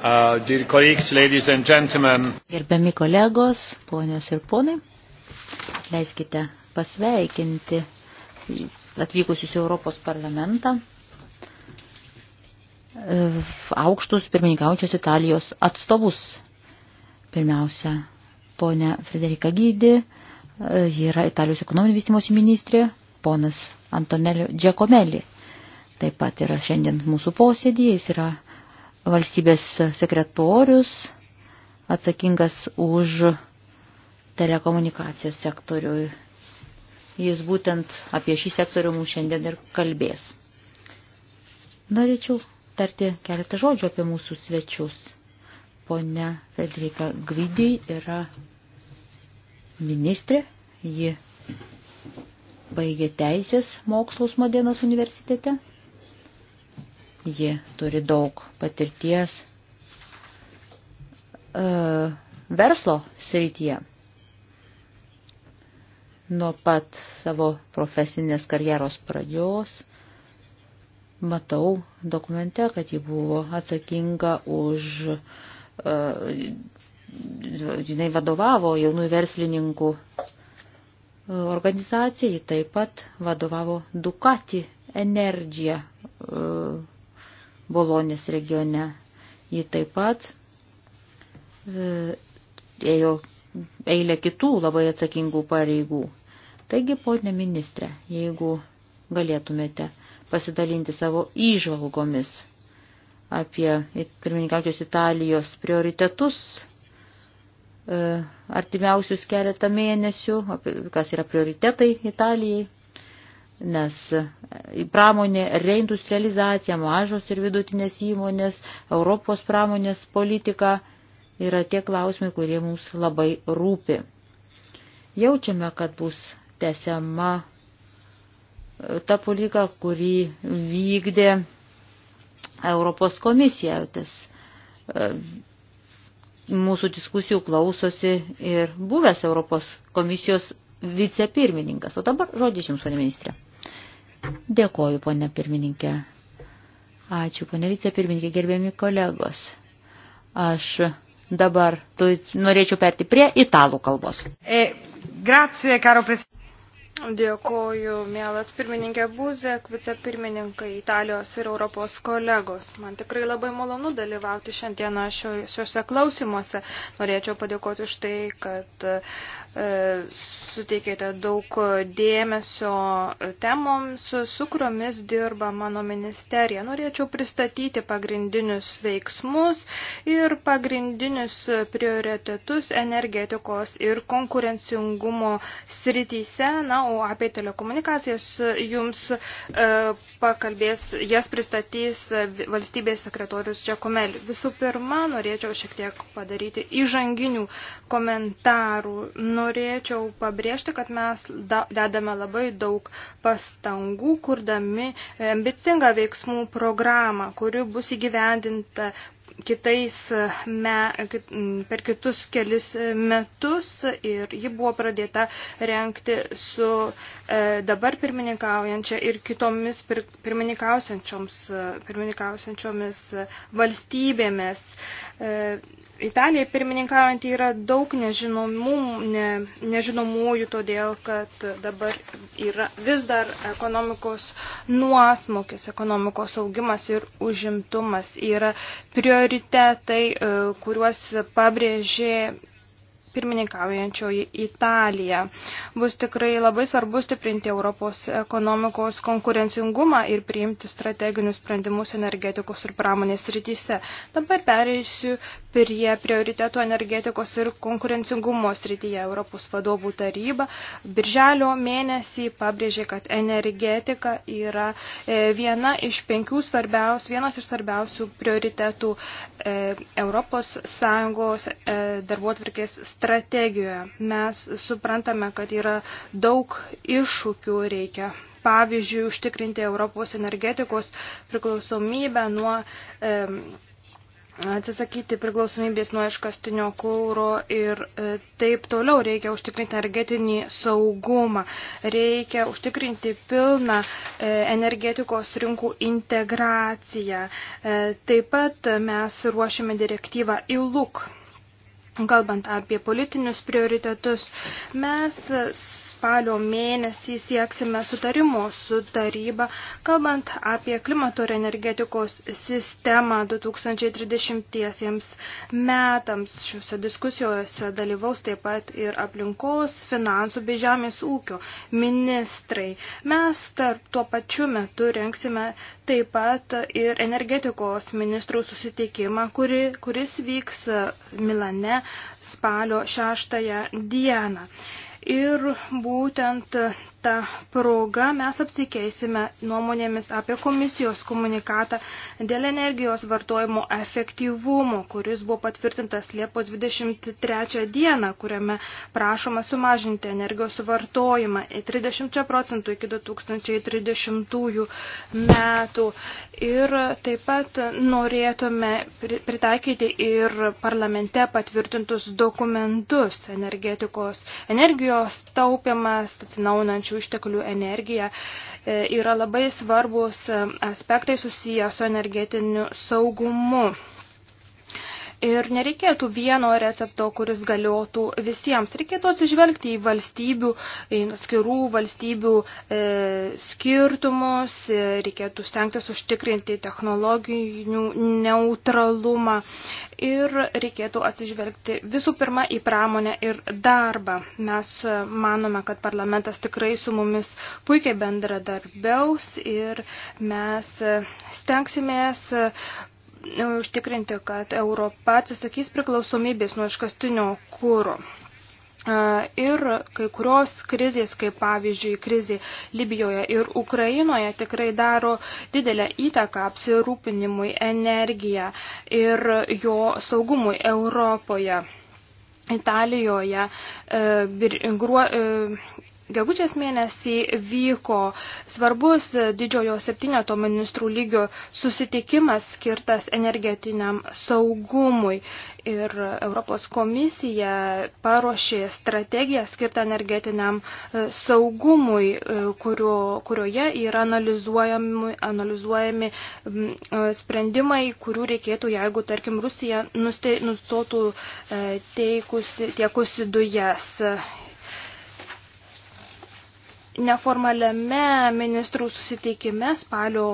Uh, Gerbiami kolegos, ponios ir ponai, leiskite pasveikinti atvykusius į Europos parlamentą uh, aukštus pirmininkaujančios Italijos atstovus. Pirmiausia, ponia Frederika Gydi, uh, ji yra Italijos ekonominio vystimosi ministrė, ponas Antonelio Džekomelį. Taip pat yra šiandien mūsų posėdį, jis yra valstybės sekretorius atsakingas už telekomunikacijos sektorių. Jis būtent apie šį sektorių mums šiandien ir kalbės. Norėčiau tarti keletą žodžių apie mūsų svečius. Pone Federika Gvidiai yra ministrė, ji baigė teisės mokslus Modenos universitete Ji turi daug patirties e, verslo srityje. Nuo pat savo profesinės karjeros pradžios matau dokumente, kad ji buvo atsakinga už, e, jinai vadovavo jaunųjų verslininkų e, organizacijai, taip pat vadovavo Dukati energija e, Bolonės regione. Ji taip pat e, ėjo eilė kitų labai atsakingų pareigų. Taigi, ponė ministrė, jeigu galėtumėte pasidalinti savo įžvalgomis apie pirmininkaučios Italijos prioritetus e, artimiausius keletą mėnesių, kas yra prioritetai Italijai nes pramonė, reindustrializacija, mažos ir vidutinės įmonės, Europos pramonės politika yra tie klausimai, kurie mums labai rūpi. Jaučiame, kad bus tęsiama e, ta politika, kurį vykdė Europos komisija. Tas, e, mūsų diskusijų klausosi ir buvęs Europos komisijos vicepirmininkas. O dabar žodis jums, pane ministrė. Dėkoju, ponė pirmininkė. Ačiū, ponė vicepirmininkė, gerbiami kolegos. Aš dabar tu, norėčiau perti prie italų kalbos. E, grazie, karo prezidentė. Dėkoju, mielas pirmininkė Buzek, vicepirmininkai Italijos ir Europos kolegos. Man tikrai labai malonu dalyvauti šiandieną šio, šiuose klausimuose. Norėčiau padėkoti už tai, kad e, suteikėte daug dėmesio temoms, su kuriomis dirba mano ministerija. Norėčiau pristatyti pagrindinius veiksmus ir pagrindinius prioritetus energetikos ir konkurencingumo srityse. Na, išsamiau apie telekomunikacijas jums e, pakalbės, jas pristatys valstybės sekretorius Čekomeli. Visų pirma, norėčiau šiek tiek padaryti įžanginių komentarų. Norėčiau pabrėžti, kad mes dedame labai daug pastangų, kurdami ambicingą veiksmų programą, kuri bus įgyvendinta kitais e, me, per kitus kelis e, metus ir ji buvo pradėta renkti su e, dabar pirmininkaujančia ir kitomis pirmininkausiančiomis valstybėmis. Italijai pirmininkaujant yra daug nežinomų, ne, nežinomųjų, todėl kad dabar yra vis dar ekonomikos nuosmokis, ekonomikos augimas ir užimtumas yra prioritetas prioritetai, e, kuriuos pabrėžė pirmininkaujančioji Italija. Bus tikrai labai svarbu stiprinti Europos ekonomikos konkurencingumą ir priimti strateginius sprendimus energetikos ir pramonės rytise. Dabar pereisiu prie prioritetų energetikos ir konkurencingumo srityje. Europos vadovų taryba birželio mėnesį pabrėžė, kad energetika yra e, viena iš penkių svarbiausių, vienas iš svarbiausių prioritetų e, Europos Sąjungos e, darbuotvarkės strategijoje. Mes suprantame, kad yra daug iššūkių reikia. Pavyzdžiui, užtikrinti Europos energetikos priklausomybę nuo. E, atsisakyti priklausomybės nuo iškastinio kūro ir e, taip toliau reikia užtikrinti energetinį saugumą, reikia užtikrinti pilną e, energetikos rinkų integraciją. E, taip pat mes ruošiame direktyvą ILUK Kalbant apie politinius prioritetus, mes spalio mėnesį sieksime sutarimo su taryba, kalbant apie klimato ir energetikos sistemą 2030 metams. Šiuose diskusijose dalyvaus taip pat ir aplinkos, finansų bei žemės ūkio ministrai. Mes tarp tuo pačiu metu renksime taip pat ir energetikos ministrų susitikimą, kuri, kuris vyks Milane spalio 6 dieną. Ir būtent ta proga mes apsikeisime nuomonėmis apie komisijos komunikatą dėl energijos vartojimo efektyvumo, kuris buvo patvirtintas Liepos 23 dieną, kuriame prašoma sumažinti energijos vartojimą 30 procentų iki 2030 metų. Ir taip pat norėtume pritaikyti ir parlamente patvirtintus dokumentus energetikos energijos taupimas, atsinaunančių atsinaujančių išteklių energiją e, yra labai svarbus e, aspektai susiję su energetiniu saugumu. Ir nereikėtų vieno recepto, kuris galiotų visiems. Reikėtų atsižvelgti į valstybių, į skirų valstybių e, skirtumus, e, reikėtų stengtis užtikrinti technologijų neutralumą ir reikėtų atsižvelgti visų pirma į pramonę ir darbą. Mes manome, kad parlamentas tikrai su mumis puikiai bendradarbiaus ir mes stengsimės užtikrinti, kad Europa atsisakys priklausomybės nuo iškastinio kūro. Ir kai kurios krizės, kaip pavyzdžiui krizė Libijoje ir Ukrainoje, tikrai daro didelę įtaką apsirūpinimui energiją ir jo saugumui Europoje. Italijoje e, bir, gruo, e, Gegužės mėnesį vyko svarbus didžiojo septyneto ministrų lygio susitikimas skirtas energetiniam saugumui ir Europos komisija paruošė strategiją skirtą energetiniam e, saugumui, e, kurio, kurioje yra analizuojami, analizuojami e, sprendimai, kurių reikėtų, jeigu, tarkim, Rusija nustotų teikusi, tiekusi dujas neformaliame ministrų susitikime spalio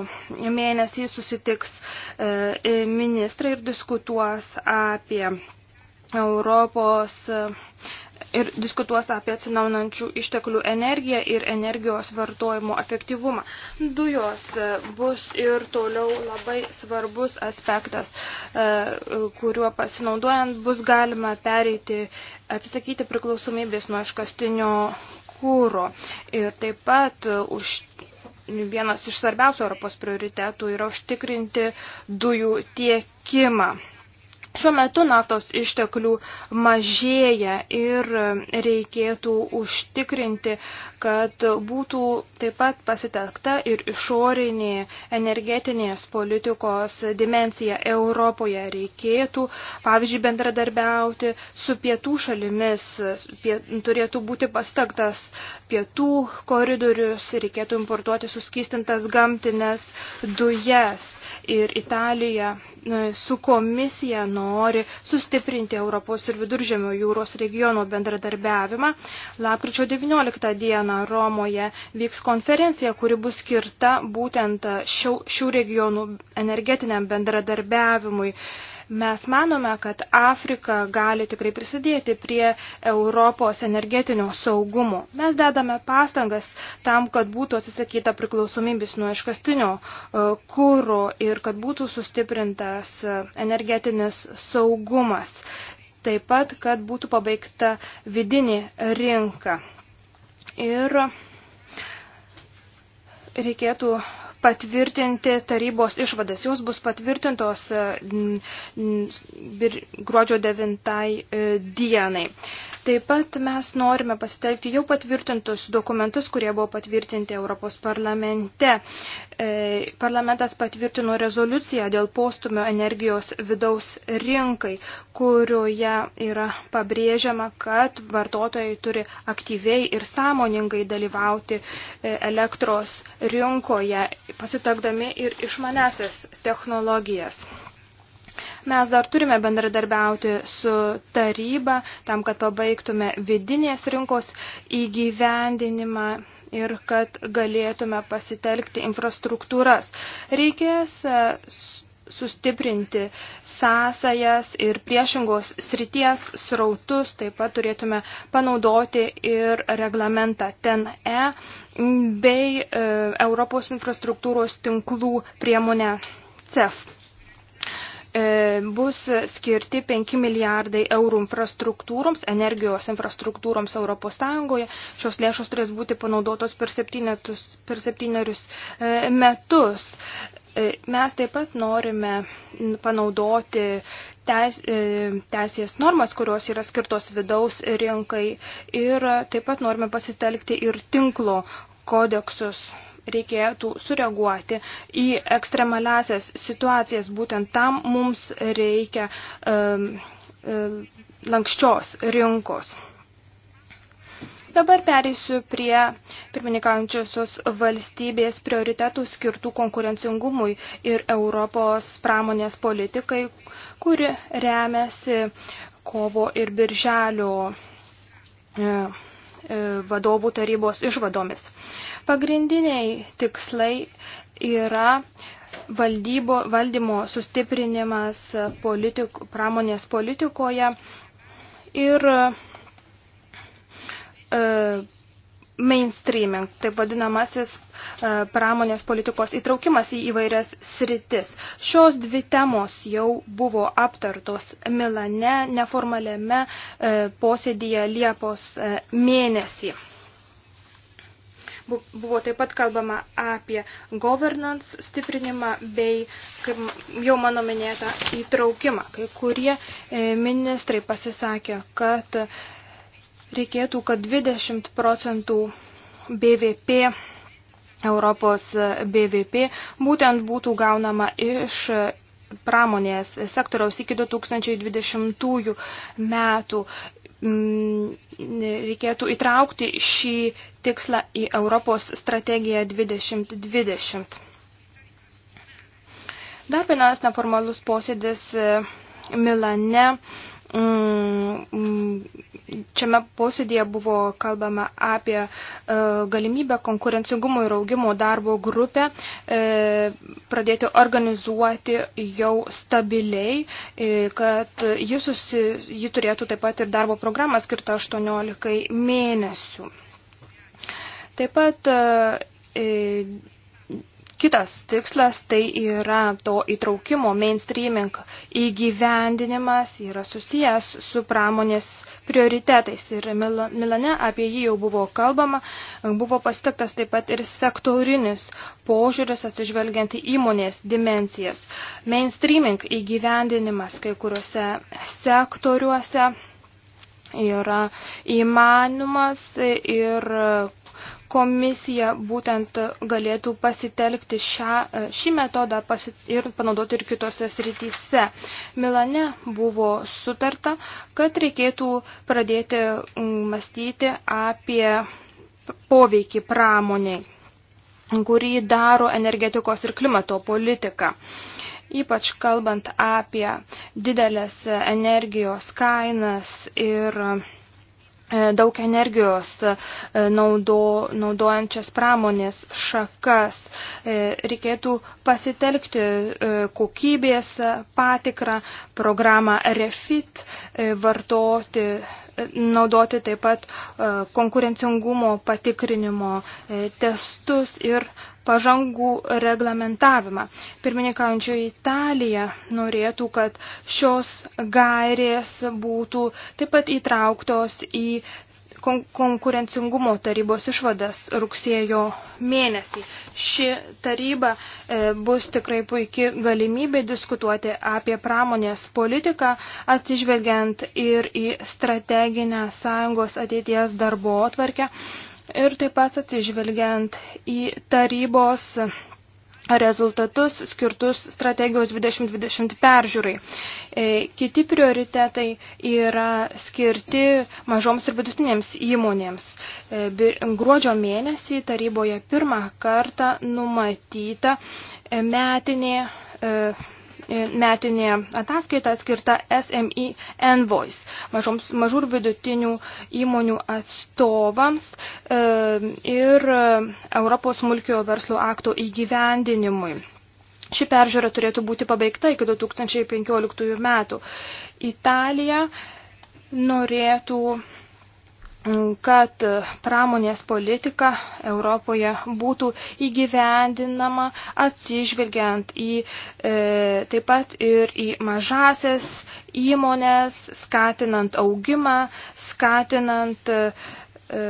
mėnesį susitiks e, e, ministrai ir diskutuos apie Europos e, ir diskutuos apie atsinaunančių išteklių energiją ir energijos vartojimo efektyvumą. Dujos bus ir toliau labai svarbus aspektas, kuriuo pasinaudojant bus galima pereiti, atsisakyti priklausomybės nuo iškastinio kūro. Ir taip pat e, už, vienas iš svarbiausių Europos prioritetų yra užtikrinti dujų tiekimą. Šiuo metu naftos išteklių mažėja ir reikėtų užtikrinti, kad būtų taip pat pasitekta ir išorinė energetinės politikos dimencija Europoje. Reikėtų, pavyzdžiui, bendradarbiauti su pietų šalimis, piet, turėtų būti pastaktas pietų koridorius, reikėtų importuoti suskistintas gamtinės dujas ir Italija e, su komisija nuo nori sustiprinti Europos ir Viduržemio jūros regiono bendradarbiavimą. Lapkričio 19 dieną Romoje vyks konferencija, kuri bus skirta būtent šių regionų energetiniam bendradarbiavimui. Mes manome, kad Afrika gali tikrai prisidėti prie Europos energetinio saugumo. Mes dedame pastangas tam, kad būtų atsisakyta priklausomybės nuo iškastinio e, kūro ir kad būtų sustiprintas e, energetinis saugumas. Taip pat, kad būtų pabaigta vidinė rinka. Ir reikėtų patvirtinti tarybos išvadas. Jos bus patvirtintos e, gruodžio 9 e, dienai. Taip pat mes norime pasitelkti jau patvirtintus dokumentus, kurie buvo patvirtinti Europos parlamente. E, parlamentas patvirtino rezoliuciją dėl postumio energijos vidaus rinkai, kurioje yra pabrėžiama, kad vartotojai turi aktyviai ir sąmoningai dalyvauti elektros rinkoje, pasitakdami ir išmanesias technologijas. Mes dar turime bendradarbiauti su taryba tam, kad pabaigtume vidinės rinkos įgyvendinimą ir kad galėtume pasitelkti infrastruktūras. Reikės sustiprinti sąsajas ir priešingos srities srautus, taip pat turėtume panaudoti ir reglamentą TEN-E bei e, Europos infrastruktūros tinklų priemonę CEF. E, bus skirti 5 milijardai eurų infrastruktūroms, energijos infrastruktūroms ES. Šios lėšos turės būti panaudotos per, per septynerius e, metus. E, mes taip pat norime panaudoti teis, teisės normas, kurios yra skirtos vidaus rinkai ir taip pat norime pasitelkti ir tinklo kodeksus reikėtų sureaguoti į ekstremaliasias situacijas. Būtent tam mums reikia um, um, lankščios rinkos. Dabar pereisiu prie pirmininkaujančiosios valstybės prioritetų skirtų konkurencingumui ir Europos pramonės politikai, kuri remiasi kovo ir birželio. E, E, vadovų tarybos išvadomis. Pagrindiniai tikslai yra valdybo, valdymo sustiprinimas politik, pramonės politikoje ir e, mainstreaming, taip vadinamasis e, pramonės politikos įtraukimas į įvairias sritis. Šios dvi temos jau buvo aptartos Milane neformaliame e, posėdyje Liepos e, mėnesį. Buvo taip pat kalbama apie governance stiprinimą bei, kaip jau mano minėta, įtraukimą. Kai kurie ministrai pasisakė, kad reikėtų, kad 20 procentų BVP, Europos BVP, būtent būtų gaunama iš pramonės sektoriaus iki 2020 metų. Mm, reikėtų įtraukti šį tikslą į Europos strategiją 2020. Dar vienas neformalus posėdis e, Milane Čiame mm, mm, posėdėje buvo kalbama apie e, galimybę konkurencingumo ir augimo darbo grupę e, pradėti organizuoti jau stabiliai, e, kad ji, susi, ji turėtų taip pat ir darbo programą skirtą 18 mėnesių. Taip pat Kitas tikslas tai yra to įtraukimo mainstreaming įgyvendinimas, yra susijęs su pramonės prioritetais. Ir Milane apie jį jau buvo kalbama, buvo pasitektas taip pat ir sektorinis požiūris atsižvelgiant į įmonės dimencijas. Mainstreaming įgyvendinimas kai kuriuose sektoriuose yra įmanomas ir komisija būtent galėtų pasitelkti šią, e, šį metodą pasit, ir panaudoti ir kitose srityse. Milane buvo sutarta, kad reikėtų pradėti mąstyti apie poveikį pramoniai, kurį daro energetikos ir klimato politika. Ypač kalbant apie didelės energijos kainas ir uh, E, daug energijos e, naudo, naudojančias pramonės šakas. E, reikėtų pasitelkti kokybės patikrą, programą Refit, vartoti, naudoti taip pat konkurencingumo patikrinimo testus ir pažangų reglamentavimą. Pirmininkaujančioji Italija norėtų, kad šios gairės būtų taip pat įtrauktos į konkurencingumo tarybos išvadas rugsėjo mėnesį. Ši taryba e, bus tikrai puikia galimybė diskutuoti apie pramonės politiką, atsižvelgiant ir į strateginę sąjungos ateities darbo atvarkę ir taip pat atsižvelgiant į tarybos rezultatus skirtus strategijos 2020 peržiūrai. E, kiti prioritetai yra skirti mažoms ir vidutinėms įmonėms. E, gruodžio mėnesį taryboje pirmą kartą numatyta metinė e, metinė ataskaita skirta SMI e Envoys, mažoms, mažų ir vidutinių įmonių atstovams e, ir Europos smulkio verslo akto įgyvendinimui. Ši peržiūra turėtų būti pabaigta iki 2015 metų. Italija norėtų kad pramonės politika Europoje būtų įgyvendinama atsižvelgiant į e, taip pat ir į mažasias įmonės, skatinant augimą, skatinant e, e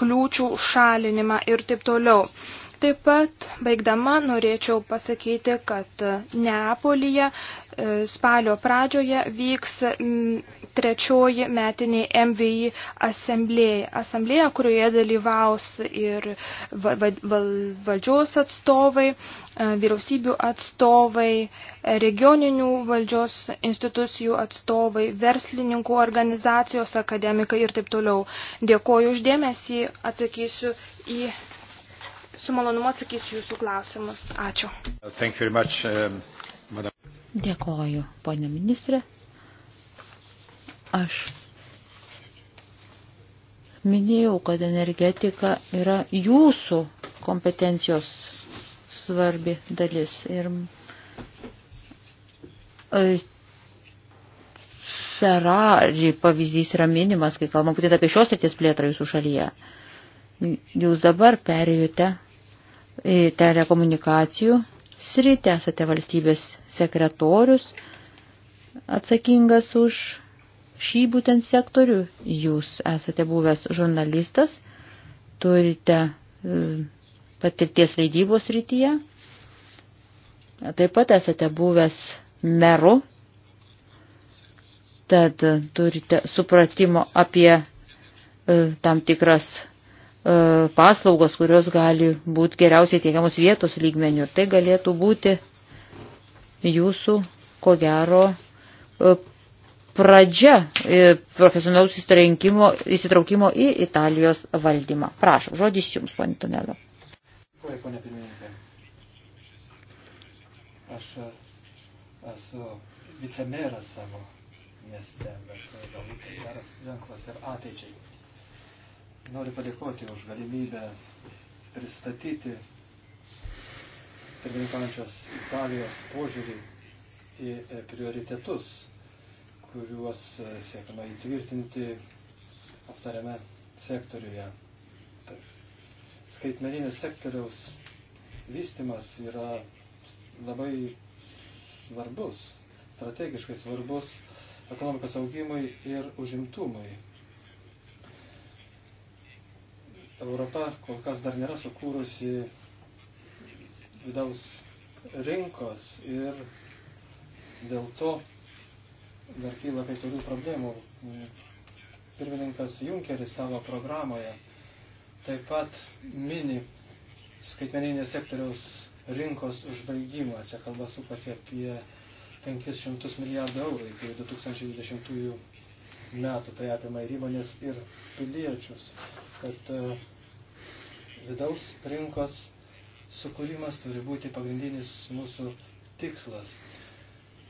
kliūčių šalinimą ir taip toliau. E, Taip pat, baigdama, norėčiau pasakyti, kad e, Neapolyje e, spalio pradžioje vyks trečioji metiniai MVI asamblėja. Asamblėja, kurioje dalyvaus ir valdžios atstovai, e, vyriausybių atstovai, regioninių valdžios institucijų atstovai, verslininkų organizacijos, akademikai ir taip toliau. Dėkoju uždėmesį, atsakysiu į su malonumu atsakysiu jūsų klausimus. Ačiū. Much, um, Dėkoju, ponė ministrė. Aš minėjau, kad energetika yra jūsų kompetencijos svarbi dalis. Ir e, Ferrari pavyzdys yra minimas, kai kalbam būtent apie šios srities plėtrą jūsų šalyje. Jūs dabar perėjote telekomunikacijų sritį, esate valstybės sekretorius atsakingas už šį būtent sektorių, jūs esate buvęs žurnalistas, turite e, patirties leidybos rytyje, taip pat esate buvęs meru, tad turite supratimo apie e, tam tikras E, paslaugos, kurios gali būti geriausiai teikiamos vietos lygmenių. Tai galėtų būti jūsų, ko gero, e, pradžia e, profesionalus įsitraukimo į Italijos valdymą. Prašau, žodis jums, ponė Tonelo. Pone pirmininkė, aš esu vicemeras savo mieste, bet galbūt tai geras ženklas ir ateičiai. Noriu padėkoti už galimybę pristatyti pirmininkaujančios Italijos požiūrį į e, prioritetus, kuriuos e, siekama įtvirtinti aptariame sektoriuje. Skaitmeninės sektoriaus vystimas yra labai svarbus, strategiškai svarbus ekonomikos augimui ir užimtumui Europa kol kas dar nėra sukūrusi vidaus rinkos ir dėl to dar kyla kai kurių problemų. Pirmininkas Junkeris savo programoje taip pat mini skaitmeninės sektoriaus rinkos užbaigimą. Čia kalba sukasi apie 500 milijardų eurų iki 2020 metų. Tai apima ir įmonės, ir piliečius. Kad uh, Vidaus rinkos sukūrimas turi būti pagrindinis mūsų tikslas.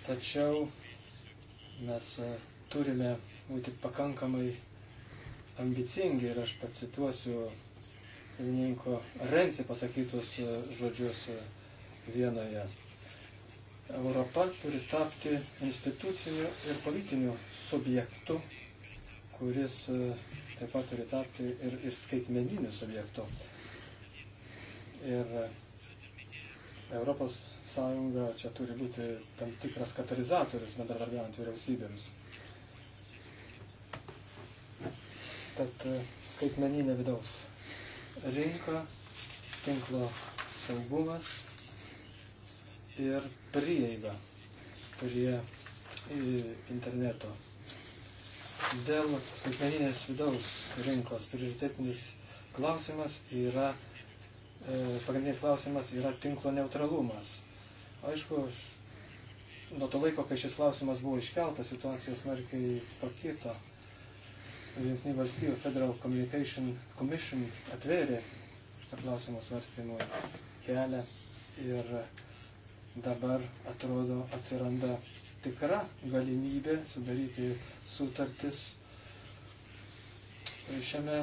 Tačiau mes e, turime būti pakankamai ambicingi ir aš pacituosiu pirmininko Rensi pasakytus e, žodžius e, vienoje. Europa turi tapti instituciniu ir politiniu subjektu, kuris taip pat turi tapti ir, ir skaitmeniniu subjektu. Ir e, Europos Sąjunga čia turi būti tam tikras katalizatorius bendradarbiaujant vyriausybėms. Tad e, skaitmeninė vidaus rinka, tinklo saugumas ir prieiga prie e, interneto. Dėl skaitmeninės vidaus rinkos prioritetinis klausimas yra E, pagrindinis klausimas yra tinklo neutralumas. Aišku, nuo to laiko, kai šis klausimas buvo iškeltas, situacija smarkiai pakito. Junktinių valstybių Federal Communication Commission atvėrė klausimo svarstymui kelią ir dabar atrodo atsiranda tikra galimybė sudaryti sutartis šiame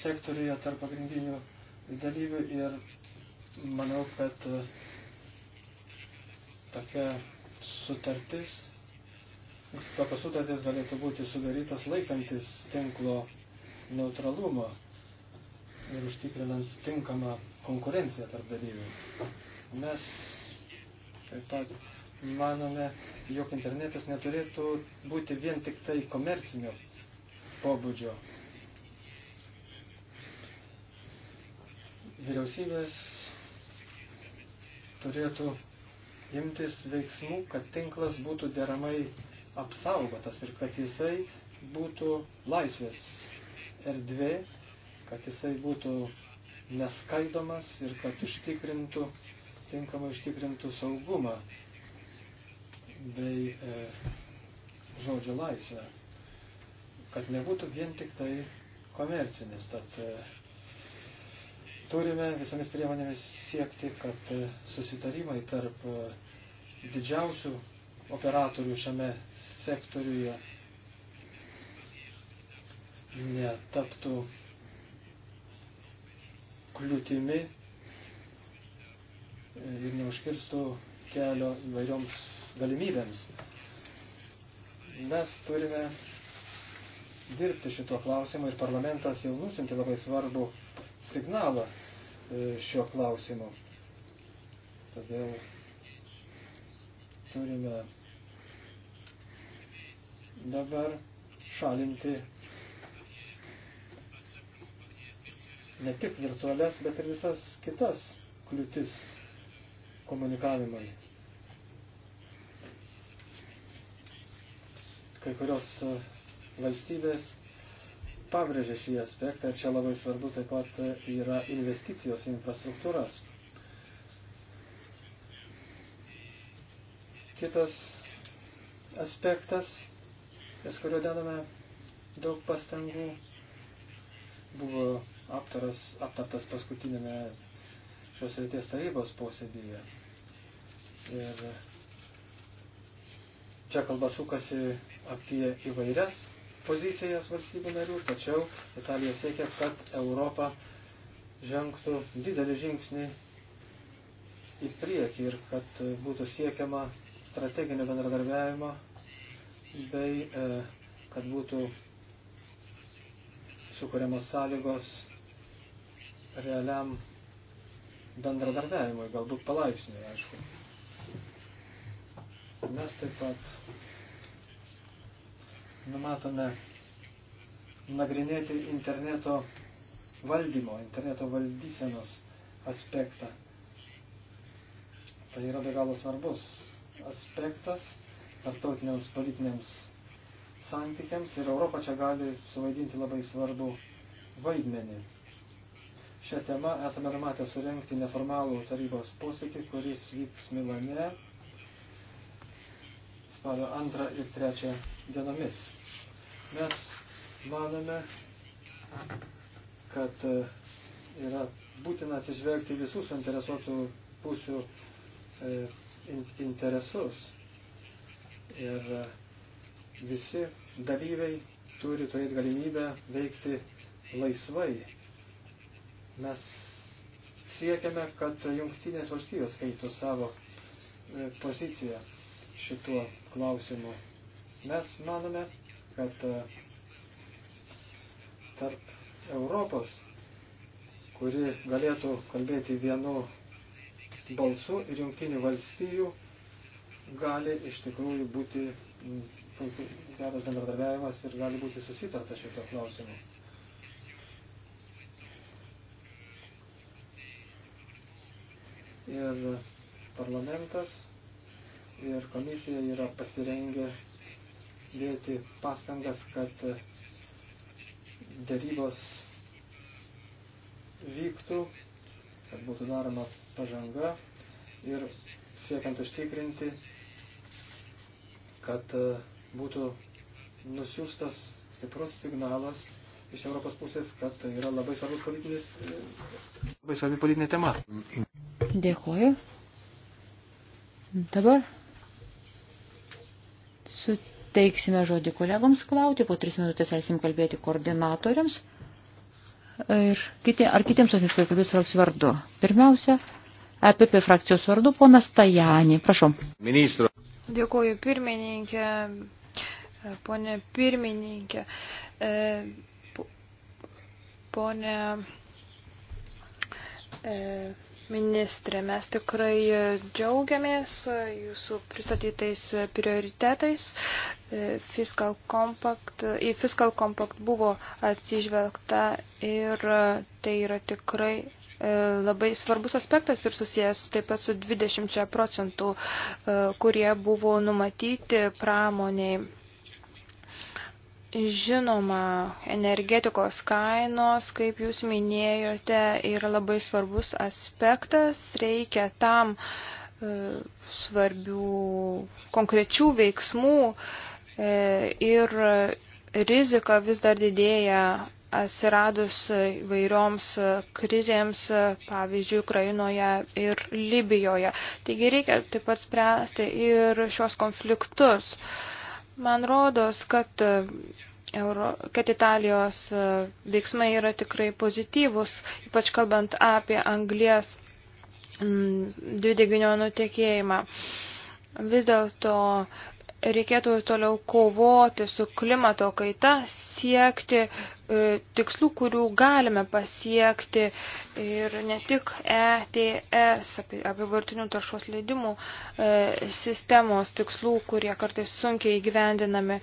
sektoriuje tarp pagrindinių dalyvių ir manau, kad e, tokia sutartis, tokios sutartis galėtų būti sudarytos laikantis tinklo neutralumo ir užtikrinant tinkamą konkurenciją tarp dalyvių. Mes taip pat manome, jog internetas neturėtų būti vien tik tai komercinio pobūdžio vyriausybės turėtų imtis veiksmų, kad tinklas būtų deramai apsaugotas ir kad jisai būtų laisvės erdvė, kad jisai būtų neskaidomas ir kad užtikrintų, tinkamai užtikrintų saugumą bei e, žodžio laisvę, kad nebūtų vien tik tai komercinis. Tad, e, Turime visomis priemonėmis siekti, kad e, susitarimai tarp e, didžiausių operatorių šiame sektoriuje netaptų kliūtimi ir neužkirstų kelio įvairioms galimybėms. Mes turime dirbti šituo klausimu ir parlamentas jau nusinti labai svarbu signalą E, šio klausimu. Todėl turime dabar šalinti ne tik virtualias, bet ir visas kitas kliūtis komunikavimui. Kai kurios valstybės pabrėžė šį aspektą ir čia labai svarbu taip pat yra investicijos į infrastruktūras. Kitas aspektas, ties kurio dedame daug pastangų, buvo aptaras, aptartas paskutinėme šios ryties tarybos posėdėje. Ir čia kalba sukasi apie įvairias pozicijas valstybių narių, tačiau Italija siekia, kad Europa žengtų didelį žingsnį į priekį ir kad būtų siekiama strateginio bendradarbiavimo bei e, kad būtų sukūriamos sąlygos realiam bendradarbiavimui, galbūt palaipsniui, aišku. Mes taip pat numatome nagrinėti interneto valdymo, interneto valdysenos aspektą. Tai yra be galo svarbus aspektas tarptautiniams politiniams santykiams ir Europa čia gali suvaidinti labai svarbu vaidmenį. Šią temą esame numatę surenkti neformalų tarybos posėdį, kuris vyks Milane spalio 2 ir 3 dienomis. Mes manome, kad e, yra būtina atsižvelgti visų suinteresuotų pusių e, in, interesus. Ir e, visi dalyviai turi turėti galimybę veikti laisvai. Mes siekiame, kad jungtinės valstybės keitų savo e, poziciją šituo klausimu. Mes manome, kad e, tarp Europos, kuri galėtų kalbėti vienu balsu ir jungtinių valstijų, gali iš tikrųjų būti geras bendradarbiavimas ir gali būti susitarta šito klausimu. Ir parlamentas ir komisija yra pasirengę dėti pastangas, kad dėrybos vyktų, kad būtų daroma pažanga ir siekiant užtikrinti, kad e, būtų nusiųstas stiprus signalas iš Europos pusės, kad tai yra labai svarbus politinis, labai svarbi politinė tema. Dėkuoju. Dabar sutikiu Teiksime žodį kolegoms klauti, po tris minutės leisim kalbėti koordinatoriams ir kiti, ar kitiems asmenims kalbės frakcijų vardu. Pirmiausia, EPP frakcijos vardu ponas Tajani. Prašom. Ministro. Dėkuoju pirmininkė, ponė pirmininkė, ponė. E, e Ministrė, mes tikrai džiaugiamės jūsų pristatytais prioritetais. Fiscal Compact, į Fiscal Compact buvo atsižvelgta ir tai yra tikrai e, labai svarbus aspektas ir susijęs taip pat su 20 procentų, e, kurie buvo numatyti pramoniai Žinoma, energetikos kainos, kaip jūs minėjote, yra labai svarbus aspektas, reikia tam e, svarbių konkrečių veiksmų e, ir rizika vis dar didėja atsiradus vairioms krizėms, pavyzdžiui, Ukrainoje ir Libijoje. Taigi reikia taip pat spręsti ir šios konfliktus. E, Man rodos, kad, e, Euro, kad Italijos e, veiksmai yra tikrai pozityvus, ypač kalbant apie anglės dvideginio nutiekėjimą. Vis dėlto reikėtų ir toliau kovoti su klimato kaita, siekti e, tikslų, kurių galime pasiekti ir ne tik ETS, apivartinių taršos leidimų e, sistemos tikslų, kurie kartais sunkiai įgyvendinami.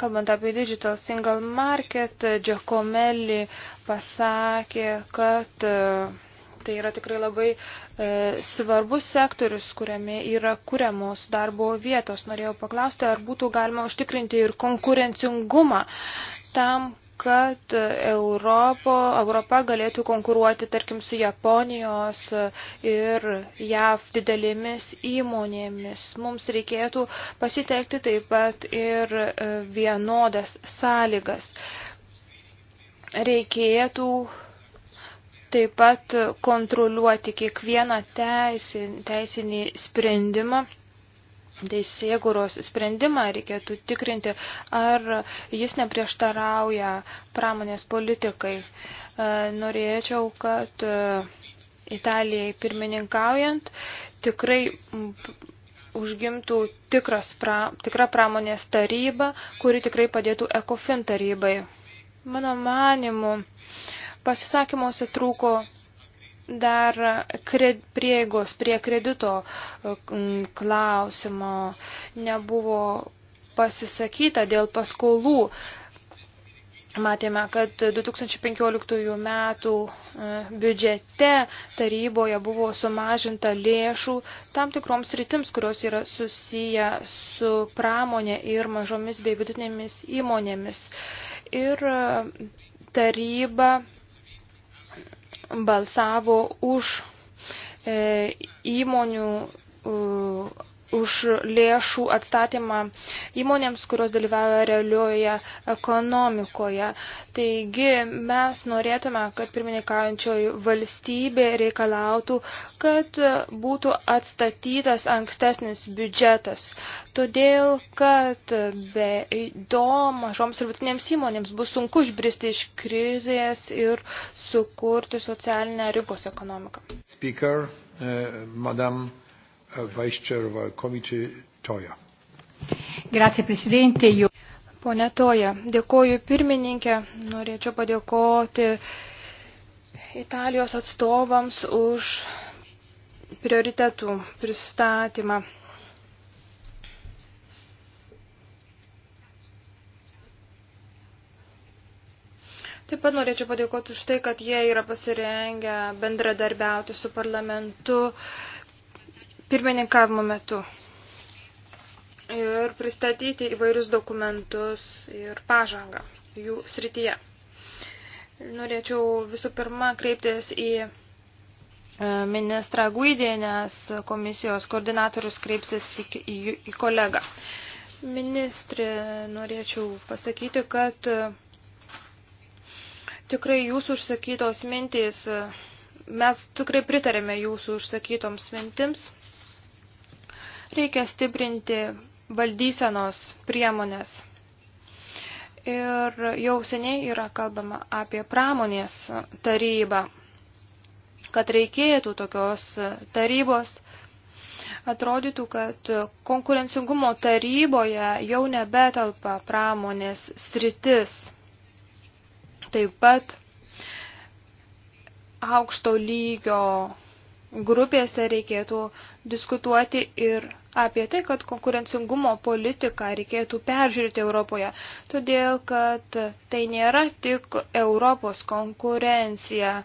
Kalbant apie Digital Single Market, Giacomelli pasakė, kad e, Tai yra tikrai labai e, svarbus sektorius, kuriame yra kuriamos darbo vietos. Norėjau paklausti, ar būtų galima užtikrinti ir konkurencingumą tam, kad Europo, Europa galėtų konkuruoti, tarkim, su Japonijos ir JAV didelėmis įmonėmis. Mums reikėtų pasitelkti taip pat ir e, vienodas sąlygas. Reikėtų uh, taip pat kontroliuoti kiekvieną teisį, teisinį sprendimą. Teisėgūros sprendimą reikėtų tikrinti, ar jis neprieštarauja pramonės politikai. E, norėčiau, kad e, Italijai pirmininkaujant tikrai užgimtų tikras pra, tikra pramonės taryba, kuri tikrai padėtų ECOFIN tarybai. Mano manimu, Pasisakymuose trūko dar kred, prieigos prie kredito e, klausimo, nebuvo pasisakyta dėl paskolų. Matėme, kad 2015 metų e, biudžete taryboje buvo sumažinta lėšų tam tikroms rytims, kurios yra susiję su pramonė ir mažomis bei vidutinėmis įmonėmis. Ir e, taryba balsavo už e, įmonių už lėšų atstatymą įmonėms, kurios dalyvauja realioje ekonomikoje. Taigi mes norėtume, kad pirmininkaujančioji valstybė reikalautų, kad būtų atstatytas ankstesnis biudžetas. Todėl, kad be to mažoms ir vidutinėms įmonėms bus sunku išbristi iš krizės ir sukurti socialinę rinkos ekonomiką. Speaker, uh, eh, Madame Vice Chair of our Committee, Toja. Grazie, Presidente. Io... Pone Toja, dėkoju pirmininkė. Norėčiau padėkoti Italijos atstovams už prioritetų pristatymą. Taip pat norėčiau padėkoti už tai, kad jie yra pasirengę bendradarbiauti su parlamentu pirmininkavimo metu ir pristatyti įvairius dokumentus ir pažangą jų srityje. Norėčiau visų pirma kreiptis į e, ministrą Guidį, nes komisijos koordinatorius kreipsis į, į, į kolegą. Ministrė, norėčiau pasakyti, kad e, tikrai jūsų užsakytos mintys, e, mes tikrai pritarėme jūsų užsakytoms mintims Reikia stiprinti valdysenos priemonės. Ir jau seniai yra kalbama apie pramonės tarybą, kad reikėtų tokios tarybos. Atrodytų, kad konkurencingumo taryboje jau nebetalpa pramonės sritis. Taip pat aukšto lygio grupėse reikėtų diskutuoti ir apie tai, kad konkurencingumo politiką reikėtų peržiūrėti Europoje, todėl kad tai nėra tik Europos konkurencija.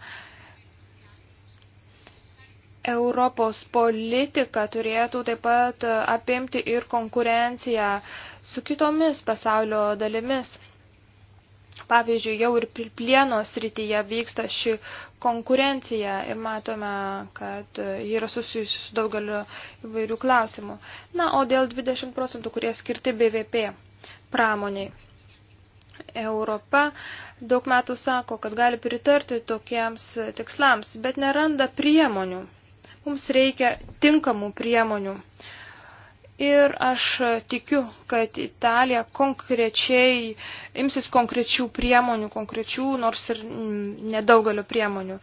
Europos politika turėtų taip pat apimti ir konkurenciją su kitomis pasaulio dalimis. Pavyzdžiui, jau ir plieno srityje vyksta ši konkurencija ir matome, kad ji yra susijusi su daugeliu įvairių klausimų. Na, o dėl 20 procentų, kurie skirti BVP pramoniai. Europa daug metų sako, kad gali pritarti tokiems tikslams, bet neranda priemonių. Mums reikia tinkamų priemonių. Uh, Ir aš tikiu, kad Italija konkrečiai imsis konkrečių priemonių, konkrečių, nors ir nedaugelio priemonių.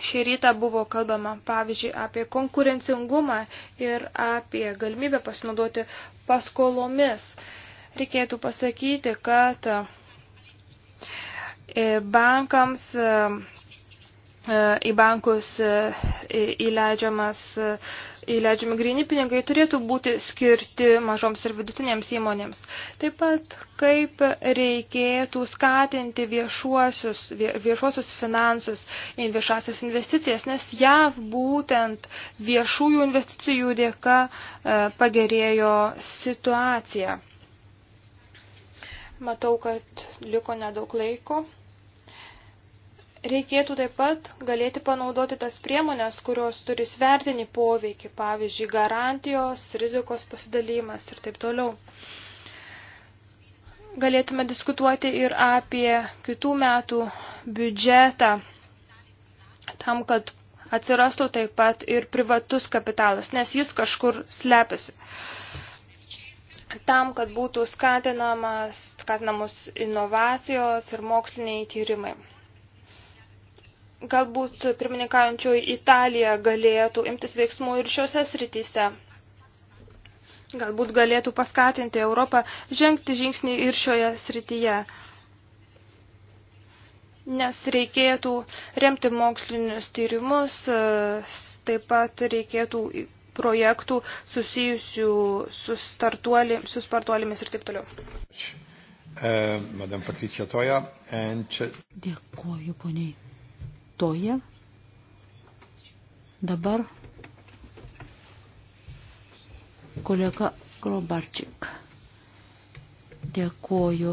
Šį rytą buvo kalbama, pavyzdžiui, apie konkurencingumą ir apie galimybę pasinaudoti paskolomis. Reikėtų pasakyti, kad e, bankams e, e, į bankus įleidžiamas įleidžiami grini pinigai turėtų būti skirti mažoms ir vidutinėms įmonėms. Taip pat kaip reikėtų skatinti viešuosius, viešuosius finansus, viešasias investicijas, nes JAV būtent viešųjų investicijų dėka e, pagerėjo situacija. Matau, kad liko nedaug laiko. Reikėtų taip pat galėti panaudoti tas priemonės, kurios turi svertinį poveikį, pavyzdžiui, garantijos, rizikos pasidalymas ir taip toliau. Galėtume diskutuoti ir apie kitų metų biudžetą, tam, kad atsirastų taip pat ir privatus kapitalas, nes jis kažkur slepiasi. Tam, kad būtų skatinamas, skatinamos inovacijos ir moksliniai tyrimai. Galbūt pirmininkaujančioji Italija galėtų imtis veiksmų ir šiuose srityse. Galbūt galėtų paskatinti Europą žengti žingsnį ir šioje srityje. Nes reikėtų remti mokslinius tyrimus, taip pat reikėtų projektų susijusių su, startuolė, su startuolėmis ir taip toliau. E, Madam Patricija Toja. Dėkuoju, poniai toje dabar kolega Grobarčik. Dėkoju.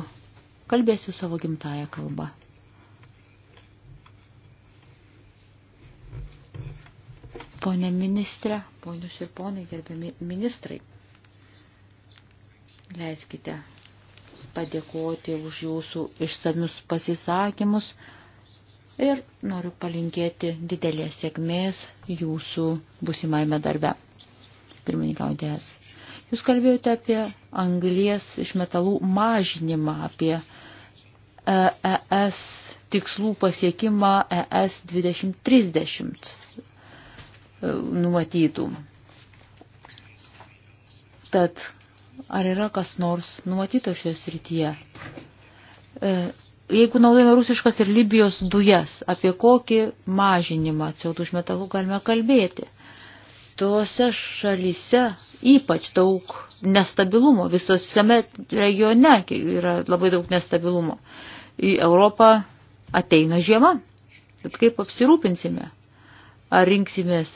Kalbėsiu savo gimtają kalbą. Pone ministrė, ponius ir ponai, gerbiami ministrai, leiskite padėkoti už jūsų išsamius pasisakymus ir noriu palinkėti didelės sėkmės jūsų busimaime darbe. Pirmininkaudės. Jūs kalbėjote apie anglies iš metalų mažinimą, apie ES e tikslų pasiekimą ES e 2030 e, numatytų. Tad ar yra kas nors numatyto šios srityje? Jeigu naudojame rusiškas ir Libijos dujas, apie kokį mažinimą CO2 išmetalų galime kalbėti? Tuose šalyse ypač daug nestabilumo, visose regione yra labai daug nestabilumo. Į Europą ateina žiema, bet kaip apsirūpinsime? Ar rinksimės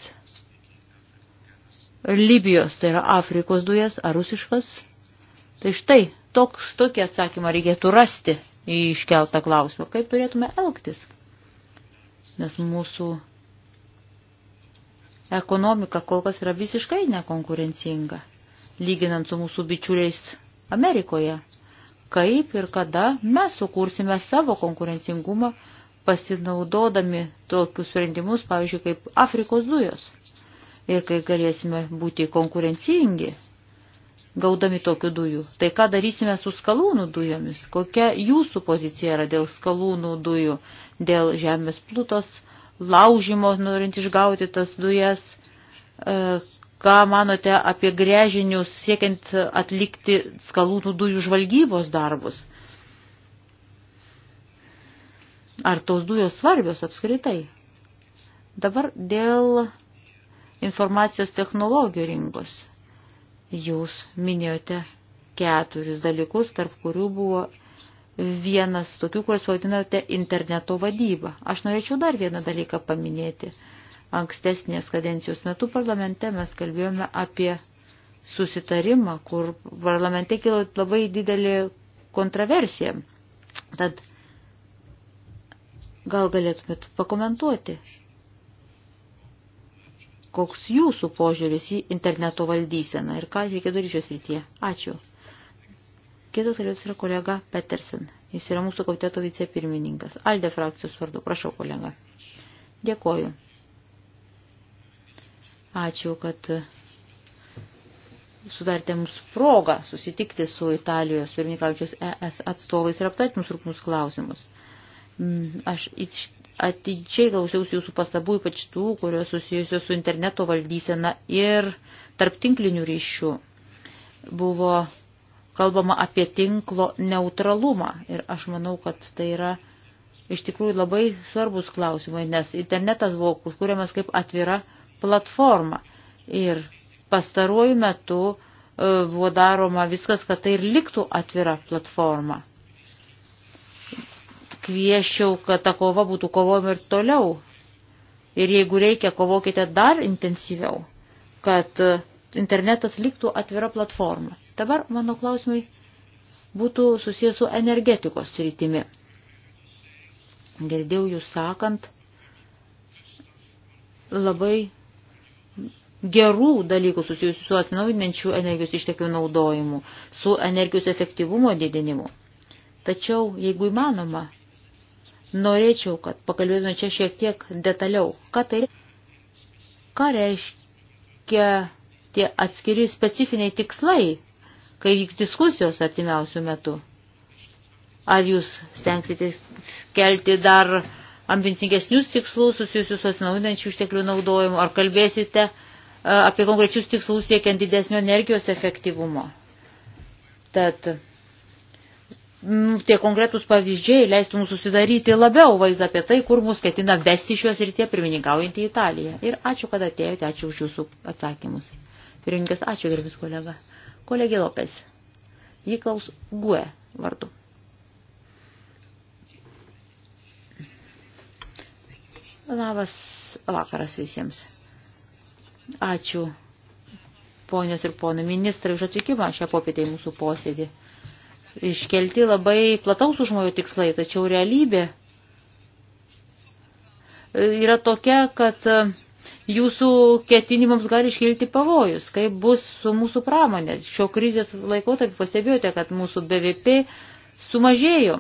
Libijos, tai yra Afrikos dujas, ar rusiškas? Tai štai toks, tokį atsakymą reikėtų rasti į iškeltą klausimą, kaip turėtume elgtis. Nes mūsų ekonomika kol kas yra visiškai nekonkurencinga, lyginant su mūsų bičiuliais Amerikoje. Kaip ir kada mes sukursime savo konkurencingumą, pasinaudodami tokius sprendimus, pavyzdžiui, kaip Afrikos dujos. Ir kai galėsime būti konkurencingi gaudami tokių dujų. Tai ką darysime su skalūnų dujomis? Kokia jūsų pozicija yra dėl skalūnų dujų, dėl žemės plutos laužimo, norint išgauti tas dujas? E, ką manote apie grežinius siekiant atlikti skalūnų dujų žvalgybos darbus? Ar tos dujos svarbios apskritai? Dabar dėl informacijos technologijų rinkos. Jūs minėjote keturis dalykus, tarp kurių buvo vienas tokių, kuriuos vadinote interneto vadybą. Aš norėčiau dar vieną dalyką paminėti. Ankstesnės kadencijos metu parlamente mes kalbėjome apie susitarimą, kur parlamente kilo labai didelį kontroversiją. Tad gal galėtumėt pakomentuoti koks jūsų požiūris į interneto valdyseną ir ką reikia daryti šios rytyje. Ačiū. Kitas kalbės yra kolega Petersen. Jis yra mūsų komiteto vicepirmininkas. Alde frakcijos vardu. Prašau, kolega. Dėkoju. Ačiū, kad sudarėte mums progą susitikti su Italijos pirmininkaujančios ES atstovais ir aptarti mums rūpnus klausimus. Mm, aš atidžiai klausiausi jūsų pastabų, ypač tų, kurios susijusios su interneto valdysena ir tarp tinklinių ryšių. Buvo kalbama apie tinklo neutralumą ir aš manau, kad tai yra iš tikrųjų labai svarbus klausimai, nes internetas buvo kuriamas kaip atvira platforma ir pastaruoju metu e, buvo daroma viskas, kad tai ir liktų atvira platforma kvieščiau, kad ta kova būtų kovojama ir toliau. Ir jeigu reikia, kovokite dar intensyviau, kad e, internetas liktų atvira platforma. Dabar mano klausimai būtų susijęs su energetikos sritimi. Girdėjau jūs sakant labai gerų dalykų susijusių su atsinaujinančių energijos išteklių naudojimu, su energijos efektyvumo didinimu. Tačiau, jeigu įmanoma, Norėčiau, kad pakalbėtume čia šiek tiek detaliau, ką tai ką reiškia tie atskiri specifiniai tikslai, kai vyks diskusijos artimiausių metų. Ar jūs stengsitės kelti dar ambicingesnius tikslus susijusius su atsinaujinančių išteklių naudojimu, ar kalbėsite e, apie konkrečius tikslus siekiant didesnio energijos efektyvumo. Tad Nu, tie konkretūs pavyzdžiai leistų mums susidaryti labiau vaizdą apie tai, kur mus ketina vesti šios ir tie pirmininkaujantį Italiją. Ir ačiū, kad atėjote, ačiū už jūsų atsakymus. Pirmininkas, ačiū, gerbis kolega. Kolegė Lopes. Jį klaus Gue vardu. Labas vakaras visiems. Ačiū ponios ir ponai ministrai už atvykimą šią popietę į mūsų posėdį iškelti labai plataus užmojo tikslai, tačiau realybė yra tokia, kad jūsų ketinimams gali iškilti pavojus, kaip bus su mūsų pramonė. Šio krizės laikotarpį pastebėjote, kad mūsų BVP sumažėjo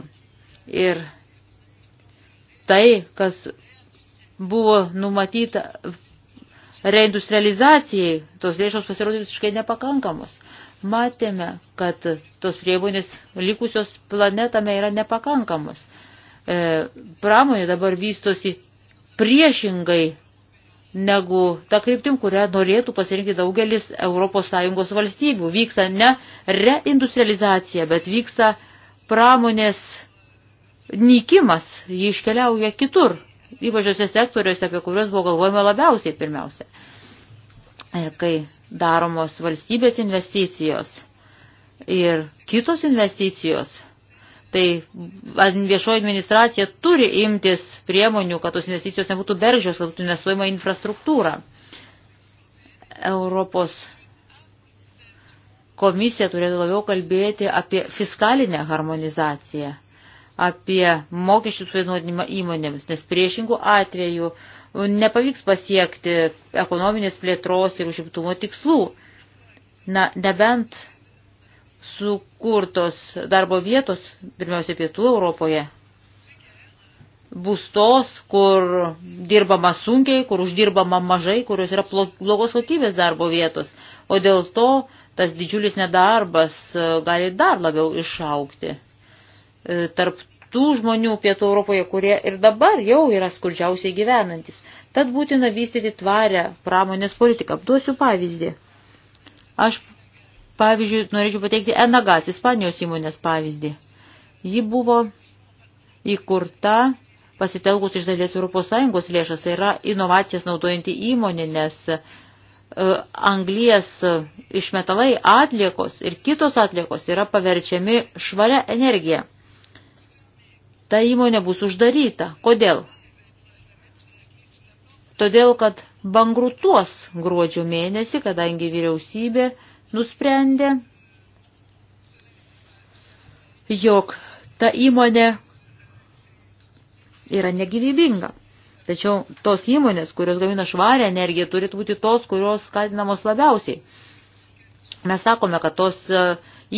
ir tai, kas buvo numatyta reindustrializacijai, tos lėšos pasirodė visiškai nepakankamos matėme, kad tos priemonės likusios planetame yra nepakankamos. E, pramonė dabar vystosi priešingai negu ta kryptim, kurią norėtų pasirinkti daugelis ES valstybių. Vyksta ne reindustrializacija, bet vyksta pramonės nykimas, jį iškeliauja kitur, ypač šiuose sektoriuose, apie kuriuos buvo galvojama labiausiai pirmiausia. Ir kai daromos valstybės investicijos ir kitos investicijos, tai viešoji administracija turi imtis priemonių, kad tos investicijos nebūtų beržios, kad būtų nesuojama infrastruktūra. Europos komisija turėtų labiau kalbėti apie fiskalinę harmonizaciją, apie mokesčių suvienodinimą įmonėms, nes priešingų atveju nepavyks pasiekti ekonominės plėtros ir užimtumo tikslų. Na, nebent sukurtos darbo vietos, pirmiausia, pietų Europoje, bus tos, kur dirbama sunkiai, kur uždirbama mažai, kurios yra blogos kokybės darbo vietos, o dėl to tas didžiulis nedarbas e, gali dar labiau išaukti. E, tarp tų žmonių pietų Europoje, kurie ir dabar jau yra skurdžiausiai gyvenantis. Tad būtina vystyti tvarę pramonės politiką. Duosiu pavyzdį. Aš, pavyzdžiui, norėčiau pateikti Enagas, Ispanijos įmonės pavyzdį. Ji buvo įkurta pasitelkus iš dalies ES lėšas, tai yra inovacijas naudojanti įmonė, nes e, anglies e, išmetalai atliekos ir kitos atliekos yra paverčiami švaria energija ta įmonė bus uždaryta. Kodėl? Todėl, kad bangrutuos gruodžio mėnesį, kadangi vyriausybė nusprendė, jog ta įmonė yra negyvybinga. Tačiau tos įmonės, kurios gamina švarę energiją, turi būti tos, kurios skatinamos labiausiai. Mes sakome, kad tos e,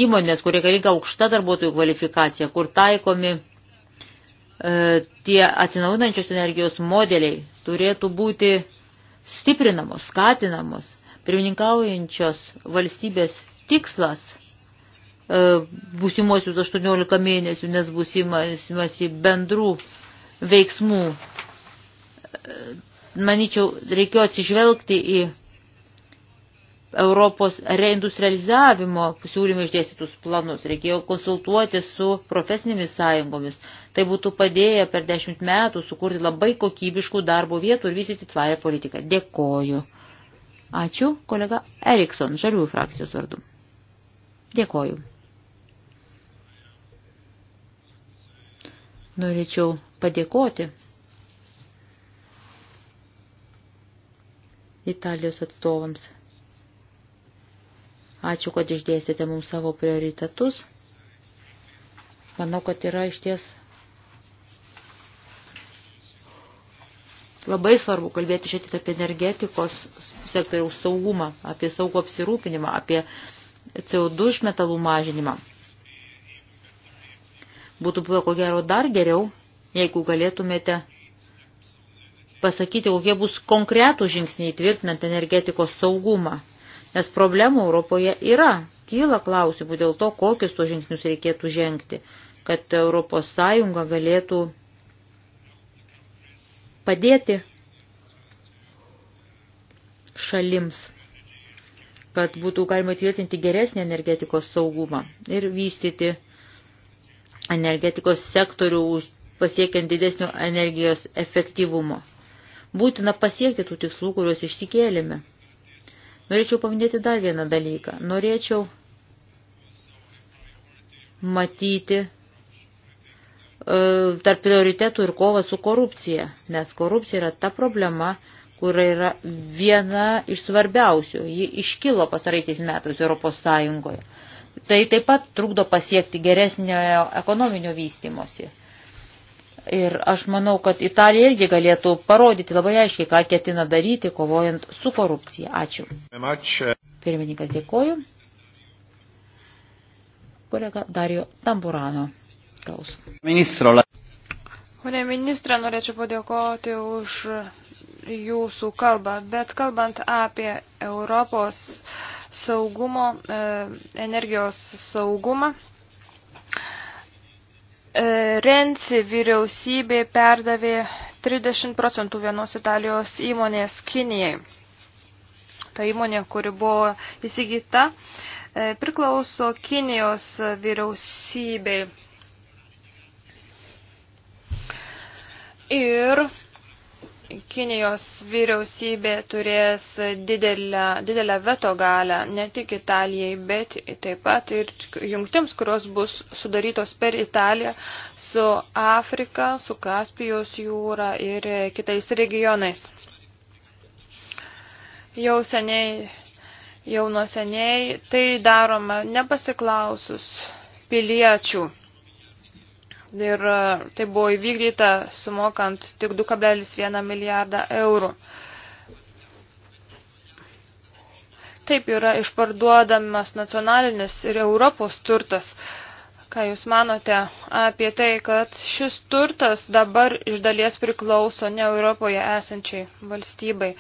įmonės, kurie reikalinga aukšta darbuotojų kvalifikacija, kur taikomi E, tie atsinaudinančios energijos modeliai turėtų būti stiprinamos, skatinamos. Pirmininkaujančios valstybės tikslas e, būsimuosius 18 mėnesių, nes bus įmasi bendrų veiksmų. E, manyčiau, reikėjo atsižvelgti į Europos reindustrializavimo siūlymų išdėstytus planus, reikėjo konsultuoti su profesinėmis sąjungomis. Tai būtų padėję per dešimt metų sukurti labai kokybiškų darbo vietų ir vystyti tvarę politiką. Dėkoju. Ačiū, kolega Erikson, žaliųjų frakcijos vardu. Dėkoju. Norėčiau padėkoti Italijos atstovams Ačiū, kad išdėstėte mums savo prioritetus. Manau, kad yra iš ties labai svarbu kalbėti šiek tiek apie energetikos sektoriaus saugumą, apie saugų apsirūpinimą, apie CO2 išmetalų mažinimą. Būtų buvę ko gero dar geriau, jeigu galėtumėte pasakyti, kokie bus konkretų žingsniai tvirtinant energetikos saugumą. Nes problemų Europoje yra, kyla klausimų dėl to, kokius to žingsnius reikėtų žengti, kad ES galėtų padėti šalims, kad būtų galima tvirtinti geresnį energetikos saugumą ir vystyti energetikos sektorių pasiekiant didesnio energijos efektyvumo. Būtina pasiekti tų tikslų, kuriuos išsikėlėme. Norėčiau paminėti dar vieną dalyką. Norėčiau matyti e, tarp prioritetų ir kovą su korupcija, nes korupcija yra ta problema, kur yra viena iš svarbiausių. Ji iškilo pasaraisiais metais Europos Sąjungoje. Tai taip pat trukdo pasiekti geresnio ekonominio vystimosi. Ir aš manau, kad Italija irgi galėtų parodyti labai aiškiai, ką ketina daryti, kovojant su korupcija. Ačiū. Pirmininkas dėkoju. Kolega Dario Tamburano. Klausim. Ministro. Pone ministrė, norėčiau padėkoti už jūsų kalbą, bet kalbant apie Europos saugumo, e, energijos saugumą, E, Renci vyriausybė perdavė 30 procentų vienos Italijos įmonės Kinijai. Ta įmonė, kuri buvo įsigyta, e, priklauso Kinijos vyriausybei. Ir Kinijos vyriausybė turės didelę, didelę veto galę ne tik Italijai, bet taip pat ir jungtims, kurios bus sudarytos per Italiją su Afrika, su Kaspijos jūra ir kitais regionais. Jau seniai, jau nuo seniai tai daroma nepasiklausus piliečių ir e, tai buvo įvykdyta sumokant tik 2,1 milijardą eurų. Taip yra išparduodamas nacionalinis ir Europos turtas. Ką Jūs manote apie tai, kad šis turtas dabar iš dalies priklauso ne Europoje esančiai valstybei?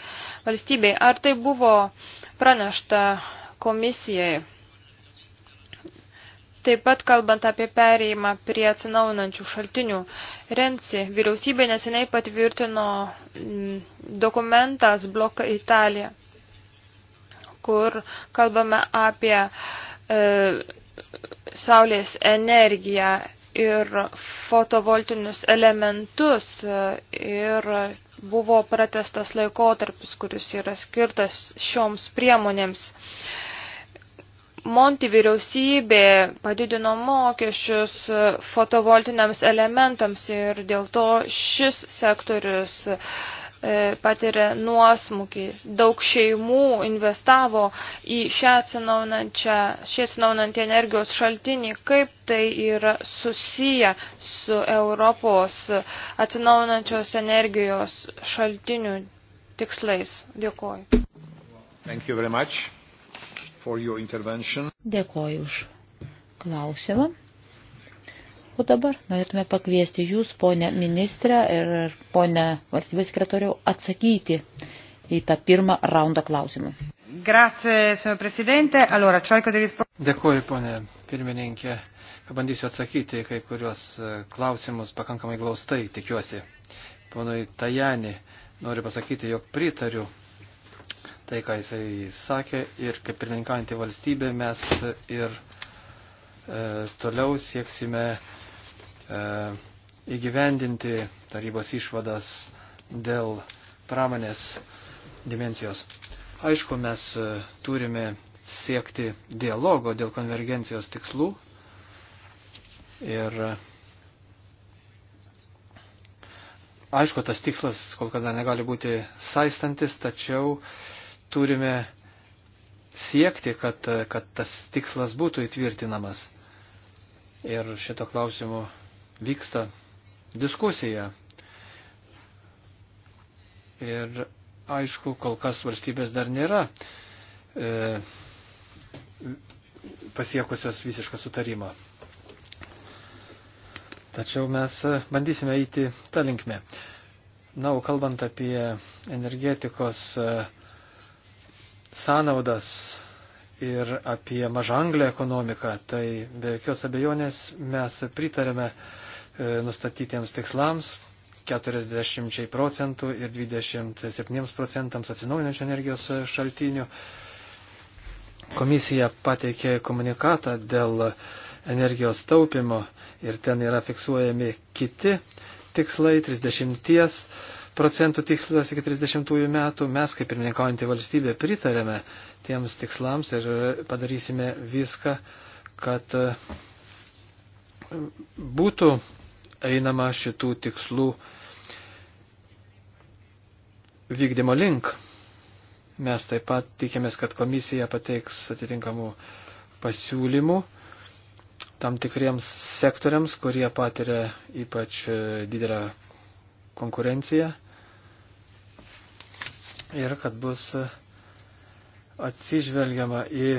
valstybei. Ar tai buvo pranešta komisijai? Taip pat kalbant apie pereimą prie atsinaunančių šaltinių, Renci vyriausybė neseniai patvirtino mm, dokumentas bloką Italiją, kur kalbame apie e, saulės energiją ir fotovoltinius elementus e, ir buvo pratestas laikotarpis, kuris yra skirtas šioms priemonėms. E, Monti vyriausybė padidino mokesčius fotovoltiniams elementams ir dėl to šis sektorius e, patiria nuosmukį. Daug šeimų investavo į šią atsinaunančią, šį atsinaunantį energijos šaltinį, kaip tai yra susiję su Europos atsinaunančios energijos šaltinių tikslais. Dėkuoju. Thank you very much. Dėkoju už klausimą. O dabar norėtume pakviesti jūs, ponę ministrę ir ponę valstybės sekretoriau, atsakyti į tą pirmą raundą klausimų. Grazie, signor Presidente. Allora, cerco di rispondere. Dėkuoju, ponė pirmininkė. Pabandysiu atsakyti kai kuriuos e, klausimus pakankamai glaustai, tikiuosi. Ponui Tajani noriu pasakyti, jog pritariu tai, ką jisai sakė. Ir kaip pirmininkaujantį valstybę mes ir e, toliau sieksime e, įgyvendinti tarybos išvadas dėl pramonės dimensijos. Aišku, mes e, turime siekti dialogo dėl konvergencijos tikslų ir aišku, tas tikslas kol kada negali būti saistantis, tačiau e, turime siekti, kad, kad tas tikslas būtų įtvirtinamas. Ir šito klausimu vyksta diskusija. Ir aišku, kol kas valstybės dar nėra e, pasiekusios visišką sutarimą. Tačiau mes bandysime eiti tą linkmę. Na, o kalbant apie energetikos e, sąnaudas ir apie mažanglę ekonomiką, tai be jokios abejonės mes pritarėme e, nustatytiems tikslams 40 procentų ir 27 procentams atsinaujinančių energijos šaltinių. Komisija pateikė komunikatą dėl energijos taupimo ir ten yra fiksuojami kiti tikslai 30 procentų tikslas iki 30 metų. Mes, kaip pirmininkaujantį valstybę, pritarėme tiems tikslams ir padarysime viską, kad e, būtų einama šitų tikslų vykdymo link. Mes taip pat tikėmės, kad komisija pateiks atitinkamų pasiūlymų tam tikriems sektoriams, kurie patiria ypač e, didelę konkurenciją ir kad bus atsižvelgiama į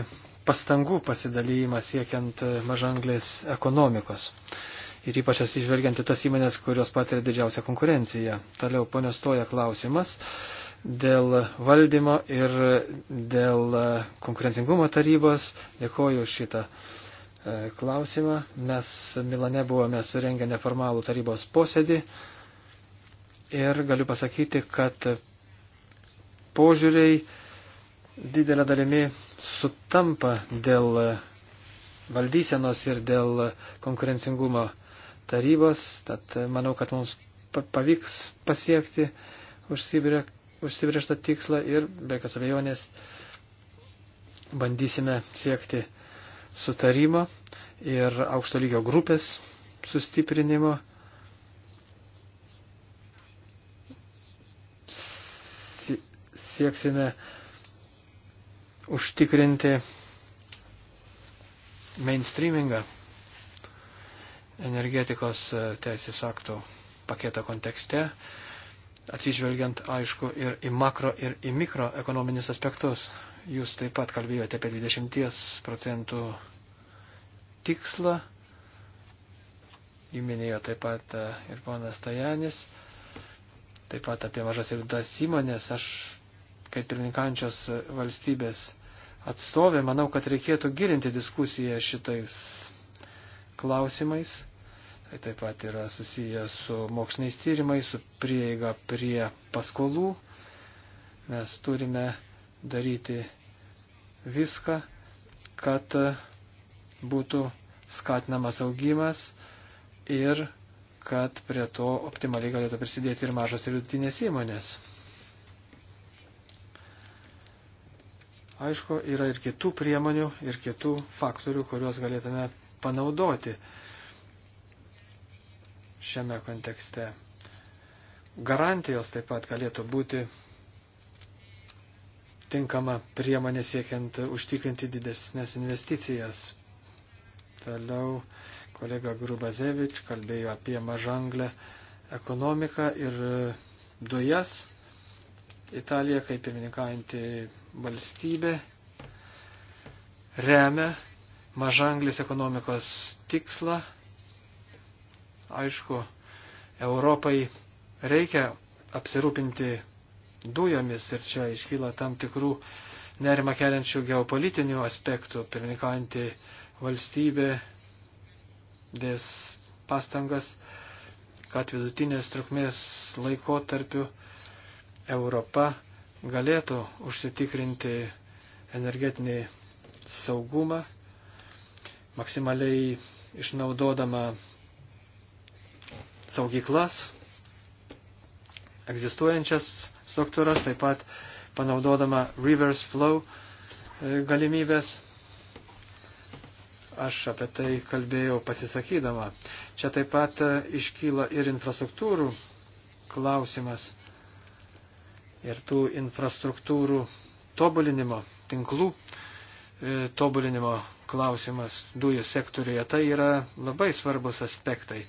pastangų pasidalymą siekiant mažanglės ekonomikos. Ir ypač atsižvelgiant į tas įmonės, kurios patiria didžiausią konkurenciją. Toliau ponestoja klausimas dėl valdymo ir dėl konkurencingumo tarybos. Dėkoju šitą e, klausimą. Mes Milane buvome surengę neformalų tarybos posėdį ir galiu pasakyti, kad požiūriai didelė dalimi sutampa dėl valdysenos ir dėl konkurencingumo tarybos, tad manau, kad mums pavyks pasiekti užsibrėžtą tikslą ir be jokios abejonės bandysime siekti sutarimo ir aukšto lygio grupės sustiprinimo sieksime užtikrinti mainstreamingą energetikos e, teisės aktų paketo kontekste, atsižvelgiant aišku ir į makro ir į mikro ekonominius aspektus. Jūs taip pat kalbėjote apie 20 procentų tikslą. Jį minėjo taip pat e, ir ponas Tajanis, taip pat apie mažas ir vidas įmonės. Aš kaip pirmininkančios valstybės atstovė, manau, kad reikėtų gilinti diskusiją šitais klausimais. Tai taip pat yra susiję su moksliniais tyrimais, su prieiga prie paskolų. Mes turime daryti viską, kad būtų skatinamas augimas ir kad prie to optimaliai galėtų prisidėti ir mažos ir vidutinės įmonės. Aišku, yra ir kitų priemonių, ir kitų faktorių, kuriuos galėtume panaudoti šiame kontekste. Garantijos taip pat galėtų būti tinkama priemonė siekiant užtikrinti didesnės investicijas. Toliau kolega Grubazevič kalbėjo apie mažanglę ekonomiką ir dujas. Italija kaip pirmininkaujanti valstybė remia mažanglis ekonomikos tikslą. Aišku, Europai reikia apsirūpinti dujomis ir čia iškyla tam tikrų nerima keliančių geopolitinių aspektų. Pirmininkaujanti valstybė dės pastangas, kad vidutinės trukmės laikotarpiu tarpiu Europa galėtų užsitikrinti energetinį saugumą, maksimaliai išnaudodama saugyklas, egzistuojančias struktūras, taip pat panaudodama reverse flow e, galimybės. Aš apie tai kalbėjau pasisakydama. Čia taip pat e, iškyla ir infrastruktūrų klausimas ir tų infrastruktūrų tobulinimo, tinklų e, tobulinimo klausimas dujų sektoriuje. Tai yra labai svarbus aspektai.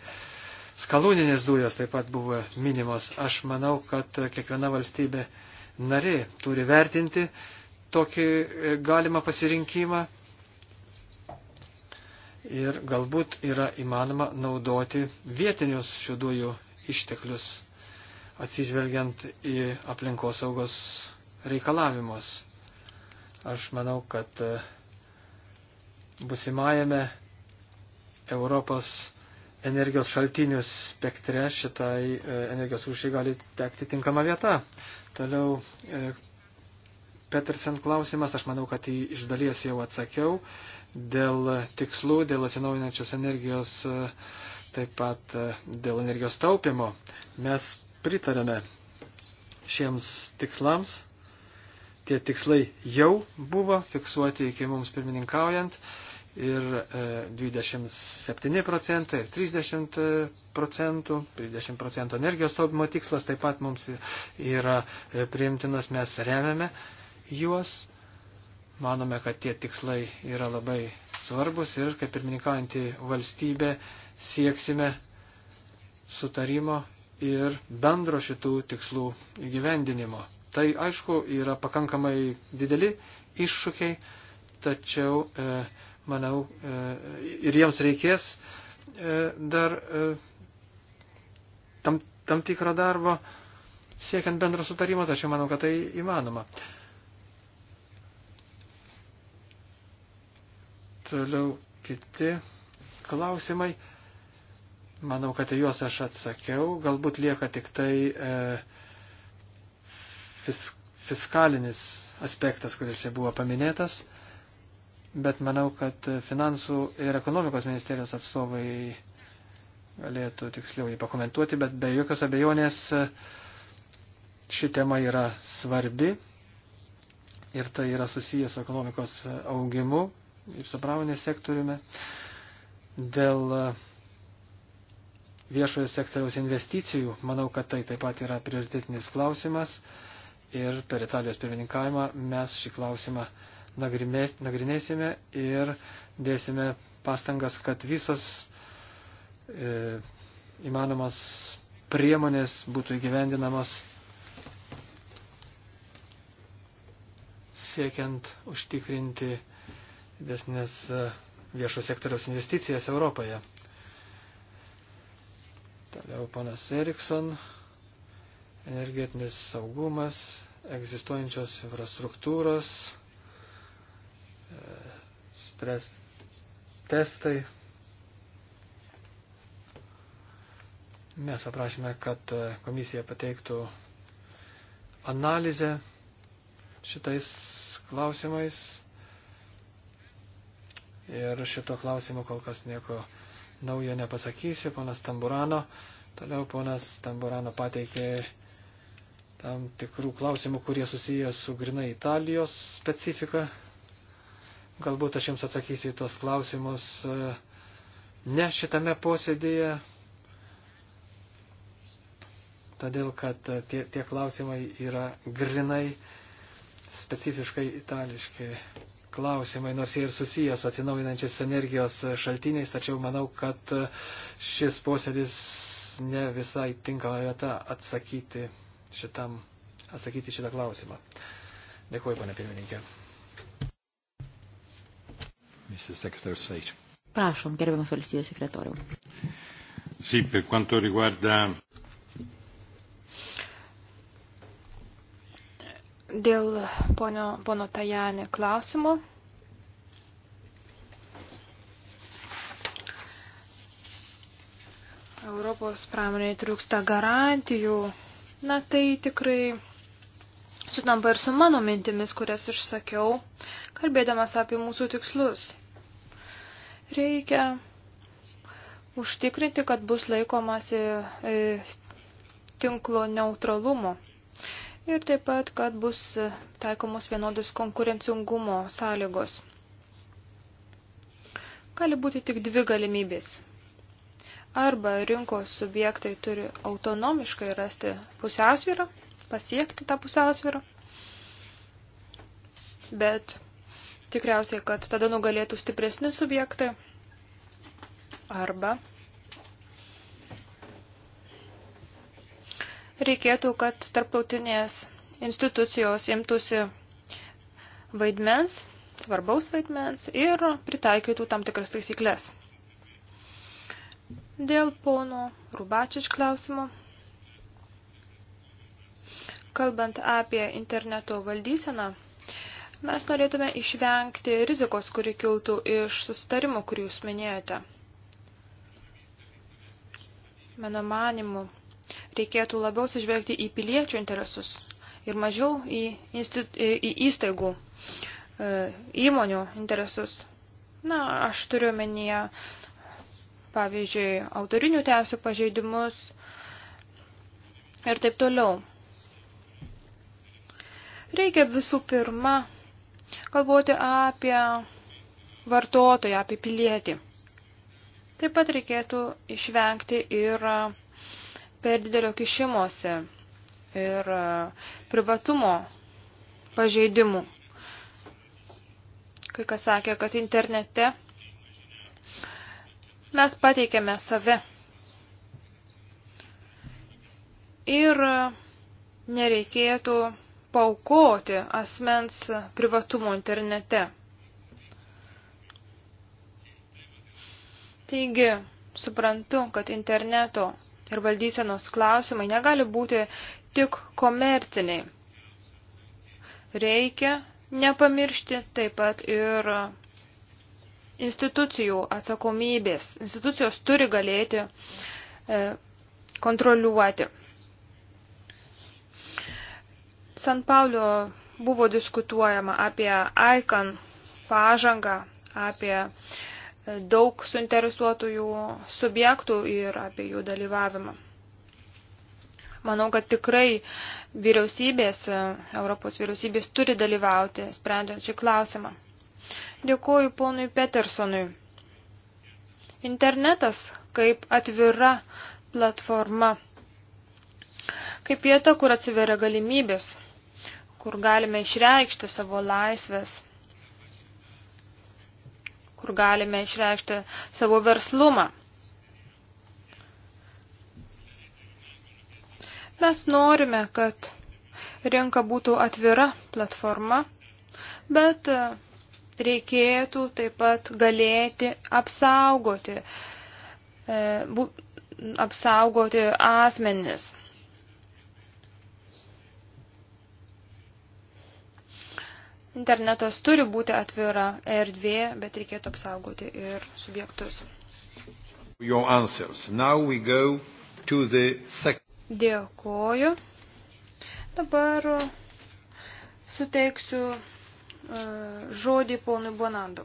Skalūninės dujos taip pat buvo minimos. Aš manau, kad kiekviena valstybė narė turi vertinti tokį e, galimą pasirinkimą ir galbūt yra įmanoma naudoti vietinius šių dujų išteklius atsižvelgiant į aplinkosaugos reikalavimus. Aš manau, kad e, busimajame Europos energijos šaltinių spektre šitai e, energijos rūšiai gali tekti tinkama vieta. Toliau e, Petersen klausimas, aš manau, kad jį iš dalies jau atsakiau, dėl tikslų, dėl atsinaujinančios energijos, taip pat dėl energijos taupimo. Mes pritarėme šiems tikslams. Tie tikslai jau buvo fiksuoti iki mums pirmininkaujant ir 27 e, procentai, 30 e, procentų, 30 procentų energijos taupimo tikslas taip pat mums yra e, priimtinas, mes remiame juos. Manome, kad tie tikslai yra labai svarbus ir kaip pirmininkaujantį valstybę sieksime sutarimo ir bendro šitų tikslų įgyvendinimo. Tai aišku yra pakankamai dideli iššūkiai, tačiau e, manau e, ir jiems reikės e, dar e, tam, tam tikro darbo siekiant bendro sutarimo, tačiau manau, kad tai įmanoma. Toliau kiti klausimai. Manau, kad į juos aš atsakiau. Galbūt lieka tik tai e, fisk, fiskalinis aspektas, kuris čia buvo paminėtas. Bet manau, kad finansų ir ekonomikos ministerijos atstovai galėtų tiksliau jį pakomentuoti, bet be jokios abejonės e, ši tema yra svarbi ir tai yra susijęs su ekonomikos augimu ir su pramonės sektoriumi. Dėl uh, viešojo sektoriaus investicijų, manau, kad tai taip pat yra prioritetinis klausimas ir per Italijos pirmininkavimą mes šį klausimą nagrinėsime ir dėsime pastangas, kad visos e, įmanomos priemonės būtų įgyvendinamos siekiant užtikrinti didesnės e, viešo sektoriaus investicijas Europoje. Toliau panas Erikson, energetinis saugumas, egzistuojančios infrastruktūros, e, stres testai. Mes paprašėme, kad e, komisija pateiktų analizę šitais klausimais. Ir šito klausimo kol kas nieko naujo nepasakysiu, ponas Tamburano. Toliau ponas Tamburano pateikė tam tikrų klausimų, kurie susiję su grinai Italijos specifika. Galbūt aš jums atsakysiu į tuos klausimus e, ne šitame posėdėje, todėl kad e, tie, tie klausimai yra grinai specifiškai itališki klausimai, nors jie ir susijęs su atsinaujinančiais energijos šaltiniais, tačiau manau, kad šis posėdis ne visai tinkama vieta atsakyti, šitam, atsakyti šitą klausimą. Dėkuoju, pane pirmininkė. Prašom, gerbiamas valstybės sekretoriau. Sì, per quanto riguarda Dėl ponio, pono Tajani klausimo. Europos pramoniai trūksta garantijų. Na tai tikrai sutampa ir su mano mintimis, kurias išsakiau, kalbėdamas apie mūsų tikslus. Reikia užtikrinti, kad bus laikomasi e, tinklo neutralumo ir taip pat, kad bus e, taikomos vienodos konkurencingumo sąlygos. Gali būti tik dvi galimybės. Arba rinkos subjektai turi autonomiškai rasti pusiausvyrą, pasiekti tą pusiausvyrą, bet tikriausiai, kad tada nugalėtų stipresni subjektai. Arba reikėtų, kad tarptautinės institucijos imtųsi vaidmens, svarbaus vaidmens ir pritaikytų tam tikras taisyklės. Dėl pono Rubačič klausimo, kalbant apie interneto valdyseną, mes norėtume išvengti rizikos, kuri kiltų iš sustarimo, kurį jūs minėjote. Mano manimu, reikėtų labiau sižvelgti į piliečių interesus ir mažiau į, institu, į įstaigų, e, įmonių interesus. Na, aš turiu menyje, pavyzdžiui, autorinių teisų pažeidimus ir taip toliau. Reikia visų pirma galvoti apie vartotoją, apie pilietį. Taip pat reikėtų išvengti ir per didelio kišimosi ir e, privatumo pažeidimų. Kai kas sakė, kad internete mes pateikėme save. Ir nereikėtų paukoti asmens privatumo internete. Taigi, suprantu, kad interneto ir valdysenos klausimai negali būti tik komerciniai. Reikia nepamiršti taip pat ir institucijų atsakomybės. Institucijos turi galėti e, kontroliuoti. San Paulio buvo diskutuojama apie ICAN pažangą, apie daug suinteresuotųjų subjektų ir apie jų dalyvavimą. Manau, kad tikrai vyriausybės, Europos vyriausybės turi dalyvauti, sprendžiant šį klausimą. Dėkuoju ponui Petersonui. Internetas kaip atvira platforma, kaip vieta, kur atsiveria galimybės, kur galime išreikšti savo laisvės kur galime išreikšti savo verslumą. Mes norime, kad rinka būtų atvira platforma, bet reikėtų taip pat galėti apsaugoti, e, bu, apsaugoti asmenis. Internetas turi būti atvira erdvė, bet reikėtų apsaugoti ir subjektus. The... Dėkoju. Dabar uh, suteiksiu uh, žodį ponui Bonandu.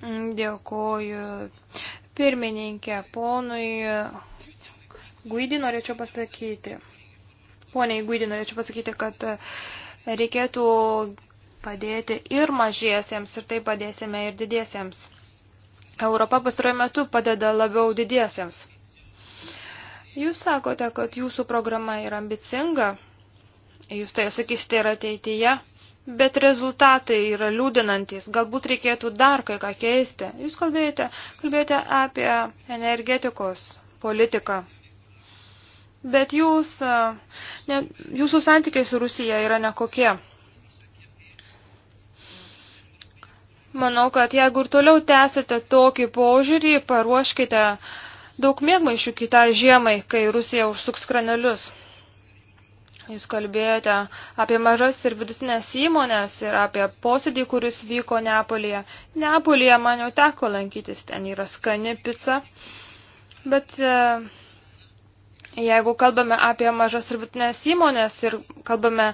Mm, dėkoju pirmininkė ponui Guidi norėčiau pasakyti. Poniai Guidi norėčiau pasakyti, kad reikėtų padėti ir mažiesiems, ir tai padėsime ir didiesiems. Europa pastaruoju metu padeda labiau didiesiems. Jūs sakote, kad jūsų programa yra ambicinga, jūs tai sakysite ir ateityje, bet rezultatai yra liūdinantis, galbūt reikėtų dar kai ką keisti. Jūs kalbėjote, kalbėjote apie energetikos politiką bet jūs, ne, jūsų santykiai su Rusija yra nekokie. Manau, kad jeigu ir toliau tęsite tokį požiūrį, paruoškite daug mėgmaišių kitai žiemai, kai Rusija užsuks kranelius. Jūs kalbėjote apie mažas ir vidutinės įmonės ir apie posėdį, kuris vyko Neapolyje. Neapolyje man jau teko lankytis, ten yra skani pica, bet e, Jeigu kalbame apie mažas ir vidutinės įmonės ir kalbame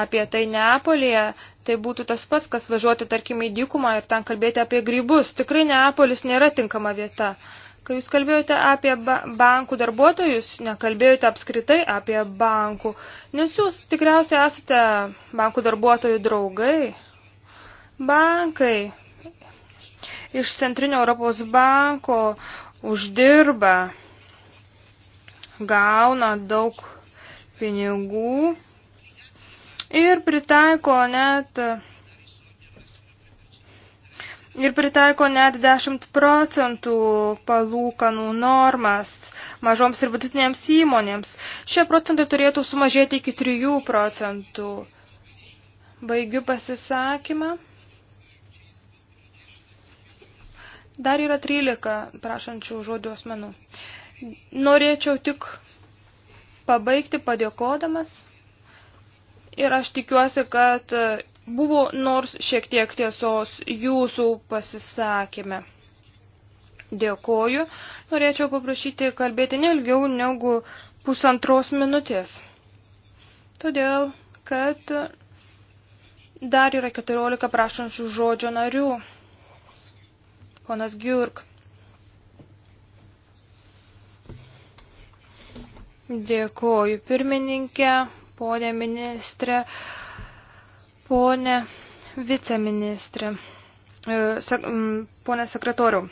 apie tai Neapolėje, tai būtų tas pats, kas važiuoti, tarkim, į dykumą ir ten kalbėti apie grybus. Tikrai Neapolis nėra tinkama vieta. Kai jūs kalbėjote apie ba bankų darbuotojus, nekalbėjote apskritai apie bankų, nes jūs tikriausiai esate bankų darbuotojų draugai. Bankai iš Centrinio Europos banko uždirba gauna daug pinigų ir pritaiko net ir pritaiko net 10 procentų palūkanų normas mažoms ir vidutinėms įmonėms. Šie procentai turėtų sumažėti iki 3 procentų. Baigiu pasisakymą. Dar yra 13 prašančių žodžių asmenų. Norėčiau tik pabaigti padėkodamas ir aš tikiuosi, kad buvo nors šiek tiek tiesos jūsų pasisakime. Dėkoju. Norėčiau paprašyti kalbėti nelgiau negu pusantros minutės. Todėl, kad dar yra 14 prašančių žodžio narių. Ponas Giurk. Dėkoju pirmininkė, ponė ministrė, ponė viceministrė, e, ponė sekretoriu.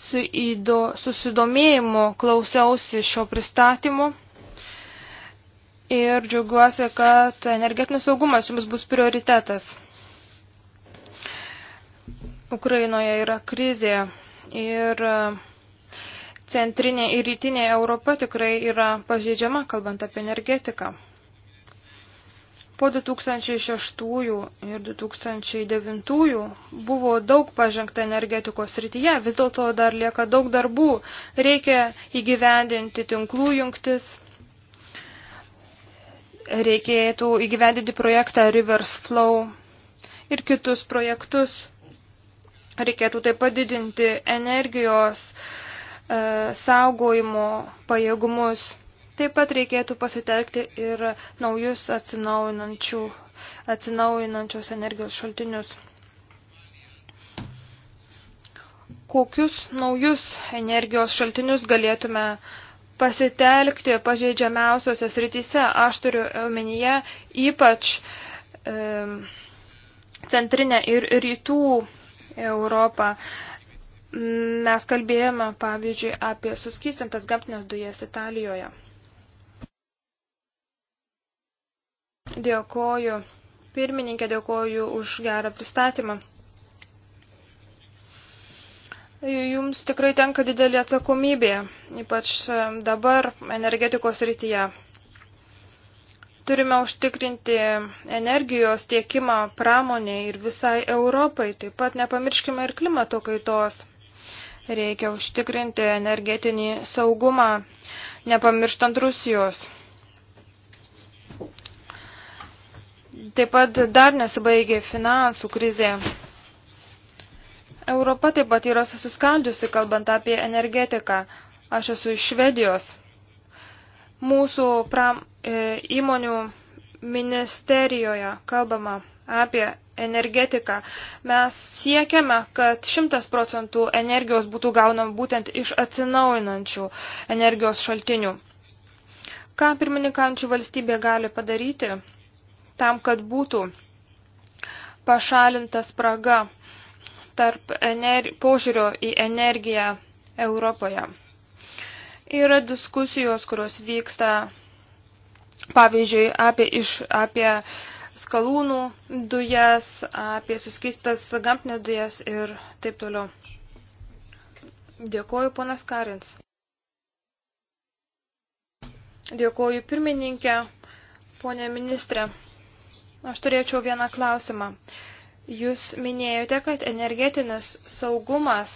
Su įdo, susidomėjimu klausiausi šio pristatymo ir džiaugiuosi, kad energetinis saugumas jums bus prioritetas. Ukrainoje yra krizė ir uh, centrinė ir rytinė Europa tikrai yra pažeidžiama, kalbant apie energetiką. Po 2006 ir 2009 buvo daug pažengta energetikos rytyje, vis dėlto dar lieka daug darbų, reikia įgyvendinti tinklų jungtis, reikėtų įgyvendinti projektą Rivers Flow ir kitus projektus, reikėtų taip padidinti energijos uh, E, saugojimo pajėgumus. Taip pat reikėtų pasitelkti ir naujus atsinaujinančios energijos šaltinius. Kokius naujus energijos šaltinius galėtume pasitelkti pažeidžiamiausiose srityse, aš turiu omenyje ypač e, centrinę ir rytų Europą. E, Mes kalbėjome, pavyzdžiui, apie suskystintas gamtinės dujas Italijoje. Dėkoju pirmininkė, dėkoju už gerą pristatymą. Jums tikrai tenka didelį atsakomybė, ypač e, dabar energetikos rytyje. Turime užtikrinti energijos tiekimą pramonė ir visai Europai, taip pat nepamirškime ir klimato kaitos. Reikia užtikrinti energetinį saugumą, nepamirštant Rusijos. Taip pat dar nesibaigė finansų krizė. Europa taip pat yra susiskaldžiusi, kalbant apie energetiką. Aš esu iš Švedijos. Mūsų pram, e, įmonių ministerijoje kalbama apie energetiką. Mes siekiame, kad 100 procentų energijos būtų gaunama būtent iš atsinaujinančių energijos šaltinių. Ką pirmininkančių valstybė gali padaryti tam, kad būtų pašalinta spraga tarp ener... požiūrio į energiją Europoje. Yra diskusijos, kurios vyksta, pavyzdžiui, apie, iš, apie skalūnų dujas, apie suskistas gamtinės dujas ir taip toliau. Dėkoju, ponas Karins. Dėkoju, pirmininkė, ponė ministrė. Aš turėčiau vieną klausimą. Jūs minėjote, kad energetinis saugumas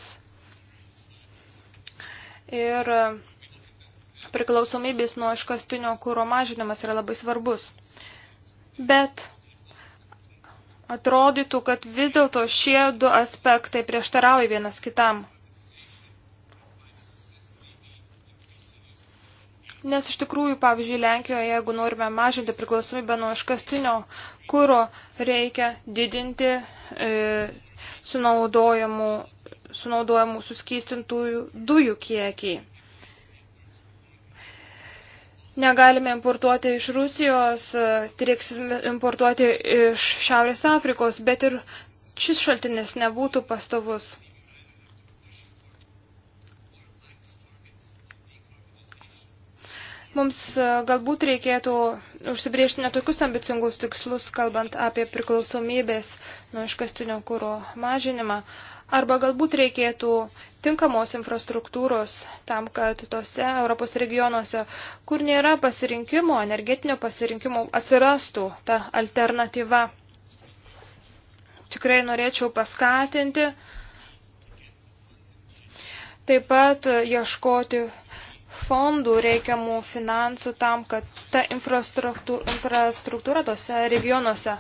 ir priklausomybės nuo iškastinio kūro mažinimas yra labai svarbus bet atrodytų, kad vis dėlto šie du aspektai prieštarauja vienas kitam. Nes iš tikrųjų, pavyzdžiui, Lenkijoje, jeigu norime mažinti priklausomybę nuo iškastinio kūro, reikia didinti e, sunaudojamų, sunaudojamų suskystintųjų dujų kiekį negalime importuoti iš Rusijos, reiks importuoti iš Šiaurės Afrikos, bet ir šis šaltinis nebūtų pastovus. Mums e, galbūt reikėtų užsibriežti netokius ambicingus tikslus, kalbant apie priklausomybės nuo iškastinio kūro mažinimą. Arba galbūt reikėtų tinkamos infrastruktūros tam, kad tose Europos regionuose, kur nėra pasirinkimo, energetinio pasirinkimo, atsirastų ta alternatyva. Tikrai norėčiau paskatinti taip pat ieškoti fondų reikiamų finansų tam, kad ta infrastruktūra, infrastruktūra tose regionuose e,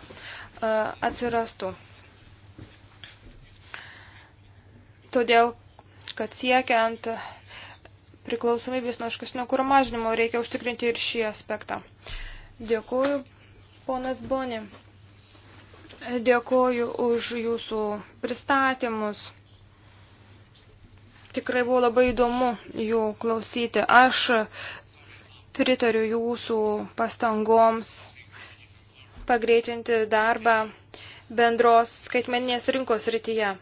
atsirastų. todėl kad siekiant priklausomybės nuo iškasnio kūro mažinimo reikia užtikrinti ir šį aspektą. Dėkuoju, ponas Boni. Dėkuoju už jūsų pristatymus. Tikrai buvo labai įdomu jų klausyti. Aš pritariu jūsų pastangoms pagreitinti darbą bendros skaitmeninės rinkos rytyje.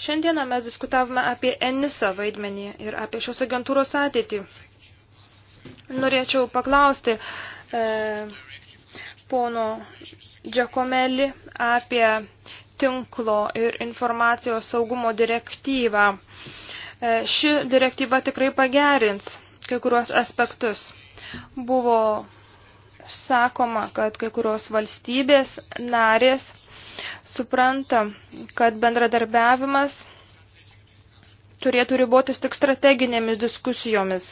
Šiandieną mes diskutavome apie ENISA vaidmenį ir apie šios agentūros ateitį. Norėčiau paklausti e, pono Džekomeli apie tinklo ir informacijos saugumo direktyvą. E, ši direktyva tikrai pagerins kai kuriuos aspektus. Buvo sakoma, kad kai kurios valstybės narės supranta, kad bendradarbiavimas turėtų ribotis tik strateginėmis diskusijomis.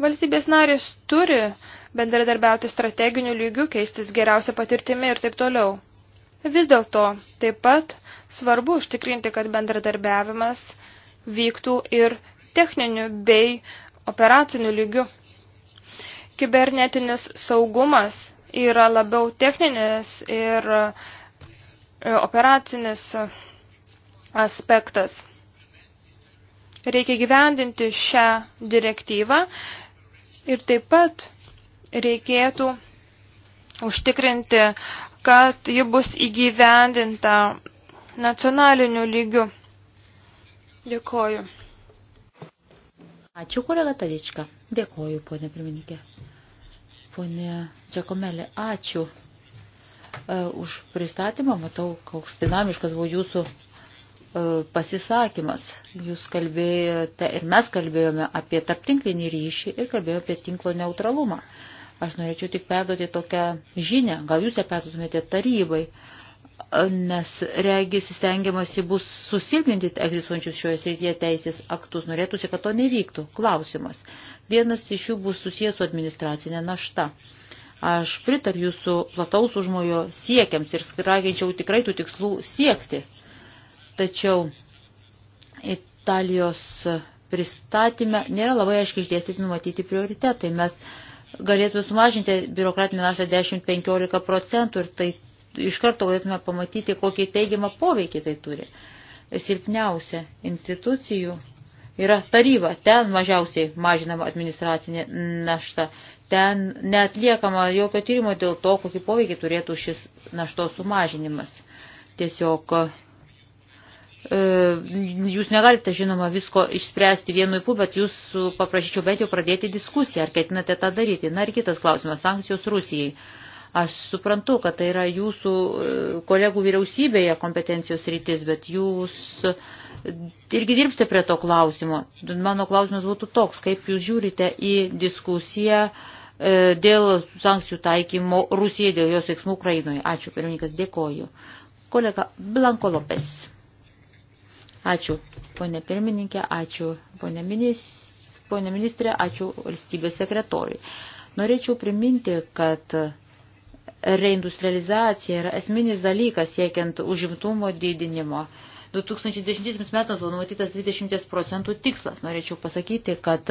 Valstybės narės turi bendradarbiauti strateginių lygių, keistis geriausia patirtimi ir taip toliau. Vis dėlto taip pat svarbu užtikrinti, kad bendradarbiavimas vyktų ir techniniu bei operaciniu lygiu. Kibernetinis saugumas yra labiau techninis ir e, operacinis aspektas. Reikia gyvendinti šią direktyvą ir taip pat reikėtų užtikrinti, kad ji bus įgyvendinta nacionaliniu lygiu. Dėkoju. Ačiū, kolega Tadička. Dėkoju, ponė pirmininkė. Pone Džekomelė, ačiū uh, už pristatymą. Matau, koks dinamiškas buvo jūsų e, pasisakymas. Jūs kalbėjote ir mes kalbėjome apie tarptinklinį ryšį ir kalbėjome apie tinklo neutralumą. Aš norėčiau tik perduoti tokią žinę, gal jūs ją perduotumėte tarybai. Uh, nes regis stengiamasi bus susilpninti egzistuojančius šioje srityje teisės aktus, norėtųsi, kad to nevyktų. Klausimas. Vienas iš jų bus susijęs su administracinė našta. Aš pritariu jūsų plataus užmojo siekiams ir raginčiau tikrai tų tikslų siekti. Tačiau Italijos pristatyme nėra labai aiškiai išdėstyti numatyti prioritetai. Mes galėtume sumažinti biurokratinę naštą 10-15 procentų ir tai iš karto galėtume pamatyti, kokį teigiamą poveikį tai turi. Silpniausia institucijų yra taryba, ten mažiausiai mažinama administracinė našta, ten neatliekama jokio tyrimo dėl to, kokį poveikį turėtų šis naštos sumažinimas. Tiesiog e, jūs negalite, žinoma, visko išspręsti vienu įpū, bet jūs paprašyčiau bent jau pradėti diskusiją, ar ketinate tą daryti. Na ir kitas klausimas, sankcijos Rusijai. Aš suprantu, kad tai yra jūsų e, kolegų vyriausybėje kompetencijos rytis, bet jūs e, irgi dirbsite prie to klausimo. Mano klausimas būtų toks, kaip jūs žiūrite į diskusiją e, dėl sankcijų taikymo Rusijai, dėl jos veiksmų Ukrainoje. Ačiū, pirmininkas, dėkoju. Kolega Blanko Lopes. Ačiū, ponė pirmininkė, ačiū, ponė, minis, ponė ministrė, ačiū valstybės sekretoriui. Norėčiau priminti, kad Reindustrializacija yra esminis dalykas siekiant užimtumo didinimo. 2010 metams buvo numatytas 20 procentų tikslas. Norėčiau pasakyti, kad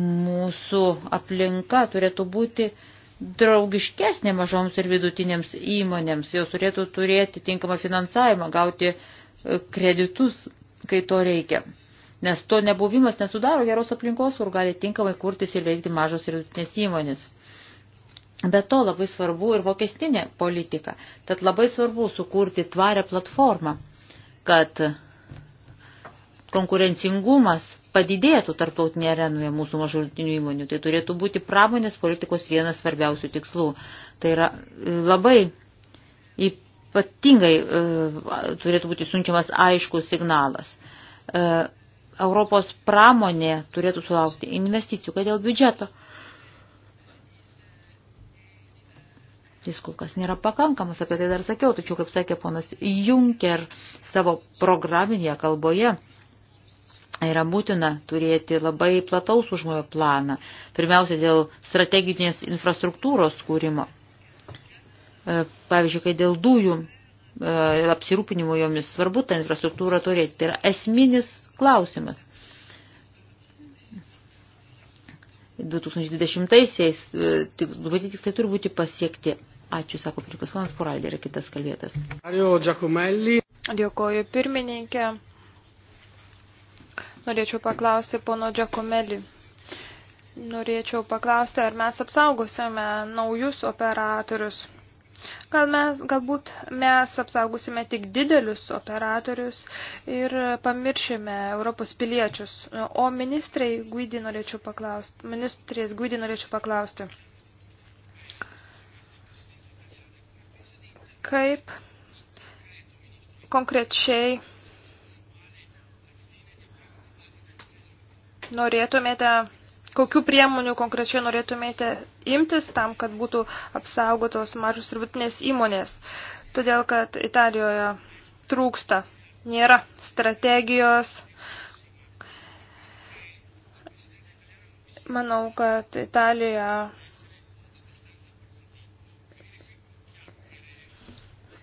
mūsų aplinka turėtų būti draugiškesnė mažoms ir vidutinėms įmonėms. Jos turėtų turėti tinkamą finansavimą, gauti e, kreditus, kai to reikia. Nes to nebuvimas nesudaro geros aplinkos, kur gali tinkamai kurtis ir veikti mažos ir vidutinės įmonės. Be to labai svarbu ir mokestinė politika. Tad labai svarbu sukurti tvarę platformą, kad konkurencingumas padidėtų tarptautinėje arenoje mūsų mažutinių įmonių. Tai turėtų būti pramonės politikos vienas svarbiausių tikslų. Tai yra e, labai ypatingai e, turėtų būti sunčiamas aiškus signalas. E, Europos pramonė turėtų sulaukti investicijų, kad dėl biudžeto jis kol kas nėra pakankamas, apie tai dar sakiau, tačiau, kaip sakė ponas Juncker savo programinėje kalboje, yra būtina turėti labai plataus užmojo planą, pirmiausia dėl strateginės infrastruktūros kūrimo. E, pavyzdžiui, kai dėl dujų e, apsirūpinimo jomis svarbu tą infrastruktūrą turėti, tai yra esminis klausimas. 2020-aisiais e, tik, tikslai turi būti pasiekti. Ačiū, sako pirmininkas Ponas Puraldė ir kitas kalbėtas. Dėkoju pirmininkė. Norėčiau paklausti pono Džakomelį. Norėčiau paklausti, ar mes apsaugosime naujus operatorius. Gal mes, galbūt mes apsaugosime tik didelius operatorius ir pamiršime Europos piliečius. O ministrai Guidi norėčiau paklausti. Ministrės Guidi norėčiau paklausti. kaip konkrečiai norėtumėte, kokių priemonių konkrečiai norėtumėte imtis tam, kad būtų apsaugotos mažus ir vidutinės įmonės. Todėl, kad Italijoje trūksta, nėra strategijos. Manau, kad Italijoje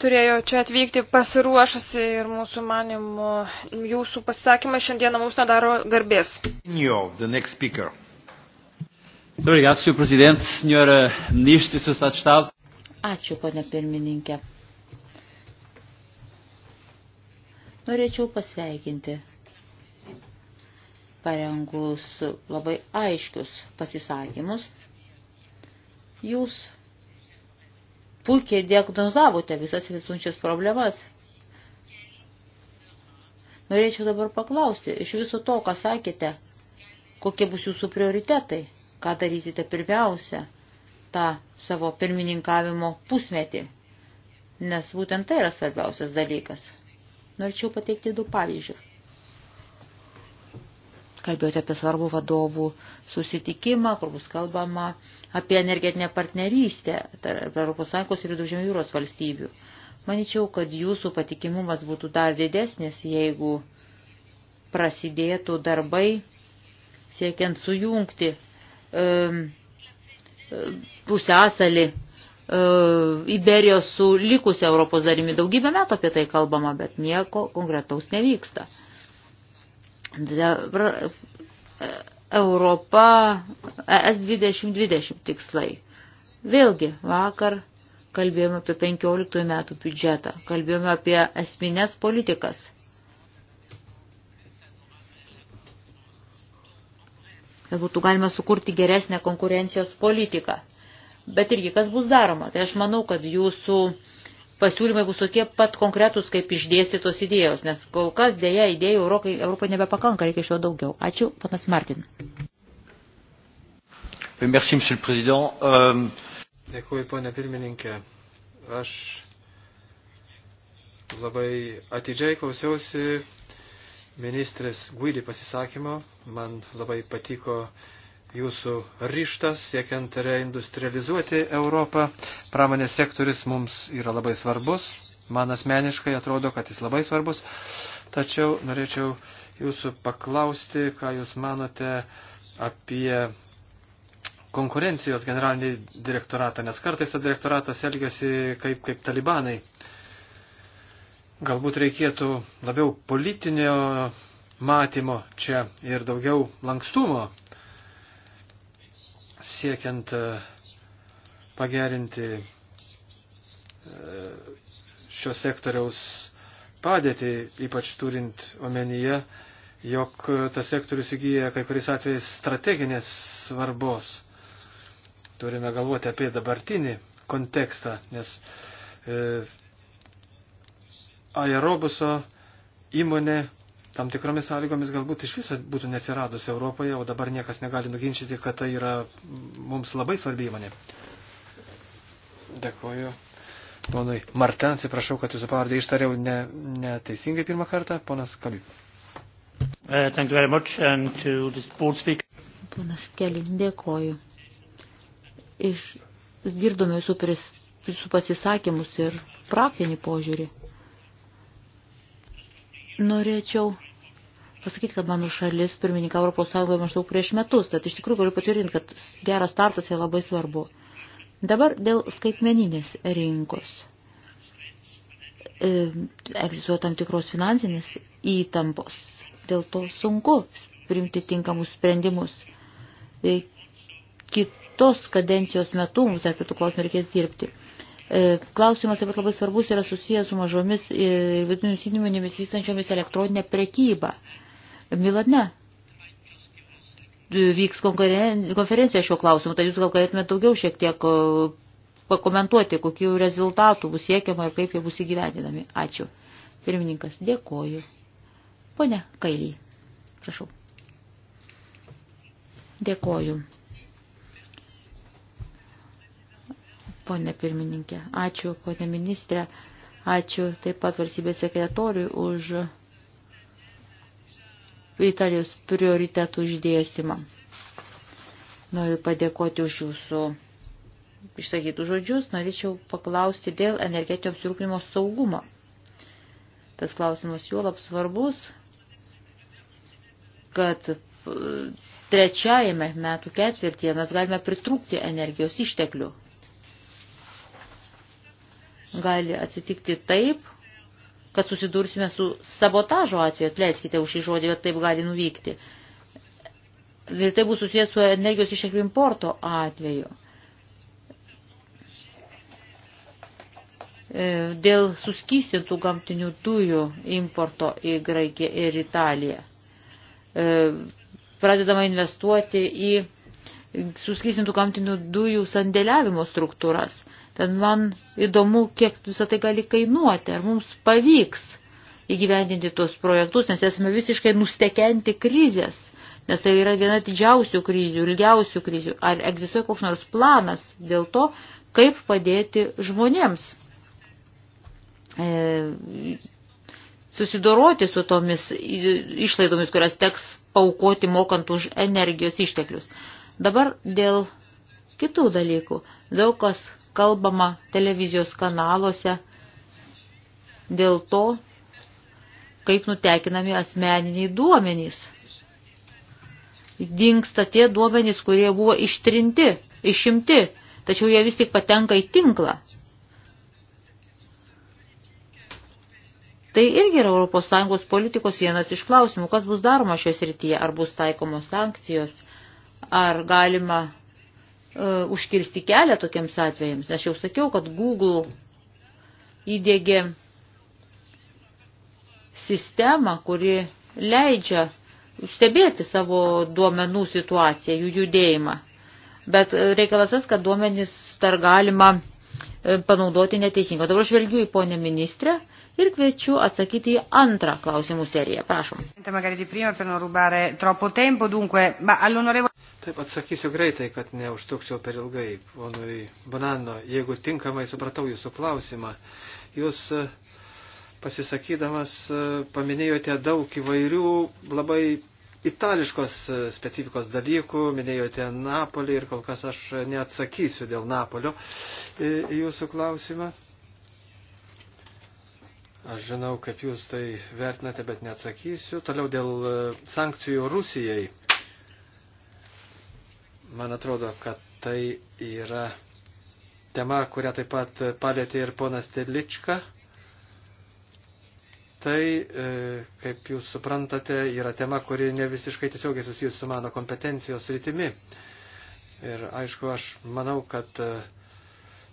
turėjo čia atvykti pasiruošusi ir mūsų manimų jūsų pasisakymai šiandieną mums nedaro garbės. Ačiū, ponė pirmininkė. Norėčiau pasveikinti parengus labai aiškius pasisakymus. Jūs puikiai diagnozavote visas visunčias problemas. Norėčiau dabar paklausti, iš viso to, ką sakėte, kokie bus jūsų prioritetai, ką darysite pirmiausia tą savo pirmininkavimo pusmetį, nes būtent tai yra svarbiausias dalykas. Norėčiau pateikti du pavyzdžius. Kalbėjote apie svarbų vadovų susitikimą, kur bus kalbama apie energetinę partnerystę tarp ES ir Viduržėmio jūros valstybių. Maničiau, kad jūsų patikimumas būtų dar didesnis, jeigu prasidėtų darbai siekiant sujungti um, pusęsalį Iberijos su likusia Europos darimi. Daugybę metų apie tai kalbama, bet nieko konkretaus nevyksta. E, Europa ES 2020 tikslai. Vėlgi vakar kalbėjome apie 15 metų biudžetą, kalbėjome apie esminės politikas. Kad būtų galima sukurti geresnę konkurencijos politiką. Bet irgi kas bus daroma? Tai aš manau, kad jūsų uh, pasiūlymai bus tokie pat konkretūs, kaip išdėstytos idėjos, nes kol kas dėja idėjų Europai, Europai nebepakanka, reikia iš jo daugiau. Ačiū, panas Martin. Merci, monsieur le président. Um... Euh, Dėkuoju, ponė pirmininkė. Aš labai atidžiai klausiausi ministrės Guidi pasisakymo. Man labai patiko uh, jūsų ryštas siekiant reindustrializuoti Europą. Pramonės sektoris mums yra labai svarbus. Man asmeniškai atrodo, kad jis labai svarbus. Tačiau norėčiau jūsų paklausti, ką jūs manote apie konkurencijos generalinį direktoratą, nes kartais tas direktoratas elgiasi kaip, kaip talibanai. Galbūt reikėtų labiau politinio matymo čia ir daugiau lankstumo siekiant e, pagerinti e, šio sektoriaus padėtį, ypač turint omenyje, jog tas sektorius įgyja kai kuriais atvejais strateginės svarbos. Turime galvoti apie dabartinį kontekstą, nes e, aerobuso įmonė tam tikromis sąlygomis galbūt iš viso būtų nesiradusi Europoje, o dabar niekas negali nuginčyti, kad tai yra mums labai svarbi įmonė. Dėkuoju. Ponui Martin, atsiprašau, kad jūsų pavardę ištariau neteisingai ne, ne pirmą kartą. Ponas Kaliu. Uh, thank you very much and um, to this board speaker. Ponas Kelly, dėkoju. Iš, girdome jūsų, pris, jūsų pasisakymus ir praktinį požiūrį. Norėčiau pasakyti, kad mano šalis pirmininkavo Europos Sąjungoje maždaug prieš metus, tad iš tikrųjų galiu patvirtinti, kad geras startas yra labai svarbu. Dabar dėl skaitmeninės rinkos. E, egzistuoja tam tikros finansinės įtampos, dėl to sunku priimti tinkamus sprendimus. E, kitos kadencijos metu mums apie tų klausimų reikės dirbti. E, klausimas taip pat labai svarbus yra susijęs su mažomis ir vidutinius įmonėmis vystančiomis elektroninę prekybą. Milane vyks konferencija šiuo klausimu, tai jūs gal galėtumėte daugiau šiek tiek uh, pakomentuoti, kokiu rezultatų bus siekiama ir kaip jie bus įgyvendinami. Ačiū. Pirmininkas, dėkoju. Pone Kailį, prašau. Dėkoju. Pone pirmininkė, ačiū, pone ministrė, ačiū taip pat valstybės sekretoriui už Italijos prioritetų išdėstymą. Noriu padėkoti už jūsų išsakytų žodžius, norėčiau paklausti dėl energetinio apsirūpinimo saugumo. Tas klausimas juolab svarbus, kad e, trečiajame metų ketvirtyje mes galime pritrūkti energijos išteklių. Gali atsitikti taip, kad susidursime su sabotažo atveju, atleiskite už šį žodį, bet taip gali nuvykti. Ir tai bus susijęs su energijos išteklių importo atveju. E, dėl suskystintų gamtinių dujų importo į Graikiją ir Italiją. E, pradedama investuoti į suskystintų gamtinių dujų sandėliavimo struktūras. Tad man įdomu, kiek visą tai gali kainuoti, ar mums pavyks įgyvendinti tuos projektus, nes esame visiškai nustekenti krizės, nes tai yra viena didžiausių krizių, ilgiausių krizių. Ar egzistuoja koks nors planas dėl to, kaip padėti žmonėms e, susidoroti su tomis išlaidomis, kurias teks paukoti mokant už energijos išteklius. Dabar dėl kitų dalykų. Daug kas kalbama televizijos kanaluose dėl to, kaip nutekinami asmeniniai duomenys. Dingsta tie duomenys, kurie buvo ištrinti, išimti, tačiau jie vis tik patenka į tinklą. Tai irgi yra ES politikos vienas iš klausimų, kas bus daroma šios rytyje, ar bus taikomos sankcijos, ar galima uh, užkirsti kelią tokiems atvejams. Aš jau sakiau, kad Google įdėgė sistemą, kuri leidžia stebėti savo duomenų situaciją, jų judėjimą. Bet e, reikalas tas, kad duomenys dar galima e, panaudoti neteisingo. Dabar žvelgiu į ponę ministrę ir kviečiu atsakyti į antrą klausimų seriją. Prašom. Taip atsakysiu greitai, kad neužtrukčiau per ilgai, ponui Banano, jeigu tinkamai supratau jūsų klausimą. Jūs e, pasisakydamas e, paminėjote daug įvairių labai itališkos e, specifikos dalykų, minėjote Napolį ir kol kas aš neatsakysiu dėl Napolio į jūsų klausimą. Aš žinau, kaip jūs tai vertinate, bet neatsakysiu. Toliau dėl sankcijų Rusijai Man atrodo, kad tai yra tema, kurią taip pat palėtė ir ponas Telička. Tai, e, kaip jūs suprantate, yra tema, kuri ne visiškai tiesiogiai susijusi su mano kompetencijos rytimi. Ir aišku, aš manau, kad e,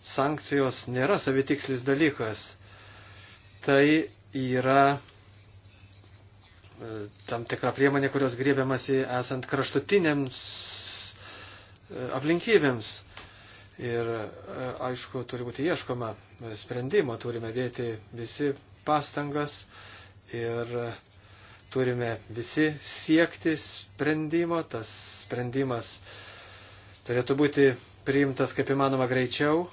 sankcijos nėra savitikslis dalykas. Tai yra e, tam tikra priemonė, kurios griebiamasi esant kraštutiniams aplinkybėms. Ir e, aišku, turi būti ieškoma sprendimo, turime dėti visi pastangas ir e, turime visi siekti sprendimo. Tas sprendimas turėtų būti priimtas kaip įmanoma greičiau.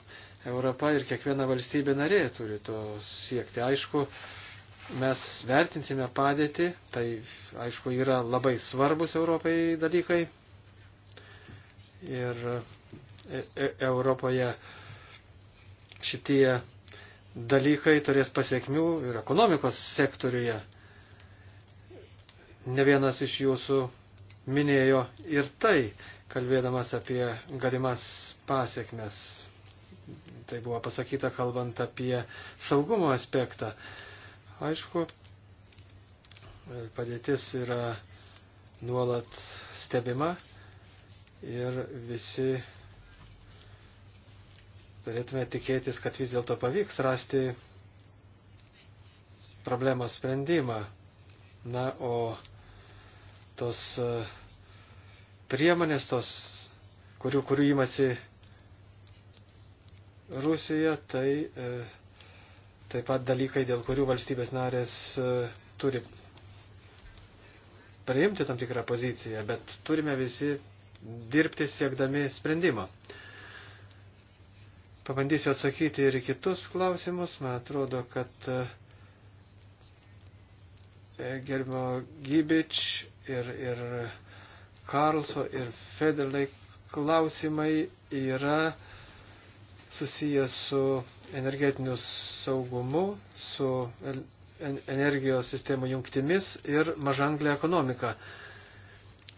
Europa ir kiekviena valstybė narė turi to siekti. Aišku, mes vertinsime padėtį, tai aišku yra labai svarbus Europai dalykai, ir e, e, Europoje šitie dalykai turės pasiekmių ir ekonomikos sektoriuje. Ne vienas iš jūsų minėjo ir tai, kalbėdamas apie galimas pasiekmes. Tai buvo pasakyta kalbant apie saugumo aspektą. Aišku, padėtis yra nuolat stebima ir visi turėtume tikėtis, kad vis dėlto pavyks rasti problemos sprendimą. Na, o tos e, priemonės, tos, kurių, kurių įmasi Rusija, tai e, taip pat dalykai, dėl kurių valstybės narės e, turi priimti tam tikrą poziciją, bet turime visi dirbti siekdami sprendimą. Pabandysiu atsakyti ir kitus klausimus. Man atrodo, kad e, gerbimo Gybič ir, ir Karlso ir Federlai klausimai yra susijęs su energetiniu saugumu, su energijos sistemų jungtimis ir mažanglė ekonomika.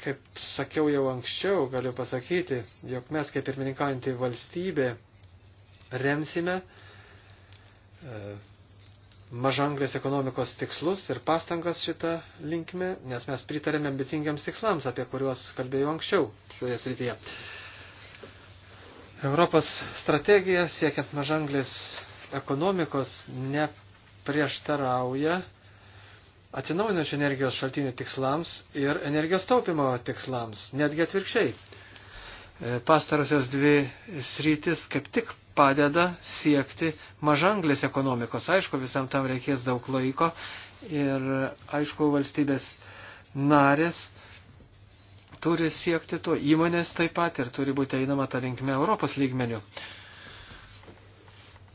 Kaip sakiau jau anksčiau, galiu pasakyti, jog mes kaip pirmininkaujantį valstybė remsime e, mažanglės ekonomikos tikslus ir pastangas šitą linkme, nes mes pritarėme ambicingiams tikslams, apie kuriuos kalbėjau anksčiau šioje srityje. Europos strategija siekiant mažanglės ekonomikos neprieštarauja atsinaujinančių energijos šaltinių tikslams ir energijos taupimo tikslams, netgi atvirkščiai. E, pastarosios dvi sritis kaip tik padeda siekti mažanglės ekonomikos. Aišku, visam tam reikės daug laiko ir aišku, valstybės narės turi siekti to, įmonės taip pat ir turi būti einama tą linkme Europos lygmenių.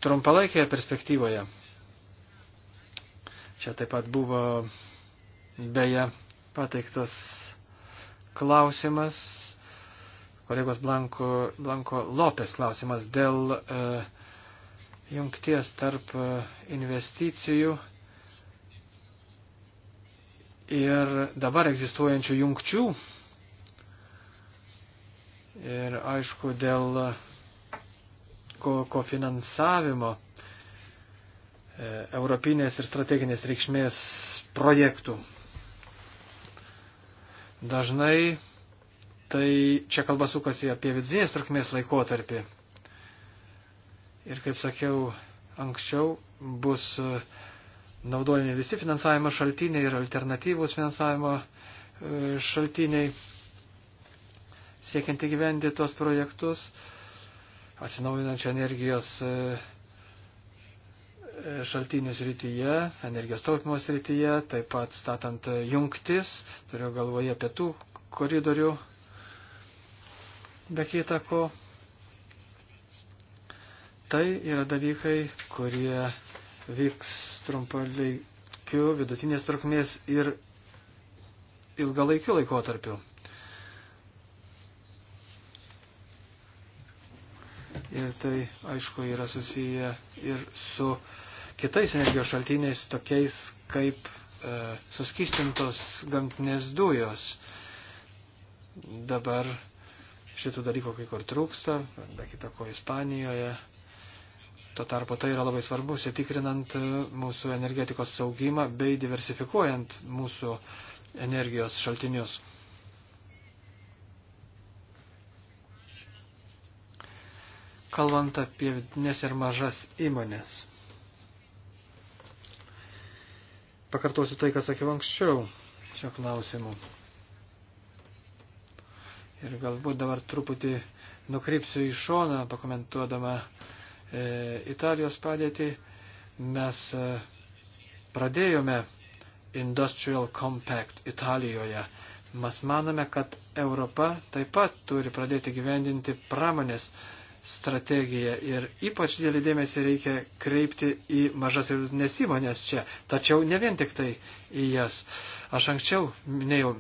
Trumpalaikėje perspektyvoje Čia taip pat buvo beje pateiktas klausimas, kolegos Blanko, Blanko Lopės klausimas dėl e, jungties tarp e, investicijų ir dabar egzistuojančių jungčių. Ir aišku, dėl kofinansavimo. Ko, ko E, europinės ir strateginės reikšmės projektų. Dažnai tai čia kalba sukasi apie vidutinės trukmės laikotarpį. Ir kaip sakiau anksčiau, bus naudojami visi finansavimo šaltiniai ir alternatyvūs finansavimo e, šaltiniai, siekiant įgyvendyti tuos projektus, atsinaujinančio energijos e, šaltinių srityje, energijos taupimo srityje, taip pat statant jungtis, turiu galvoje pietų koridorių, be kitako. Tai yra dalykai, kurie vyks trumpalaikiu, vidutinės trukmės ir ilgalaikiu laikotarpiu. Ir tai, aišku, yra susiję ir su uh, kitais energijos šaltiniais, tokiais kaip e, suskistintos gamtinės dujos. Dabar šitų dalykų kai kur trūksta, be kita ko Ispanijoje. Tuo tarpu tai yra labai svarbu, sitikrinant e, mūsų energetikos saugimą bei diversifikuojant mūsų energijos šaltinius. Kalbant apie vidinės ir mažas įmonės. pakartosiu tai, ką sakiau anksčiau šio klausimu. Ir galbūt dabar truputį nukrypsiu į šoną, pakomentuodama e, Italijos padėtį. Mes e, pradėjome Industrial Compact Italijoje. Mes manome, kad Europa taip pat turi pradėti gyvendinti pramonės e, strategiją ir ypač didelį dėmesį reikia kreipti į mažas ir vidutinės įmonės čia, tačiau ne vien tik tai į jas. Aš anksčiau minėjau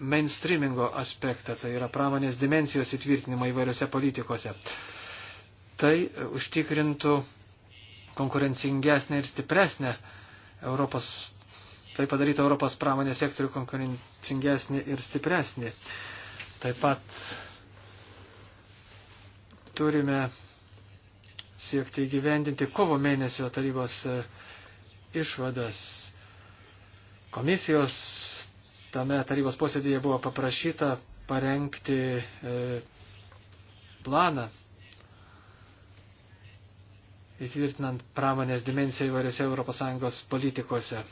mainstreamingo aspektą, tai yra pramonės dimensijos įtvirtinimą įvairiose politikose. Tai užtikrintų konkurencingesnę ir stipresnę Europos, tai padarytų Europos pramonės sektorių konkurencingesnį ir stipresnį. Taip pat turime siekti įgyvendinti kovo mėnesio tarybos e, išvadas. Komisijos tame tarybos posėdėje buvo paprašyta parengti e, planą įtvirtinant pramonės dimensiją įvairiose ES politikose.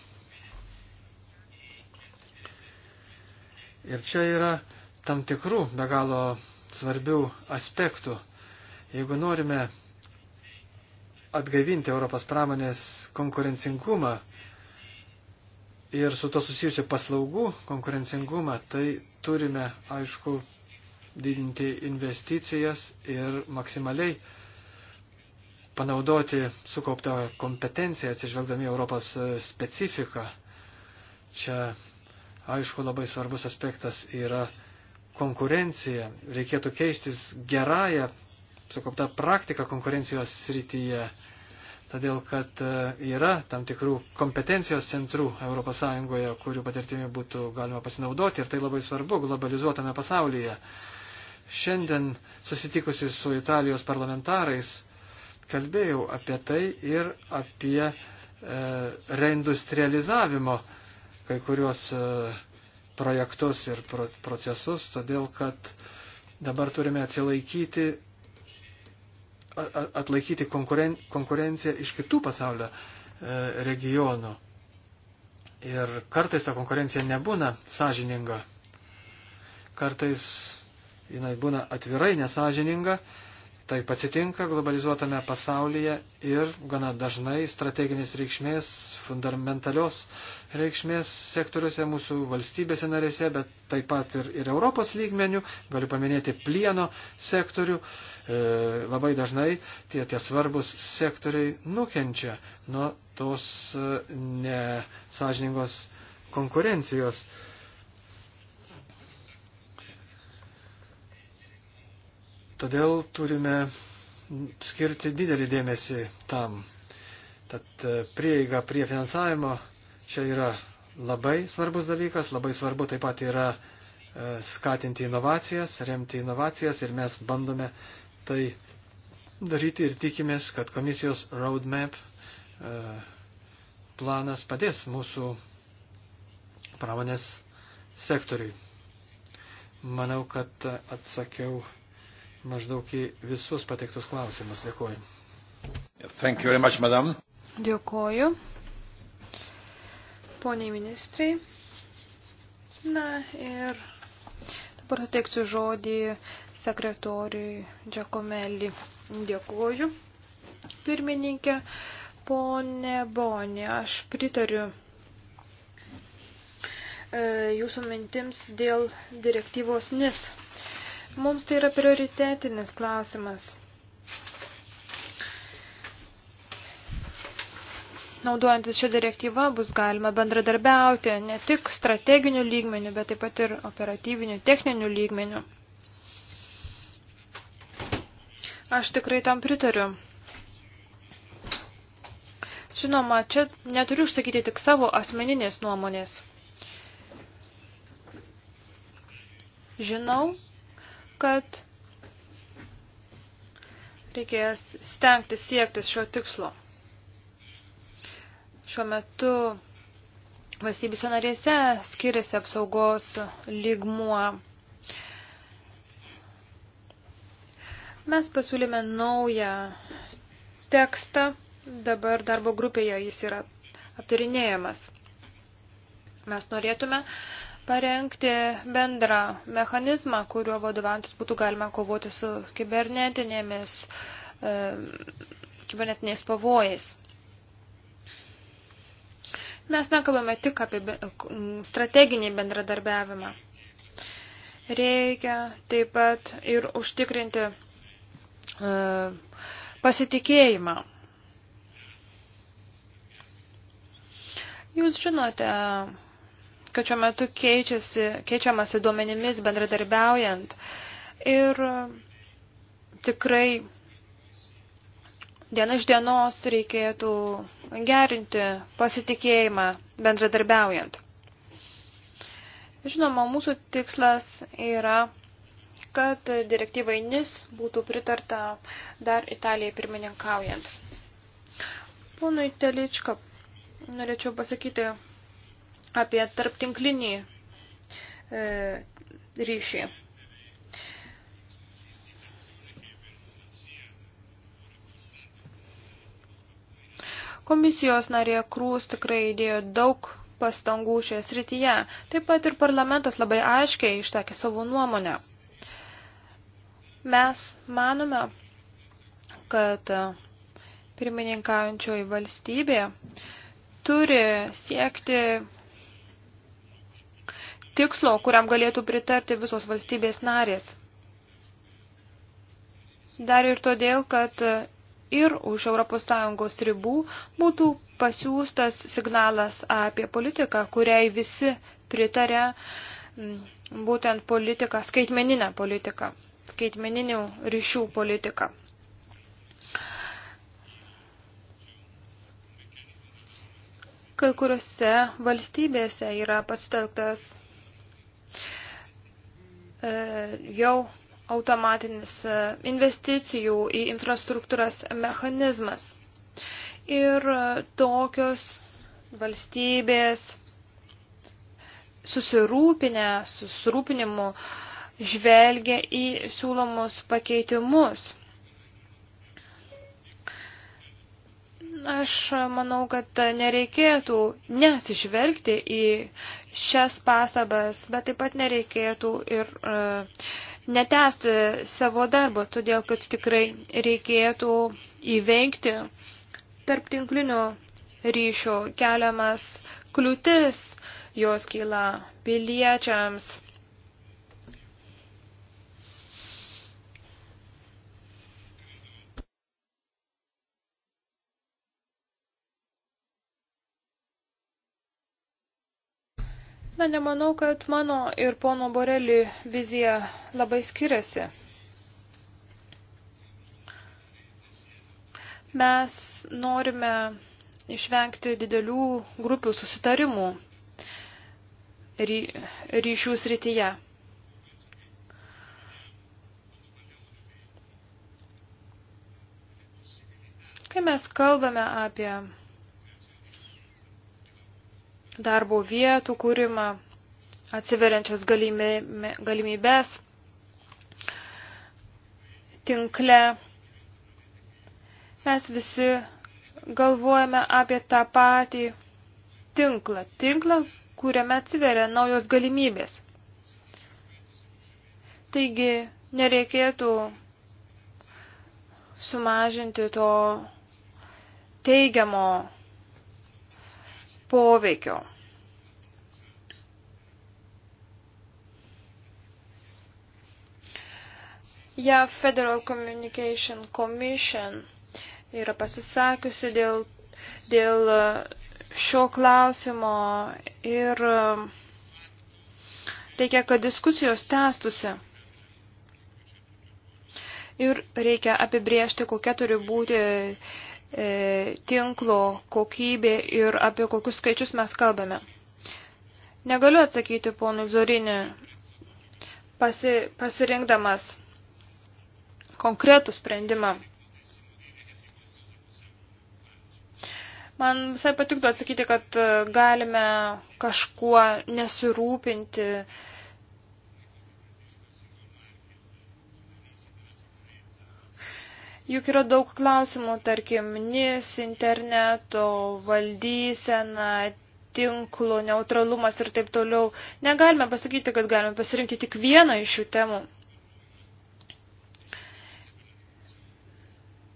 Ir čia yra tam tikrų be galo svarbių aspektų Jeigu norime atgaivinti Europos pramonės konkurencingumą ir su to susijusiu paslaugų konkurencingumą, tai turime, aišku, didinti investicijas ir maksimaliai panaudoti sukauptą kompetenciją atsižvelgdami Europos specifiką. Čia, aišku, labai svarbus aspektas yra konkurencija. Reikėtų keistis gerąją sukaupta praktika konkurencijos srityje, todėl kad e, yra tam tikrų kompetencijos centrų ES, kurių patirtimi būtų galima pasinaudoti ir tai labai svarbu globalizuotame pasaulyje. Šiandien susitikusi su Italijos parlamentarais kalbėjau apie tai ir apie e, reindustrializavimo kai kuriuos e, projektus ir pro, procesus, todėl kad dabar turime atsilaikyti atlaikyti konkuren, konkurenciją iš kitų pasaulio e, regionų. Ir kartais ta konkurencija nebūna sąžininga. Kartais jinai būna atvirai nesažininga Taip atsitinka globalizuotame pasaulyje ir gana dažnai strateginės reikšmės, fundamentalios reikšmės sektoriuose mūsų valstybėse narėse, bet taip pat ir, ir Europos lygmenių, galiu paminėti plieno sektorių, e, labai dažnai tie, tie svarbus sektoriai nukenčia nuo tos e, nesažiningos konkurencijos. E, Todėl turime skirti didelį dėmesį tam. Tad e, prieiga prie finansavimo čia yra labai svarbus dalykas, labai svarbu taip pat yra e, skatinti inovacijas, remti inovacijas ir mes bandome tai daryti ir tikimės, kad komisijos roadmap e, planas padės mūsų pramonės sektoriui. Manau, kad atsakiau maždaug į visus pateiktus klausimus. Dėkuoju. Thank you very much, madam. Dėkuoju. Poniai ministrai. Na ir dabar suteiksiu žodį sekretoriui Džekomelį. Dėkuoju. Pirmininkė, ponė Bonė, aš pritariu e, jūsų mintims dėl direktyvos NIS Mums tai yra prioritetinis klausimas. Naudojantis šią direktyvą bus galima bendradarbiauti ne tik strateginių lygmenių, bet taip pat ir operatyvinių, techninių lygmenių. Aš tikrai tam pritariu. Žinoma, čia neturiu užsakyti tik savo asmeninės nuomonės. Žinau, kad reikės stengti siektis šio tikslo. Šiuo metu valstybėse narėse skiriasi apsaugos lygmuo. Mes pasiūlėme naują tekstą, dabar darbo grupėje jis yra aptarinėjamas. Mes norėtume, parengti bendrą mechanizmą, kuriuo vadovantis būtų galima kovoti su kibernetinėmis, e, kibernetiniais pavojais. Mes nekalbame tik apie strateginį bendradarbiavimą. Reikia taip pat ir užtikrinti e, pasitikėjimą. Jūs žinote, kad šiuo metu keičiasi, keičiamasi duomenimis bendradarbiaujant. Ir e, tikrai diena iš dienos reikėtų gerinti pasitikėjimą bendradarbiaujant. Žinoma, mūsų tikslas yra, kad direktyvai NIS būtų pritarta dar Italijai pirmininkaujant. Ponui Telička, norėčiau pasakyti apie tarptinklinį e, ryšį. Komisijos narė Krūs tikrai įdėjo daug pastangų šioje srityje. Taip pat ir parlamentas labai aiškiai ištakė savo nuomonę. Mes manome, kad pirmininkaujančioji valstybė turi siekti tikslo, kuriam galėtų pritarti visos valstybės narės. Dar ir todėl, kad ir už ES ribų būtų pasiūstas signalas apie politiką, kuriai visi pritarė būtent politiką, skaitmeninę politiką, skaitmeninių ryšių politiką. Kai kuriuose valstybėse yra pasitelktas E, jau automatinis e, investicijų į infrastruktūras mechanizmas. Ir e, tokios valstybės susirūpinę, susirūpinimu žvelgia į siūlomus pakeitimus. Aš manau, kad nereikėtų nesižvelgti į šias pastabas, bet taip pat nereikėtų ir e, netesti savo darbo, todėl kad tikrai reikėtų įveikti tarp tinklinio ryšio keliamas kliūtis, jos kyla piliečiams Na, nemanau, kad mano ir pono Borelį vizija labai skiriasi. Mes norime išvengti didelių grupių susitarimų ry ryšių srityje. Kai mes kalbame apie darbo vietų kūrimą, atsiveriančias galimybės tinkle. Mes visi galvojame apie tą patį tinklą. Tinklą, kuriame atsiveria naujos galimybės. Taigi nereikėtų sumažinti to teigiamo poveikio. JAV yeah, Federal Communication Commission yra pasisakiusi dėl, dėl uh, šio klausimo ir um, reikia, kad diskusijos tęstusi. Ir reikia apibriežti, kokia turi būti E, tinklo kokybė ir apie kokius skaičius mes kalbame. Negaliu atsakyti ponui Zorinį, pasi, pasirinkdamas konkretų sprendimą. Man visai patiktų atsakyti, kad galime kažkuo nesirūpinti, Juk yra daug klausimų, tarkim, NIS, interneto, valdysena, tinklų, neutralumas ir taip toliau. Negalime pasakyti, kad galime pasirinkti tik vieną iš šių temų.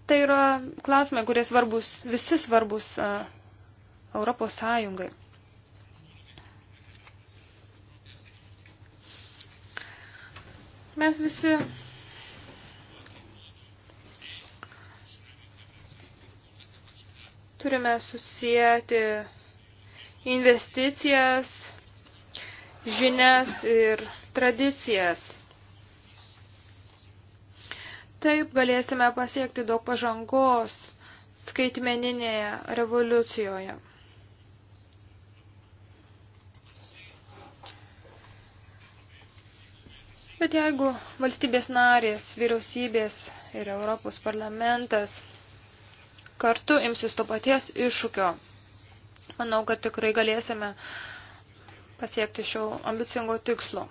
Tai yra klausimai, kurie svarbus, visi svarbus uh, Europos Sąjungai. Mes visi Turime susijęti investicijas, žinias ir tradicijas. Taip galėsime pasiekti daug pažangos skaitmeninėje revoliucijoje. Bet jeigu valstybės narės, vyriausybės ir Europos parlamentas kartu imsis to paties iššūkio. Manau, kad tikrai galėsime pasiekti šio ambicingo tikslo.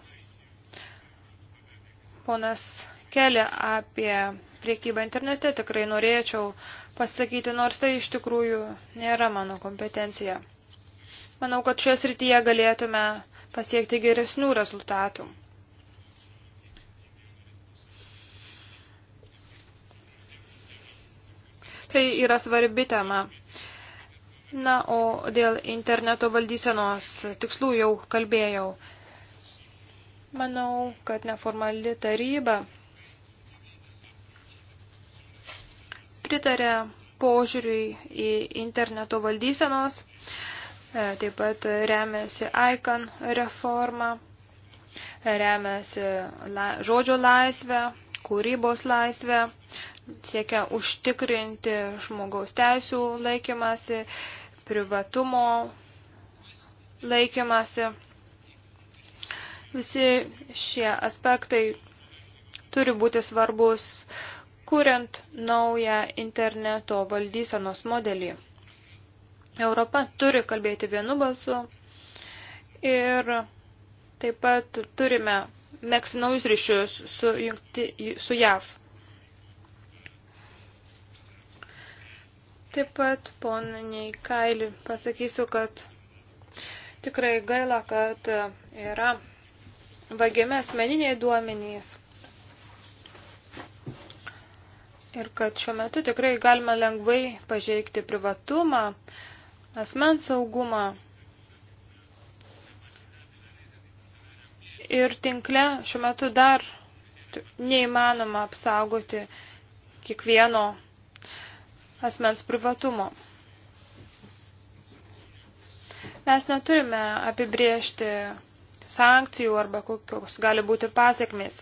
Ponas Kelė apie priekybą internete tikrai norėčiau pasakyti, nors tai iš tikrųjų nėra mano kompetencija. Manau, kad šioje srityje galėtume pasiekti geresnių rezultatų. Tai yra svarbi tema. Na, o dėl interneto valdysenos tikslų jau kalbėjau. Manau, kad neformali taryba pritarė požiūriui į interneto valdysenos, e, taip pat remiasi ICAN reforma, remiasi la, žodžio laisvę, kūrybos laisvę, siekia užtikrinti žmogaus teisų laikymasi, privatumo laikymasi. Visi šie aspektai turi būti svarbus, kuriant naują interneto valdysenos modelį. Europa turi kalbėti vienu balsu ir taip pat turime mėgsi naujus ryšius su, jungti, su JAV. Taip pat, poniai Kaili, pasakysiu, kad tikrai gaila, kad yra vagiami asmeniniai duomenys. Ir kad šiuo metu tikrai galima lengvai pažeikti privatumą, asmens saugumą. Ir tinkle šiuo metu dar neįmanoma apsaugoti kiekvieno asmens privatumo. Mes neturime apibriežti sankcijų arba kokios gali būti pasiekmės.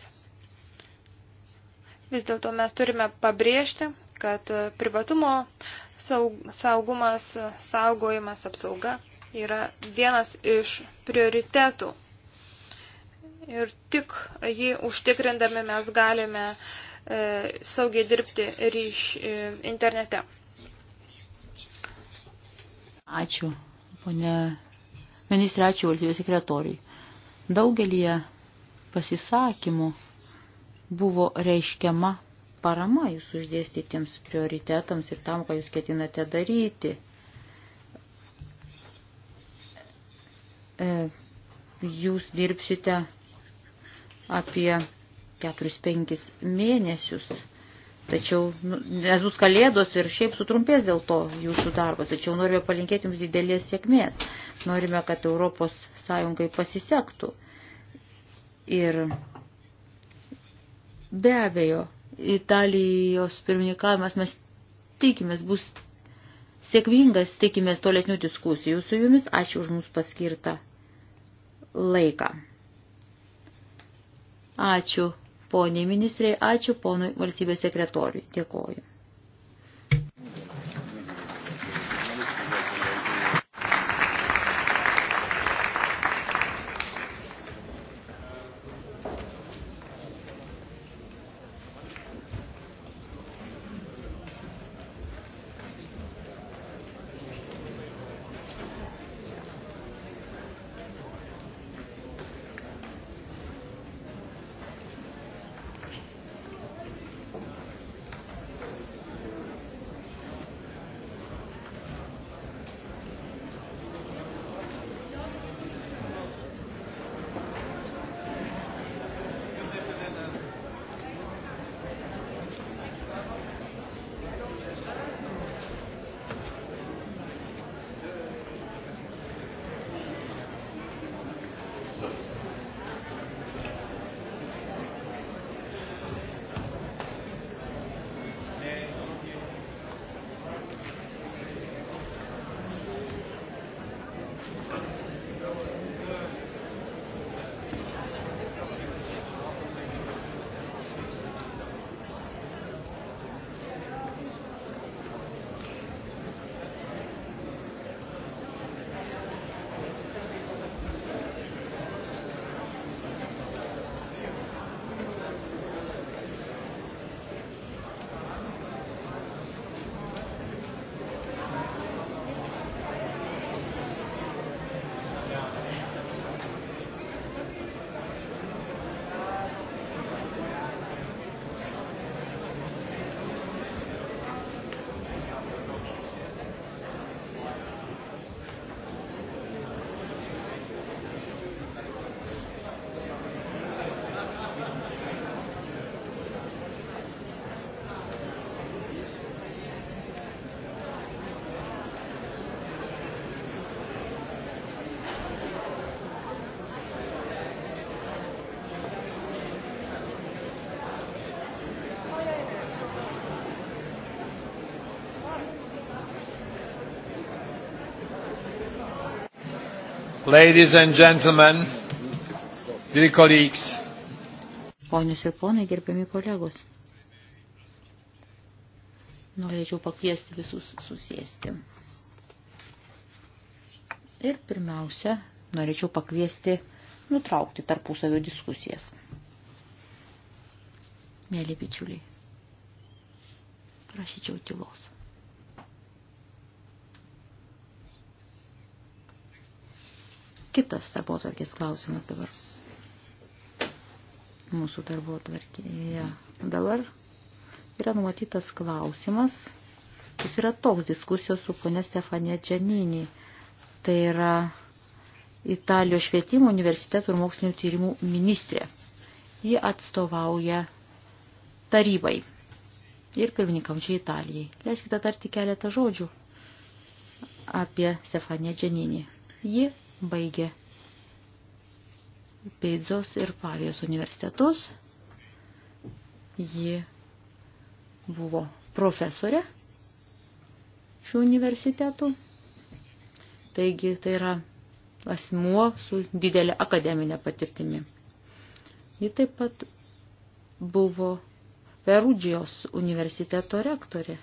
Vis dėlto mes turime pabrėžti, kad privatumo saugumas, saugojimas, apsauga yra vienas iš prioritetų. Ir tik jį užtikrindami mes galime uh, E, saugiai dirbti ryš e, internete. Ačiū, ponė ministrė, ačiū valstybės sekretoriai. Daugelie pasisakymų buvo reiškiama parama jūsų uždėstytiems prioritetams ir tam, ką jūs ketinate daryti. E, jūs dirbsite apie 4-5 mėnesius. Tačiau, nu, nes bus kalėdos ir šiaip sutrumpės dėl to jūsų darbas, tačiau norime palinkėti jums didelės sėkmės. Norime, kad Europos Sąjungai pasisektų. Ir be abejo, Italijos pirmininkavimas mes tikimės bus sėkmingas, tikimės tolesnių diskusijų su jumis. Ačiū už mūsų paskirtą laiką. Ačiū Pone ministrė, ačiū ponui valstybės sekretoriui. Dėkoju. Ladies and gentlemen, dear colleagues. Ponios ir ponai, gerbiami kolegos. Norėčiau pakviesti visus susėsti. Ir pirmiausia, norėčiau pakviesti nutraukti tarpusavio diskusijas. Mėly bičiuliai, prašyčiau tylos. Kitas darbo atvarkės klausimas dabar. Mūsų darbo atvarkėje dabar yra numatytas klausimas. Jis yra toks diskusijos su ponė Stefanė Džaninį. Tai yra Italijos švietimo universitetų ir mokslinių tyrimų ministrė. Ji atstovauja tarybai ir pirmininkaučiai Italijai. Leiskite tarti keletą žodžių apie Stefaniją Džaninį. Ji baigė Peidzos ir Pavijos universitetus. Ji buvo profesorė šių universitetų. Taigi tai yra asmuo su didelė akademinė patirtimi. Ji taip pat buvo Perudžijos universiteto rektorė.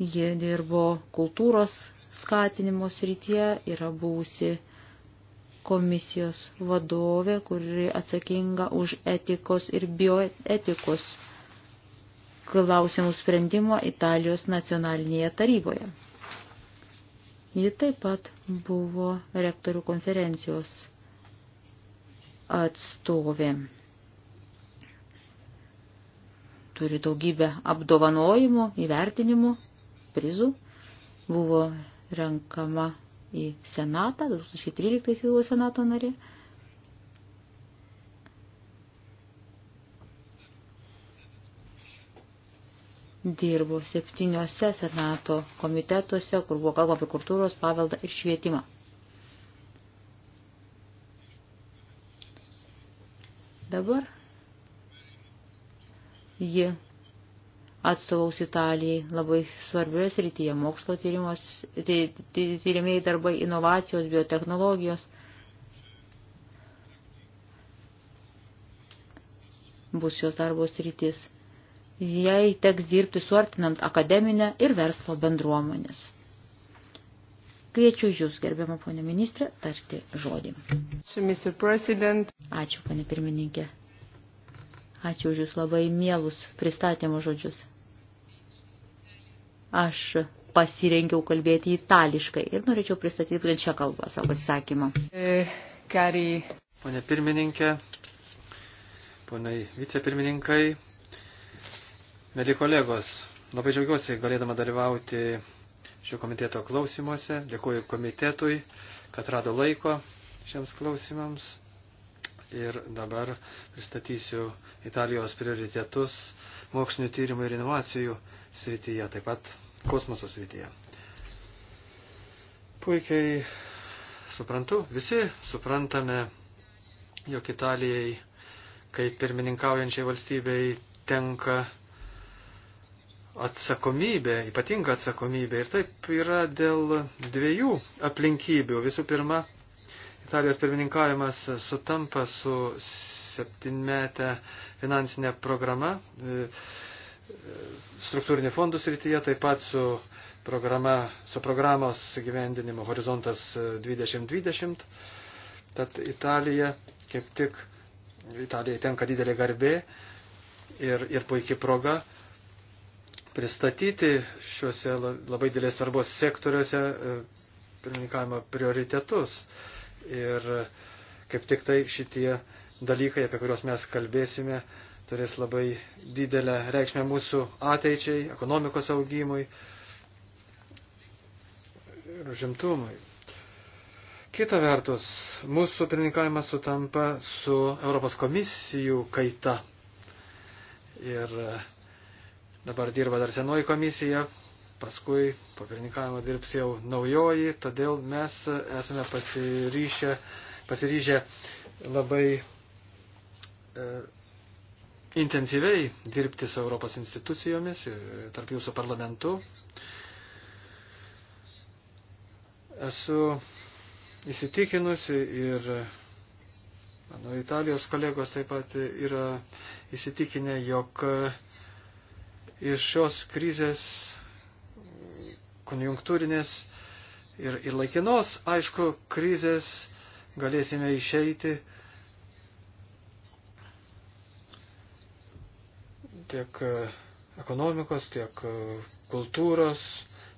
Ji dirbo kultūros skatinimo srityje, yra būsi komisijos vadovė, kuri atsakinga už etikos ir bioetikos klausimų sprendimą Italijos nacionalinėje taryboje. Ji taip pat buvo rektorių konferencijos atstovė. Turi daugybę apdovanojimų, įvertinimų prizų buvo renkama į Senatą, 2013 buvo Senato narė. Dirbo septyniose Senato komitetuose, kur buvo kalba apie kultūros paveldą ir švietimą. Dabar ji atstovaus Italijai labai svarbioje srityje - mokslo tyrimas, ty, ty, tyrimėjai darbai, inovacijos, biotehnologijos. Bus jos darbos rytis. Jei teks dirbti suartinant akademinę ir verslo bendruomenės. Kviečiu Jūs, gerbiamą ponę ministrę, tarti žodį. Ačiū, ponė pirmininkė. Ačiū už Jūs labai mielus pristatymų žodžius. Aš pasirengiau kalbėti itališkai ir norėčiau pristatyti būtent šią kalbą savo pasisakymą. E, kari. Pone pirmininkė, ponai vicepirmininkai, mėly kolegos, labai džiaugiuosi galėdama dalyvauti šio komiteto klausimuose. Dėkuoju komitetui, kad rado laiko šiems klausimams ir dabar pristatysiu Italijos prioritetus mokslinio tyrimų ir inovacijų srityje, taip pat kosmoso srityje. Puikiai suprantu, visi suprantame, jog Italijai, kaip pirmininkaujančiai valstybei, tenka atsakomybė, ypatinga atsakomybė. Ir taip yra dėl dviejų aplinkybių. Visų pirma, Italijos pirmininkavimas sutampa su septynmetę finansinę programą e, struktūrinių fondų srityje, taip pat su, programa, su programos gyvendinimo horizontas 2020. E, Tad Italija kaip tik, Italijai tenka didelė garbė ir, ir puikiai proga pristatyti šiuose labai dėlės svarbos sektoriuose e, pirmininkavimo prioritetus. Ir kaip tik tai šitie dalykai, apie kuriuos mes kalbėsime, turės labai didelę reikšmę mūsų ateičiai, ekonomikos augimui ir žimtumui. Kita vertus, mūsų pirmininkavimas sutampa su Europos komisijų kaita. Ir dabar dirba dar senoji komisija, paskui po pirmininkavimo dirbs jau naujoji, todėl mes esame pasiryšę, pasiryžę labai e, intensyviai dirbti su Europos institucijomis, tarp jūsų parlamentu. Esu įsitikinusi ir mano Italijos kolegos taip pat yra įsitikinę, jog iš šios krizės konjunktūrinės ir, ir laikinos, aišku, krizės galėsime išeiti tiek e, ekonomikos, tiek e, kultūros,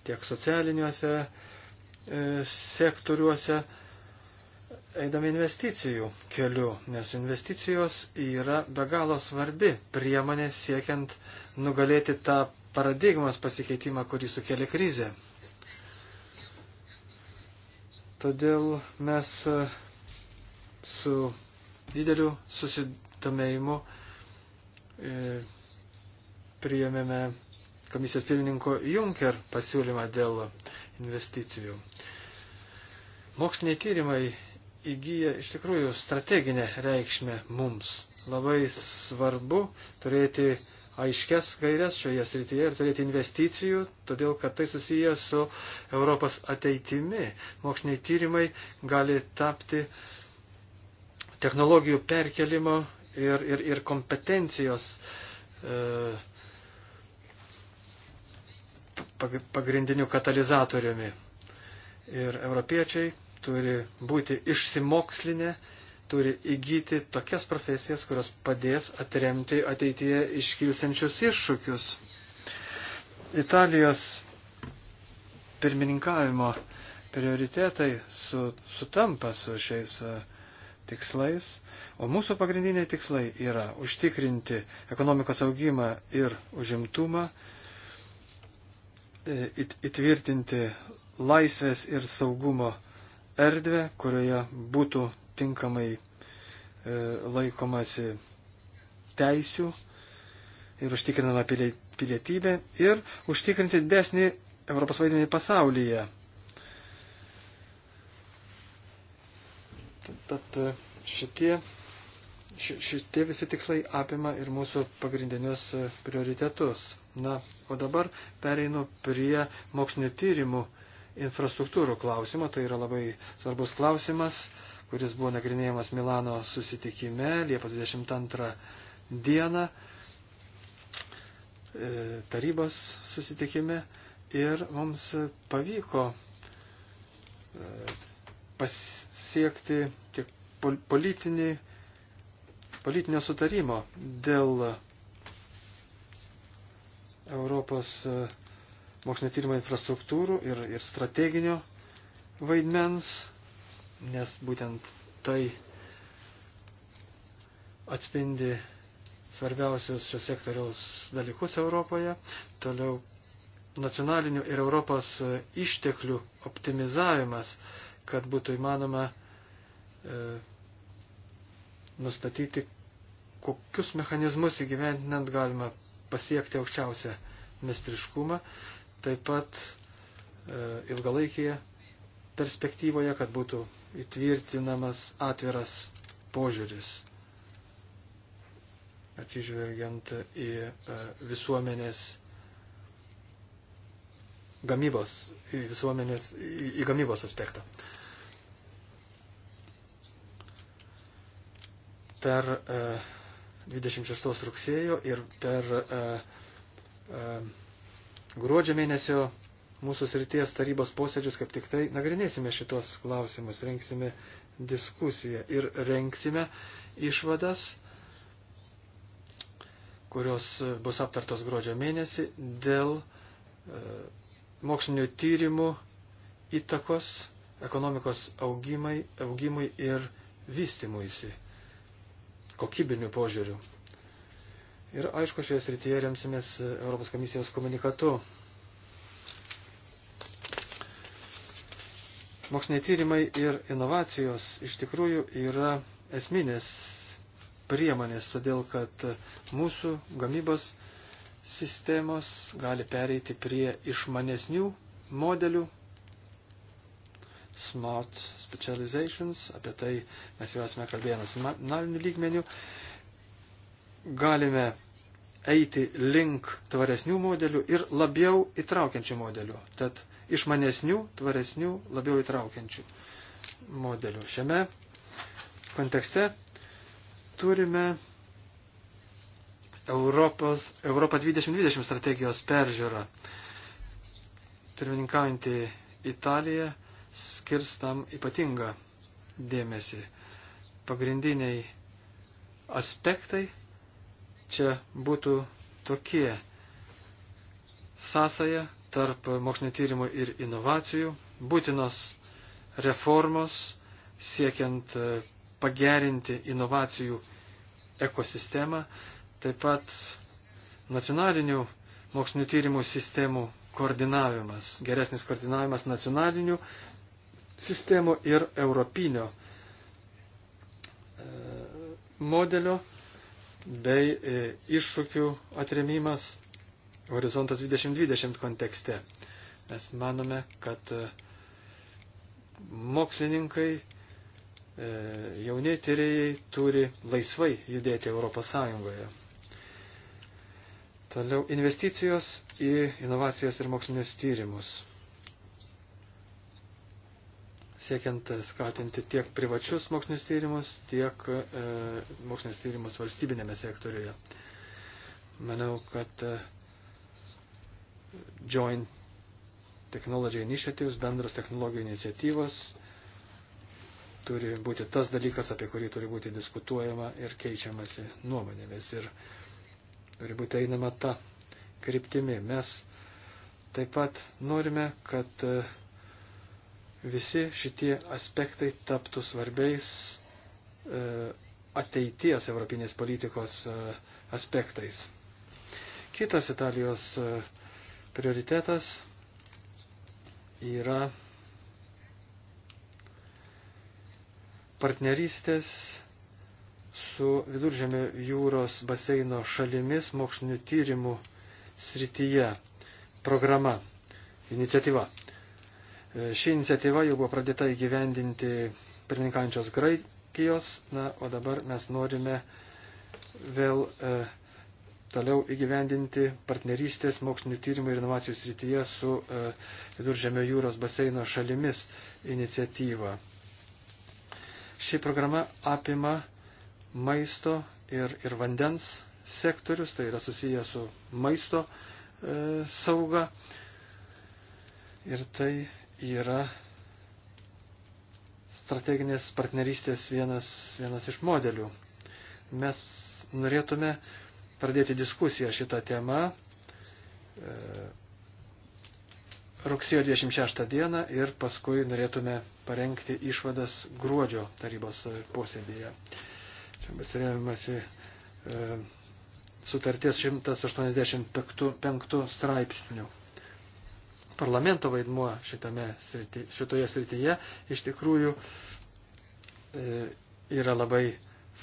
tiek socialiniuose e, sektoriuose, eidami investicijų keliu, nes investicijos yra be galo svarbi priemonė siekiant nugalėti tą paradigmos pasikeitimą, kurį sukėlė krizė. Todėl mes e, su dideliu susidomėjimu e, priėmėme komisijos pirmininko Junker pasiūlymą dėl investicijų. Moksliniai tyrimai įgyja iš tikrųjų strateginę reikšmę mums. Labai svarbu turėti aiškes gairias šioje srityje ir turėti investicijų, todėl kad tai susiję su Europos ateitimi. Moksliniai tyrimai gali tapti technologijų perkelimo ir, ir, ir kompetencijos e, pagrindiniu katalizatoriumi. Ir europiečiai turi būti išsimokslinę turi įgyti tokias profesijas, kurios padės atremti ateityje iškilsiančius iššūkius. Italijos pirmininkavimo prioritetai su, sutampa su šiais e, tikslais, o mūsų pagrindiniai tikslai yra užtikrinti ekonomikos augimą ir užimtumą, e, įtvirtinti laisvės ir saugumo erdvę, kurioje būtų tinkamai e, laikomasi teisių ir užtikrinama pilietybė ir užtikrinti desnį Europos vaidmenį pasaulyje. Tad e, šitie, šitie visi tikslai apima ir mūsų pagrindinius e, prioritetus. Na, o dabar pereinu prie mokslinio tyrimų infrastruktūrų klausimo. Tai yra labai svarbus klausimas. E, kuris buvo nagrinėjamas Milano susitikime Liepos 22 dieną e, tarybos susitikime ir mums pavyko e, pasiekti tiek politinį, politinio sutarimo dėl Europos e, mokslinio tyrimo infrastruktūrų ir, ir strateginio vaidmens nes būtent tai atspindi svarbiausius šios sektoriaus dalykus Europoje. Toliau nacionalinių ir Europos išteklių optimizavimas, kad būtų įmanoma e, nustatyti, kokius mechanizmus įgyventinant galima pasiekti aukščiausią mestriškumą, taip pat e, ilgalaikėje perspektyvoje, kad būtų įtvirtinamas atviras požiūris, atsižvelgiant į e, visuomenės gamybos, į, visuomenės, į, į gamybos aspektą. Per e, 26 rugsėjo ir per e, e, gruodžio mėnesio mūsų srities tarybos posėdžius, kaip tik tai nagrinėsime šitos klausimus, renksime diskusiją ir renksime išvadas, kurios bus aptartos gruodžio mėnesį dėl e, mokslinių tyrimų įtakos ekonomikos augimai, augimui ir vystimuisi kokybiniu požiūriu. Ir aišku, šioje srityje remsimės Europos komisijos komunikatu Moksliniai tyrimai ir inovacijos iš tikrųjų yra esminės priemonės, todėl kad mūsų gamybos sistemos gali pereiti prie išmanesnių modelių, smart specializations, apie tai mes jau esame kalbėję nacionaliniu lygmeniu, galime eiti link tvaresnių modelių ir labiau įtraukiančių modelių. Tad išmanesnių, tvaresnių, labiau įtraukiančių modelių. Šiame kontekste turime Europos, Europą 2020 strategijos peržiūrą. Turmininkaujantį Italiją skirstam ypatingą dėmesį. Pagrindiniai aspektai čia būtų tokie sąsaja tarp mokslinio tyrimų ir inovacijų, būtinos reformos siekiant e, pagerinti inovacijų ekosistemą, taip pat nacionalinių mokslinio tyrimų sistemų koordinavimas, geresnis koordinavimas nacionalinių sistemų ir europinio e, modelio bei e, iššūkių atremimas horizontas 2020 kontekste. Mes manome, kad e, mokslininkai, e, jauni tyrėjai turi laisvai judėti Europos Sąjungoje. Toliau investicijos į inovacijas ir mokslinius tyrimus. Siekiant skatinti tiek privačius mokslinius tyrimus, tiek e, mokslinius tyrimus valstybinėme sektoriuje. Manau, kad e, Joint Technology Initiatives, bendras technologijų iniciatyvos, turi būti tas dalykas, apie kurį turi būti diskutuojama ir keičiamasi nuomonėmis. Ir turi būti einama ta kryptimi. Mes taip pat norime, kad e, visi šitie aspektai taptų svarbiais e, ateities europinės politikos e, aspektais. Kitas Italijos prioritetas yra partnerystės su viduržėmio jūros baseino šalimis mokslinių tyrimų srityje programa, iniciatyva. E, ši iniciatyva jau buvo pradėta įgyvendinti pirmininkančios Graikijos, na, o dabar mes norime vėl e, toliau įgyvendinti partnerystės mokslinių tyrimų ir inovacijų srityje su e, Viduržėmio jūros baseino šalimis iniciatyvą. Ši programa apima maisto ir, ir vandens sektorius, tai yra susiję su maisto e, sauga. Ir tai yra strateginės partnerystės vienas, vienas iš modelių. Mes norėtume pradėti diskusiją šitą temą e, rugsėjo 26 dieną ir paskui norėtume parengti išvadas gruodžio tarybos posėdėje. Čia pasiremiamasi e, sutarties 185 straipsnių. Parlamento vaidmuo šitame srity, šitoje srityje iš tikrųjų e, yra labai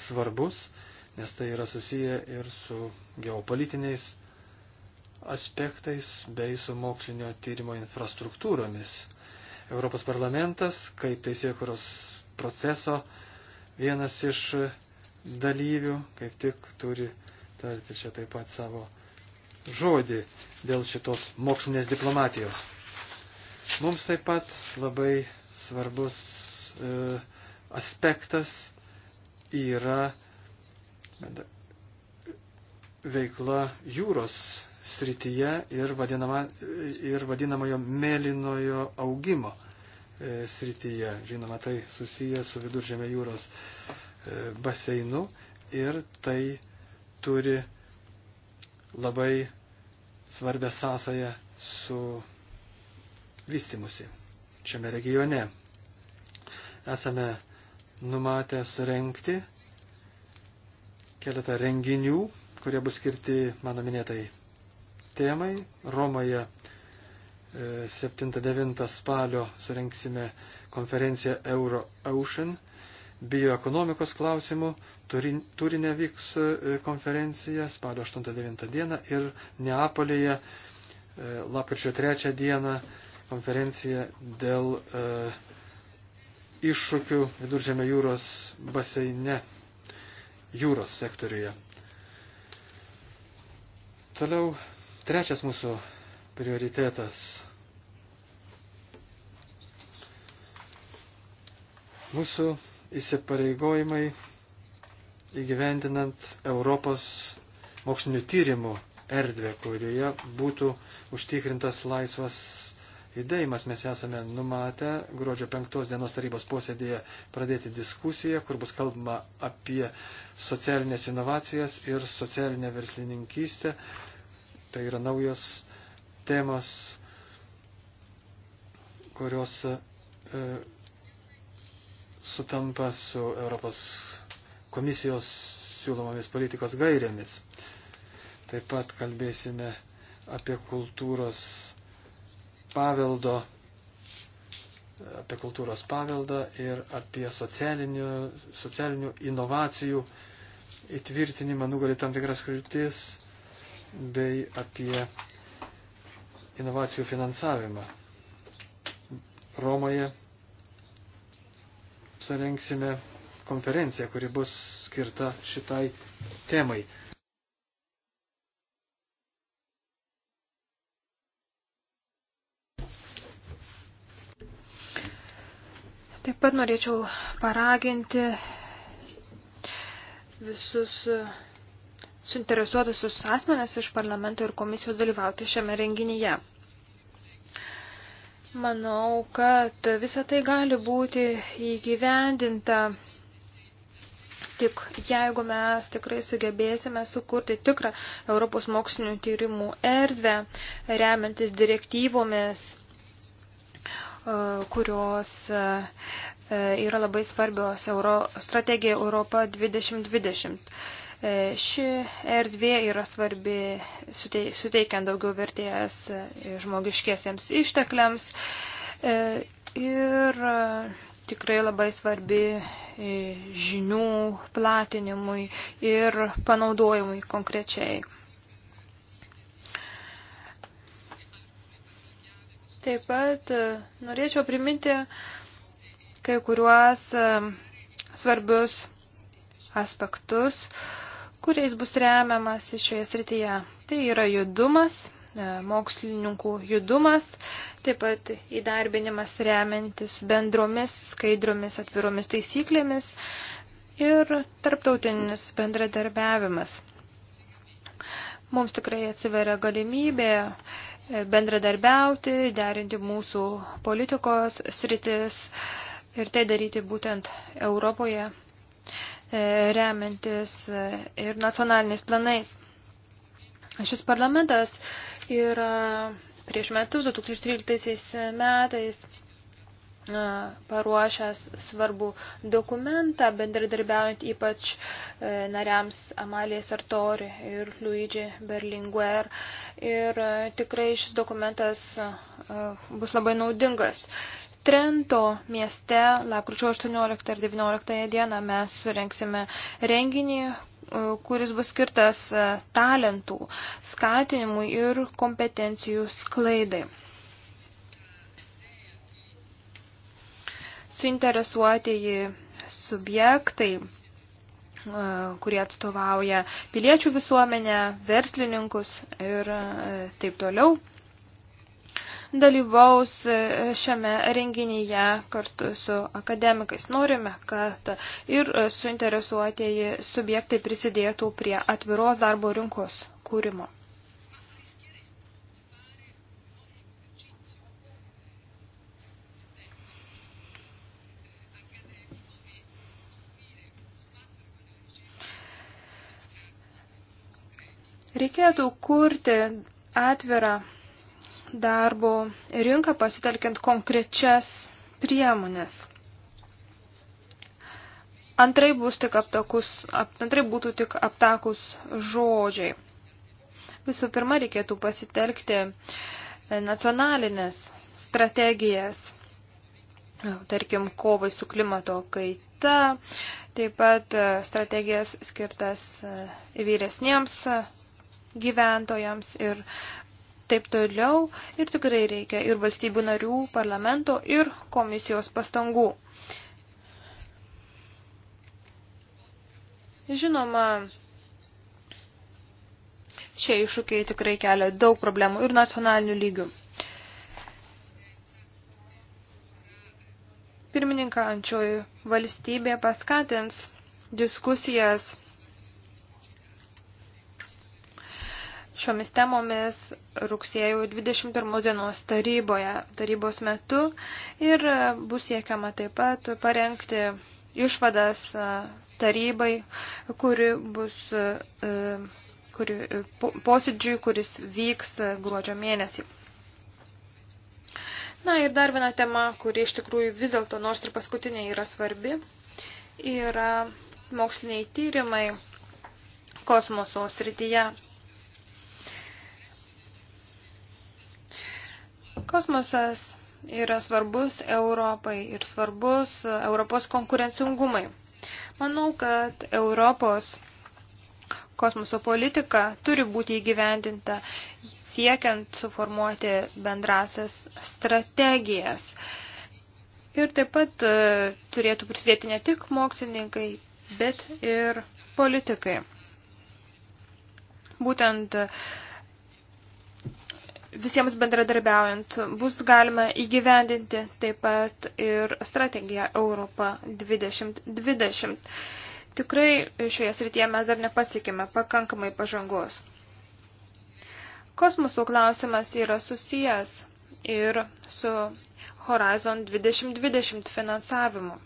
svarbus. E, nes tai yra susiję ir su geopolitiniais aspektais bei su mokslinio tyrimo infrastruktūromis. Europos parlamentas, kaip teisėkuros proceso vienas iš dalyvių, kaip tik turi tarti čia taip pat savo žodį dėl šitos mokslinės diplomatijos. Mums taip pat labai svarbus e, aspektas yra veikla jūros srityje ir, vadinama, ir vadinamojo mėlynojo augimo e, srityje. Žinoma, tai susiję su viduržėmė jūros e, baseinu ir tai turi labai svarbę sąsają su vystimusi šiame regione. Esame numatę surenkti keletą renginių, kurie bus skirti mano minėtai temai. Romoje 7-9 e, spalio surenksime konferenciją Euro Ocean bioekonomikos klausimų. Turinė vyks e, konferencija spalio 8-9 dieną ir Neapolėje e, lapkričio 3 dieną konferencija dėl iššūkių Viduržėmio jūros baseine jūros sektoriuje. Toliau trečias mūsų prioritetas. Mūsų įsipareigojimai įgyvendinant Europos mokslinių tyrimų erdvę, kurioje būtų užtikrintas laisvas judėjimas. Mes esame numatę gruodžio 5 dienos tarybos posėdėje pradėti diskusiją, kur bus kalbama apie socialinės inovacijas ir socialinę verslininkystę. Tai yra naujos temos, kurios e, sutampa su Europos komisijos siūlomomis politikos gairėmis. Taip pat kalbėsime apie kultūros paveldo, apie kultūros paveldą ir apie socialinių, socialinių inovacijų įtvirtinimą nugalį tam tikras kliūtis bei apie inovacijų finansavimą. Romoje surenksime konferenciją, kuri bus skirta šitai temai. Taip pat norėčiau paraginti visus e, suinteresuotusius asmenis iš parlamento ir komisijos dalyvauti šiame renginyje. Manau, kad visa tai gali būti įgyvendinta tik jeigu mes tikrai sugebėsime sukurti tikrą Europos mokslinių tyrimų erdvę, remiantis direktyvomis E, kurios e, e, yra labai svarbios Euro, strategija Europa 2020. Ši erdvė yra svarbi suteikiant daugiau vertės žmogiškiesiems ištekliams ir tikrai labai svarbi žinių platinimui ir panaudojimui konkrečiai. Taip pat e, norėčiau priminti kai kuriuos e, svarbius aspektus, kuriais bus remiamas šioje srityje. Tai yra judumas, e, mokslininkų judumas, taip pat įdarbinimas remiantis bendromis, skaidromis, atviromis taisyklėmis ir tarptautinis bendradarbiavimas. Mums tikrai atsiveria galimybė bendradarbiauti, derinti mūsų politikos sritis ir tai daryti būtent Europoje, e, remiantis e, ir nacionaliniais planais. Šis parlamentas yra prieš metus, 2013 metais, paruošęs svarbų dokumentą, bendradarbiaujant ypač e, nariams Amalija Sartori ir Luigi Berlinguer. Ir e, tikrai šis dokumentas e, bus labai naudingas. Trento mieste lapkričio 18 ir 19 dieną mes surenksime renginį, kuris bus skirtas talentų skatinimui ir kompetencijų sklaidai. suinteresuotieji subjektai, e, kurie atstovauja piliečių visuomenę, verslininkus ir e, taip toliau, dalyvaus e, šiame renginyje kartu su akademikais. Norime, kad ir suinteresuotieji subjektai prisidėtų prie atviros darbo rinkos kūrimo. Reikėtų kurti atvirą darbo rinką pasitelkiant konkrečias priemonės. Antrai, bus tik aptakus, ap, antrai būtų tik aptakus žodžiai. Visų pirma, reikėtų pasitelkti e, nacionalinės strategijas, tarkim, kovai su klimato kaita, taip pat e, strategijas skirtas e, vyresniems gyventojams ir taip toliau. Ir tikrai reikia ir valstybių narių, parlamento ir komisijos pastangų. Žinoma, šie iššūkiai tikrai kelia daug problemų ir nacionalinių lygių. Pirmininkaujančioji valstybė paskatins diskusijas šiomis temomis rugsėjo 21 dienos taryboje, tarybos metu ir bus siekiama taip pat parengti išvadas tarybai, kuri bus kuri, posėdžiui, kuris vyks gruodžio mėnesį. Na ir dar viena tema, kuri iš tikrųjų vis dėlto nors ir paskutinė yra svarbi, yra moksliniai tyrimai kosmoso srityje. Kosmosas yra svarbus Europai ir svarbus Europos konkurencingumai. Manau, kad Europos kosmoso politika turi būti įgyvendinta siekiant suformuoti bendrasias strategijas. Ir taip pat e, turėtų prisidėti ne tik mokslininkai, bet ir politikai. Būtent uh, visiems bendradarbiaujant bus galima įgyvendinti taip pat ir strategiją Europą 2020. Tikrai šioje srityje mes dar nepasiekime pakankamai pažangos. Kosmosų klausimas yra susijęs ir su Horizon 2020 finansavimu.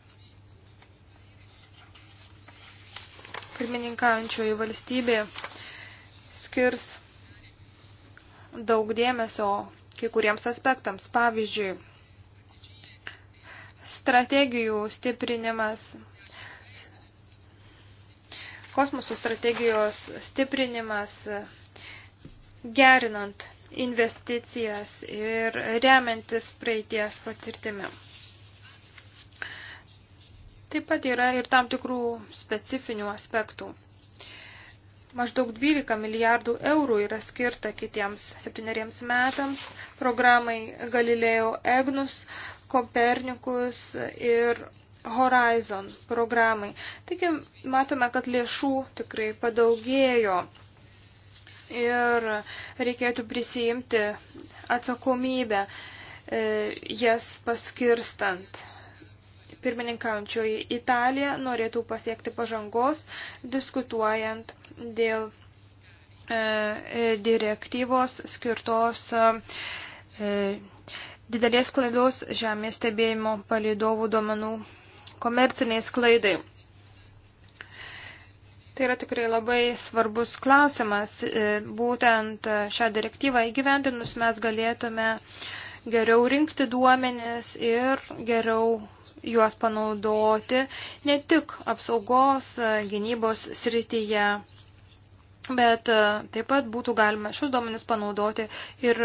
Pirmininkaujančioji valstybė skirs daug dėmesio kai kuriems aspektams. Pavyzdžiui, strategijų stiprinimas, kosmoso strategijos stiprinimas, gerinant investicijas ir remiantis praeities patirtimi. Taip pat yra ir tam tikrų specifinių aspektų. Maždaug 12 milijardų eurų yra skirta kitiems septyneriems metams programai Galileo Egnus, Kopernikus ir Horizon programai. Taigi matome, kad lėšų tikrai padaugėjo ir reikėtų prisijimti atsakomybę e, jas paskirstant. Pirmininkaujančioji Italija norėtų pasiekti pažangos, diskutuojant dėl e, e direktyvos skirtos e, didelės klaidos žemės stebėjimo palidovų duomenų komerciniai sklaidai. Tai yra tikrai labai svarbus klausimas. E, būtent šią direktyvą įgyvendinus mes galėtume geriau rinkti duomenis ir geriau juos panaudoti ne tik apsaugos gynybos srityje, bet e, taip pat būtų galima šios duomenis panaudoti ir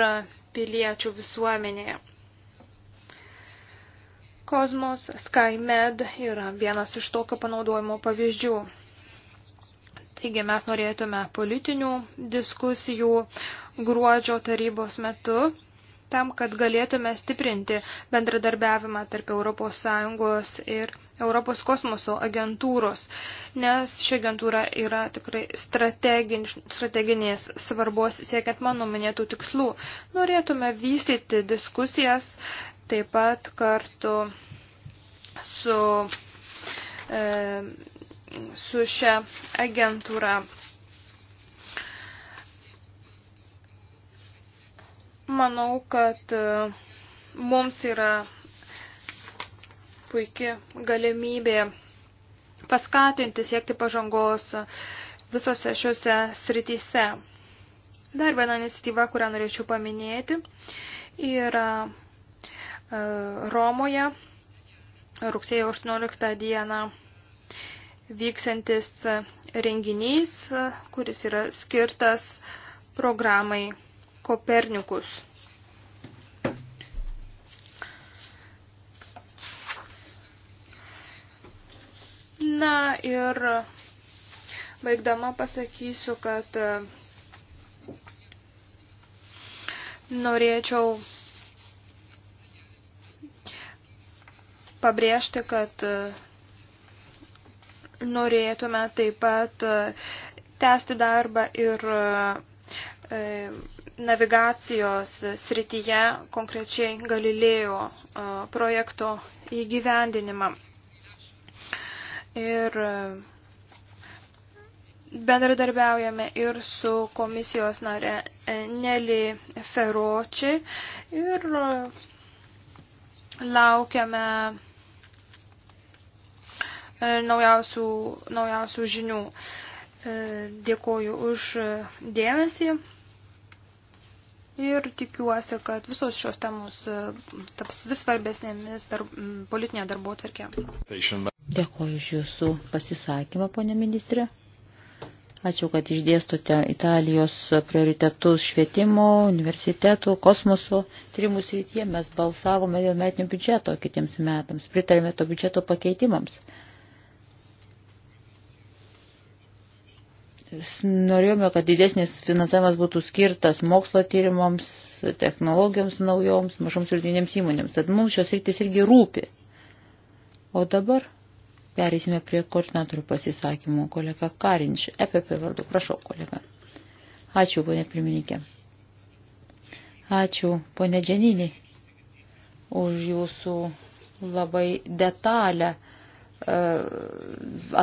piliečių visuomenėje. Kosmos SkyMed yra vienas iš tokio panaudojimo pavyzdžių. Taigi mes norėtume politinių diskusijų gruodžio tarybos metu tam, kad galėtume stiprinti bendradarbiavimą tarp ES ir Europos kosmoso agentūros, nes ši agentūra yra tikrai strateginės svarbos siekiant mano minėtų tikslų. Norėtume vystyti diskusijas taip pat kartu su, e, su šia agentūra. Manau, kad e, mums yra puikia galimybė paskatinti siekti pažangos visose šiuose srityse. Dar viena iniciatyva, kurią norėčiau paminėti, yra e, Romoje rugsėjo 18 dieną vyksiantis renginys, kuris yra skirtas programai Kopernikus. Na ir baigdama pasakysiu, kad e, norėčiau pabrėžti, kad e, norėtume taip pat e, tęsti darbą ir E, navigacijos srityje, konkrečiai Galilėjo e, projekto įgyvendinimą. Ir e, bendradarbiaujame ir su komisijos nare Neli Feroči ir laukiame naujausių, naujausių žinių. Dėkoju už dėmesį ir tikiuosi, kad visos šios temos e, taps vis svarbesnėmis dar, politinėje darbo atverkė. Dėkuoju iš jūsų pasisakymą, ponė ministrė. Ačiū, kad išdėstote Italijos prioritetus švietimo, universitetų, kosmoso tyrimų srityje. Mes balsavome dėl metinio biudžeto kitiems metams, pritarėme to biudžeto pakeitimams. norėjome, kad didesnis finansavimas būtų skirtas mokslo tyrimams, technologijoms naujoms, mažoms ir didinėms įmonėms. Tad mums šios rytis irgi rūpi. O dabar perėsime prie koordinatorių pasisakymų. Kolega Karinč, EPP vardu. Prašau, kolega. Ačiū, ponė pirmininkė. Ačiū, ponė Dženinį, už jūsų labai detalę E,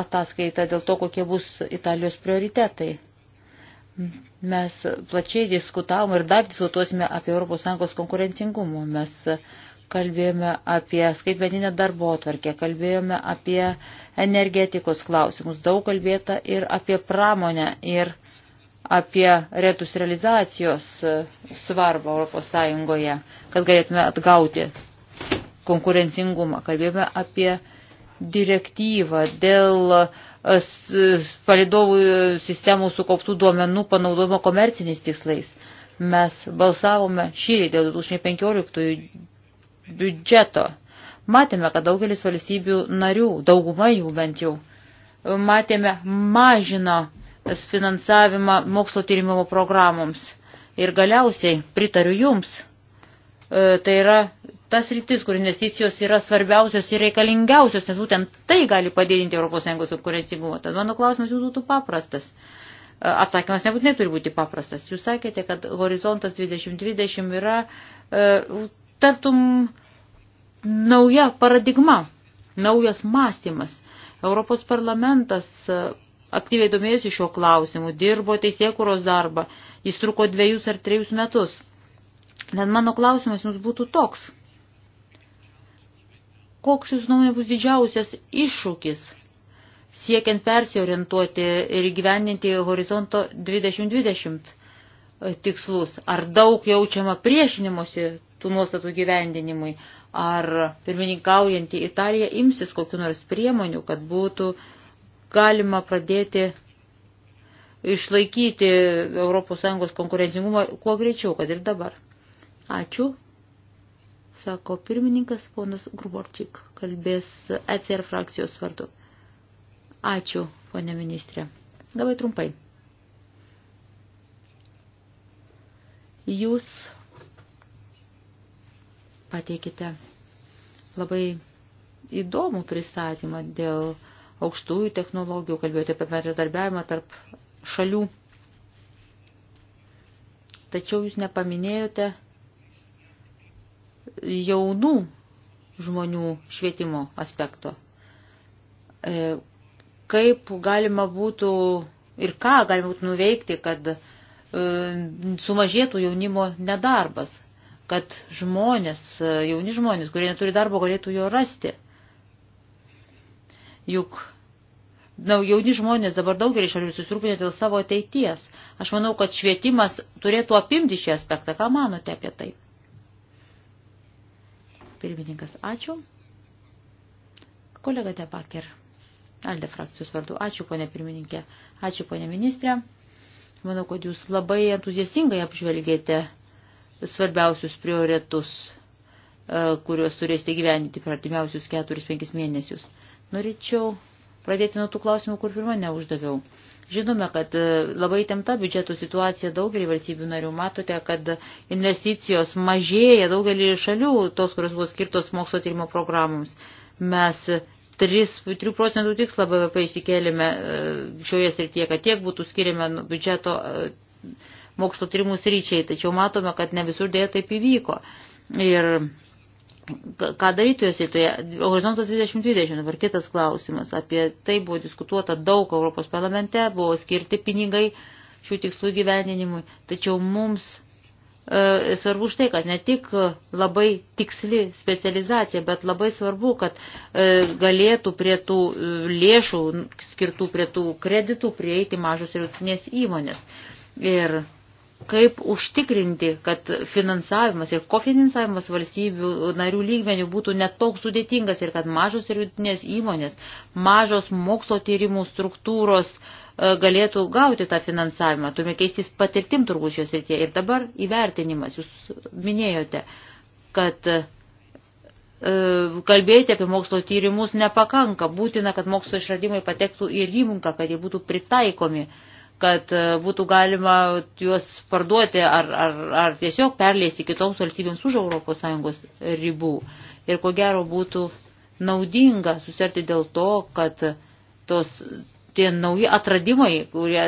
ataskaitą dėl to, kokie bus Italijos prioritetai. Mes plačiai diskutavome ir dar diskutuosime apie ES konkurencingumą. Mes kalbėjome apie skaitmeninę darbo atvarkę, kalbėjome apie energetikos klausimus, daug kalbėta ir apie pramonę ir apie retus realizacijos svarbą ES, kad galėtume atgauti konkurencingumą. Kalbėjome apie direktyvą dėl e, palidovų sistemų sukauptų duomenų panaudojimo komerciniais tikslais. Mes balsavome šį dėl 2015 biudžeto. Matėme, kad daugelis valstybių narių, dauguma jų bent jau, matėme mažino finansavimą mokslo tyrimimo programoms. Ir galiausiai pritariu jums, e, tai yra tas rytis, kur investicijos yra svarbiausios ir reikalingiausios, nes būtent tai gali padidinti ES konkurencingumą. Tad mano klausimas jūsų būtų paprastas. E, atsakymas nebūtinai turi būti paprastas. Jūs sakėte, kad horizontas 2020 yra e, tartum nauja paradigma, naujas mąstymas. Europos parlamentas e, aktyviai domėjosi šiuo klausimu, dirbo teisėkuros darbą, jis truko dviejus ar trejus metus. Net mano klausimas jums būtų toks – koks jūsų nuomonė bus didžiausias iššūkis siekiant persiorientuoti ir gyveninti horizonto 2020 e, tikslus? Ar daug jaučiama priešinimuose tų nuostatų gyvendinimui? Ar pirmininkaujantį Italiją imsis kokiu nors priemonių, kad būtų galima pradėti išlaikyti ES konkurencingumą kuo greičiau, kad ir dabar? Ačiū sako pirmininkas ponas Gruborčik, kalbės ECR frakcijos vardu. Ačiū, ponė ministrė. Labai trumpai. Jūs pateikite labai įdomų pristatymą dėl aukštųjų technologijų, kalbėjote apie bendradarbiavimą tarp šalių. Tačiau jūs nepaminėjote jaunų žmonių švietimo aspekto. E, kaip galima būtų ir ką galima būtų nuveikti, kad e, sumažėtų jaunimo nedarbas, kad žmonės, e, jauni žmonės, kurie neturi darbo, galėtų jo rasti. Juk na, jauni žmonės dabar daugelį šalių susirūpinę dėl savo ateities. Aš manau, kad švietimas turėtų apimti šį aspektą. Ką manote apie tai? Pirmininkas, ačiū. Kolega Debaker, Alde frakcijos vardu. Ačiū, ponė pirmininkė. Ačiū, ponė ministrė. Manau, kad jūs labai entuziasingai apžvelgėte svarbiausius prioritetus, e, kuriuos turėsite gyventi per artimiausius 4-5 mėnesius. Norėčiau pradėti nuo tų klausimų, kur pirmą neuždaviau. Žinome, kad e, labai temta biudžeto situacija daugelį valstybių narių. Matote, kad investicijos mažėja daugelį šalių, tos, kurios buvo skirtos mokslo tyrimo programoms. Mes 3, 3 procentų tikslą BVP įsikėlėme e, šioje srityje, kad tiek būtų skiriame nu, biudžeto e, mokslo tyrimų sryčiai, tačiau matome, kad ne visur dėja taip įvyko. Ir ką daryti jos įtoje. Horizontas 2020, dabar kitas klausimas. Apie tai buvo diskutuota daug Europos parlamente, buvo skirti pinigai šių tikslų gyveninimui. Tačiau mums e, svarbu štai, kad ne tik labai tiksli specializacija, bet labai svarbu, kad e, galėtų prie tų e, lėšų skirtų prie tų kreditų prieiti mažos ir jūtinės įmonės. Ir kaip užtikrinti, kad finansavimas ir kofinansavimas valstybių narių lygmenių būtų netoks sudėtingas ir kad mažos ir vidutinės įmonės, mažos mokslo tyrimų struktūros e, galėtų gauti tą finansavimą. Turime keistis patirtim turbūt šios srityje. Ir dabar įvertinimas. Jūs minėjote, kad e, kalbėti apie mokslo tyrimus nepakanka. Būtina, kad mokslo išradimai patektų į rinką, kad jie būtų pritaikomi uh, kad e, būtų galima juos parduoti ar, ar, ar tiesiog perleisti kitoms valstybėms už ES ribų. Ir ko gero būtų naudinga susirti dėl to, kad tos, tie nauji atradimai, kurie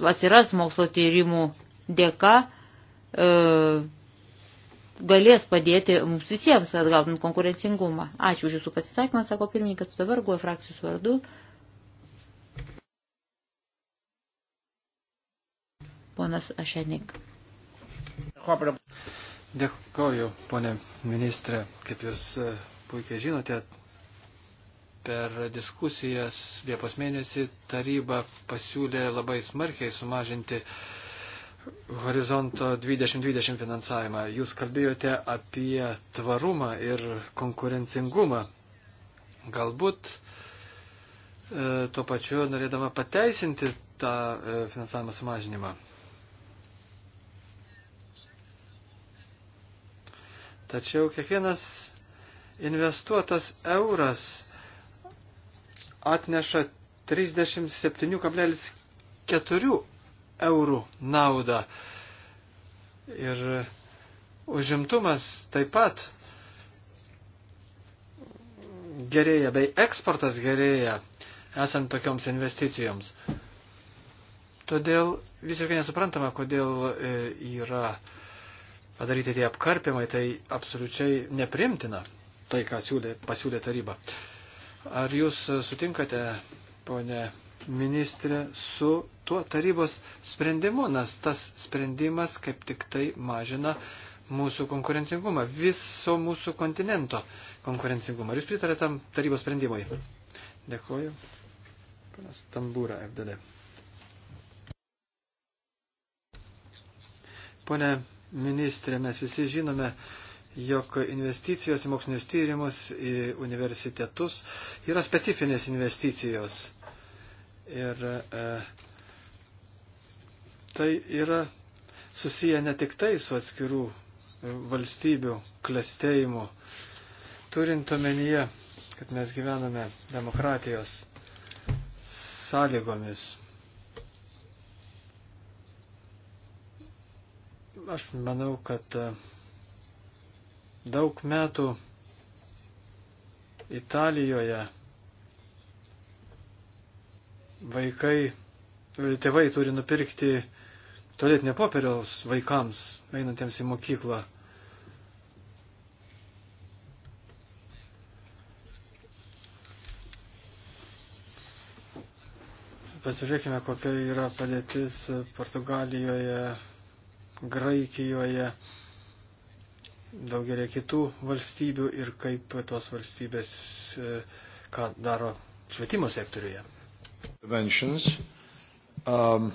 atsiras mokslo tyrimų dėka, e, galės padėti mums visiems atgautant konkurencingumą. Ačiū už Jūsų pasisakymą, sako pirmininkas, dabar guoja frakcijos vardu. Ponas Ašenik. Dėkoju, ponė ministrė. Kaip jūs e, puikiai žinote, per diskusijas Liepos mėnesį taryba pasiūlė labai smarkiai sumažinti horizonto 2020 finansavimą. Jūs kalbėjote apie tvarumą ir konkurencingumą. Galbūt e, tuo pačiu norėdama pateisinti tą e, finansavimo sumažinimą. Tačiau kiekvienas investuotas euras atneša 37,4 eurų naudą. Ir užimtumas taip pat gerėja, bei eksportas gerėja, esant tokioms investicijoms. Todėl visiškai nesuprantama, kodėl e, yra padaryti tie apkarpimai, tai absoliučiai neprimtina tai, ką siūlė, pasiūlė taryba. Ar jūs sutinkate, ponė ministrė, su tuo tarybos sprendimu, nes tas sprendimas kaip tik tai mažina mūsų konkurencingumą, viso mūsų kontinento konkurencingumą. Ar jūs pritarėte tam tarybos sprendimui? Dėkuoju. Panas Tambūra, FDD. Pone ministrė, mes visi žinome, jog investicijos į mokslinius tyrimus, į universitetus yra specifinės investicijos. Ir e, tai yra susiję ne tik tai su atskirų valstybių klestėjimu, turint omenyje, kad mes gyvename demokratijos sąlygomis. Aš manau, kad e, daug metų Italijoje vaikai, tėvai turi nupirkti tolėtinę popieriaus vaikams, einantiems į mokyklą. Pasižiūrėkime, kokia yra padėtis Portugalijoje, Graikijoje, daugelį kitų valstybių ir kaip tos valstybės e, ką daro švietimo sektoriuje. Um.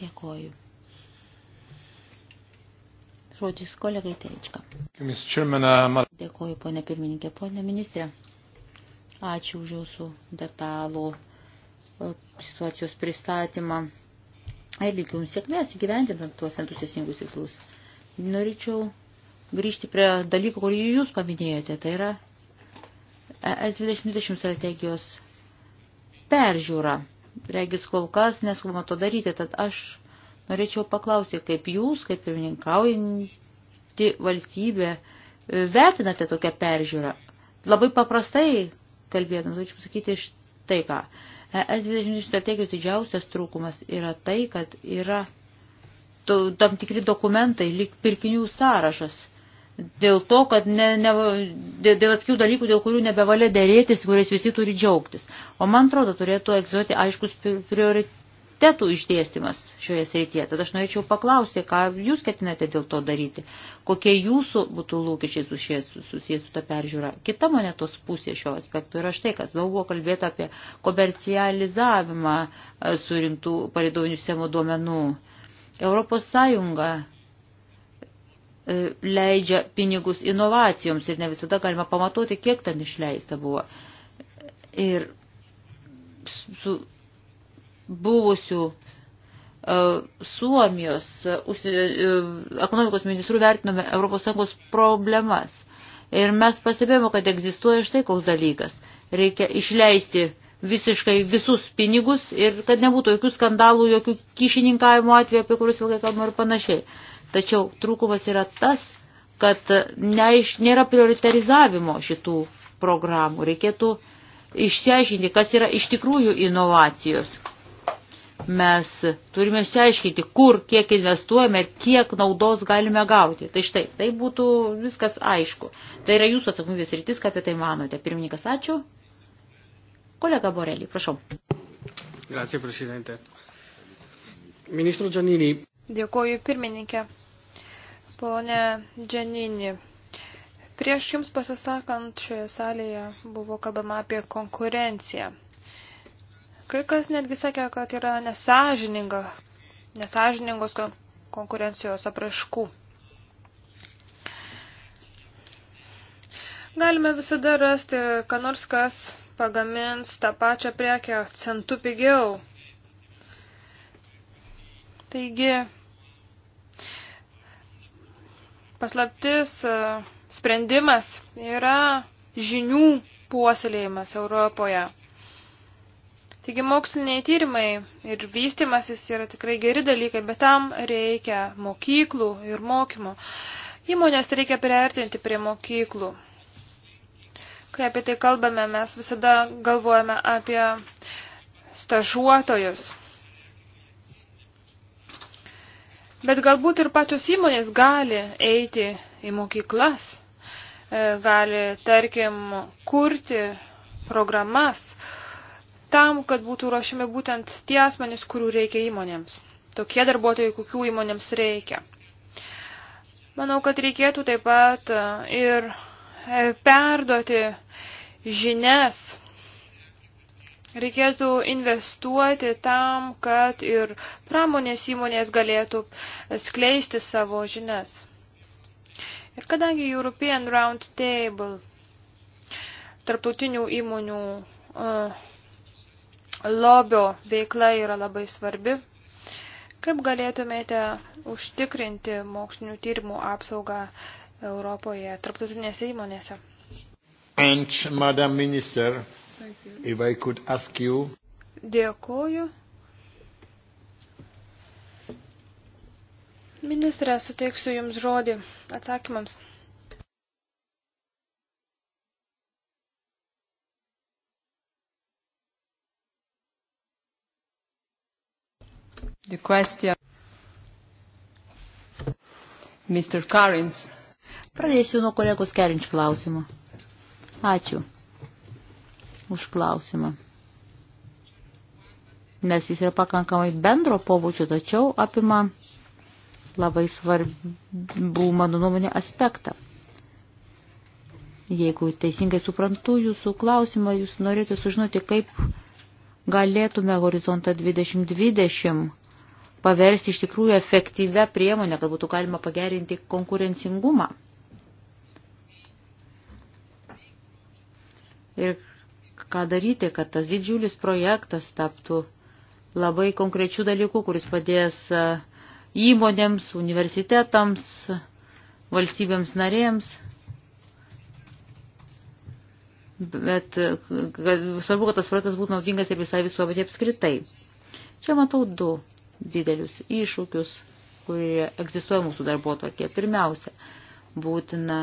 Dėkoju. Žodis kolegai Telička. Uh, Dėkoju, ponė pirmininkė, ponė ministrė. Ačiū už jūsų detalų e, situacijos pristatymą ir lygių jums sėkmės įgyvendinant tuos entusiasingus tikslus. Norėčiau grįžti prie dalykų, kurį jūs paminėjote, tai yra ES 2020 strategijos peržiūra. Regis kol kas neskubama to daryti, tad aš norėčiau paklausti, kaip jūs, kaip pirmininkaujanti valstybė, vertinate tokią peržiūrą. Labai paprastai kalbėdamas, norėčiau pasakyti štai ką. ES 20 strategijos didžiausias trūkumas yra tai, kad yra to, tam tikri dokumentai, lyg pirkinių sąrašas. Dėl to, kad ne, ne, dėl atskirų dalykų, dėl kurių nebevalia dėrėtis, kuriais visi turi džiaugtis. O man atrodo, turėtų egzuoti aiškus prioritetus prioritetų išdėstymas šioje srityje. Tad aš norėčiau paklausti, ką jūs ketinate dėl to daryti, kokie jūsų būtų lūkesčiai susijęs su ta peržiūra. Kita monetos pusė šio aspektu yra štai, kas daug buvo kalbėta apie komercializavimą e, surinktų palidovinių sistemų duomenų. Europos Sąjunga e, leidžia pinigus inovacijoms ir ne visada galima pamatuoti, kiek ten išleista buvo. Ir su buvusių e, Suomijos e, e, ekonomikos ministrų vertinome ES problemas. Ir mes pastebėjome, kad egzistuoja štai koks dalykas. Reikia išleisti visiškai visus pinigus ir kad nebūtų jokių skandalų, jokių kišininkavimo atvejų, apie kuriuos ilgai kalbama ir panašiai. Tačiau trūkumas yra tas, kad neiš, nėra prioritarizavimo šitų programų. Reikėtų išsiaiškinti, kas yra iš tikrųjų inovacijos Mes turime išsiaiškinti, kur, kiek investuojame ir kiek naudos galime gauti. Tai štai, tai būtų viskas aišku. Tai yra jūsų atsakomybės rytis, ką apie tai manote. Pirmininkas, ačiū. Kolega Borelį, prašau. Grazie, prezidente. Ministro Džaninį. Dėkuoju, pirmininkė. Pone Džaninį. Prieš jums pasisakant šioje salėje buvo kalbama apie konkurenciją. Kai kas netgi sakė, kad yra nesažininga, nesažiningos konkurencijos apraiškų. Galime visada rasti, ką nors kas pagamins tą pačią prekę centų pigiau. Taigi, paslaptis, sprendimas yra žinių puoselėjimas Europoje. Taigi moksliniai tyrimai ir vystimasis yra tikrai geri dalykai, bet tam reikia mokyklų ir mokymo. Įmonės reikia priartinti prie mokyklų. Kai apie tai kalbame, mes visada galvojame apie stažuotojus. Bet galbūt ir pačios įmonės gali eiti į mokyklas, e, gali, tarkim, kurti programas, tam, kad būtų ruošiami būtent tie asmenys, kurių reikia įmonėms. Tokie darbuotojai, kokių įmonėms reikia. Manau, kad reikėtų taip pat e, ir e, perduoti žinias. Reikėtų investuoti tam, kad ir pramonės įmonės galėtų skleisti savo žinias. Ir kadangi European Round Table tarptautinių įmonių uh, lobio veikla yra labai svarbi. Kaip galėtumėte užtikrinti mokslinių tyrimų apsaugą Europoje, tarptautinėse įmonėse? And, Madam Minister, if I could ask you. Dėkuoju. Ministrė, suteiksiu Jums žodį atsakymams. The question. Mr. Karins. Pradėsiu nuo kolegos Kerinč klausimo. Ačiū už klausimą. Nes jis yra pakankamai bendro pobūdžio, tačiau apima labai svarbų, mano nuomonė, aspektą. Jeigu teisingai suprantu jūsų klausimą, jūs norėtų sužinoti, kaip galėtume horizontą 2020 paversti iš tikrųjų efektyvę priemonę, kad būtų galima pagerinti konkurencingumą. Ir ką daryti, kad tas didžiulis projektas taptų labai konkrečių dalykų, kuris padės įmonėms, universitetams, valstybėms narėms. Bet kad, svarbu, kad tas projektas būtų naudingas ir visai visuomenė apskritai. Čia matau du didelius iššūkius, kurie egzistuoja mūsų darbuotvarkė. Pirmiausia, būtina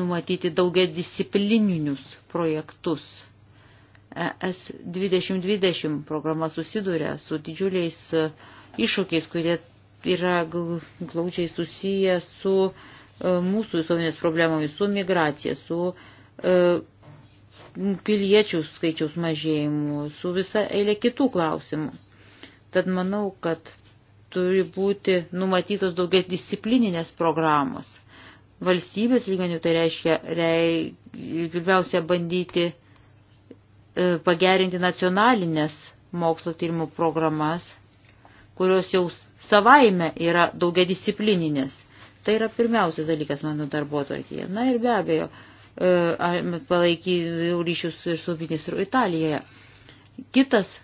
numatyti daugia disciplininius projektus. ES 2020 programa susiduria su didžiuliais e, iššūkiais, kurie yra glaučiai susiję su e, mūsų visuomenės problemomis, su migracija, su e, piliečių skaičiaus mažėjimu, su visa eilė kitų klausimų. Tad manau, kad turi būti numatytos daugia disciplininės programos. Valstybės lygmenių tai reiškia, rei, pirmiausia, bandyti e, pagerinti nacionalinės mokslo tyrimų programas, kurios jau savaime yra daugia disciplininės. Tai yra pirmiausias dalykas mano darbo tvarkyje. Na ir be abejo, e, palaikysiu ryšius su ministru Italijoje. Kitas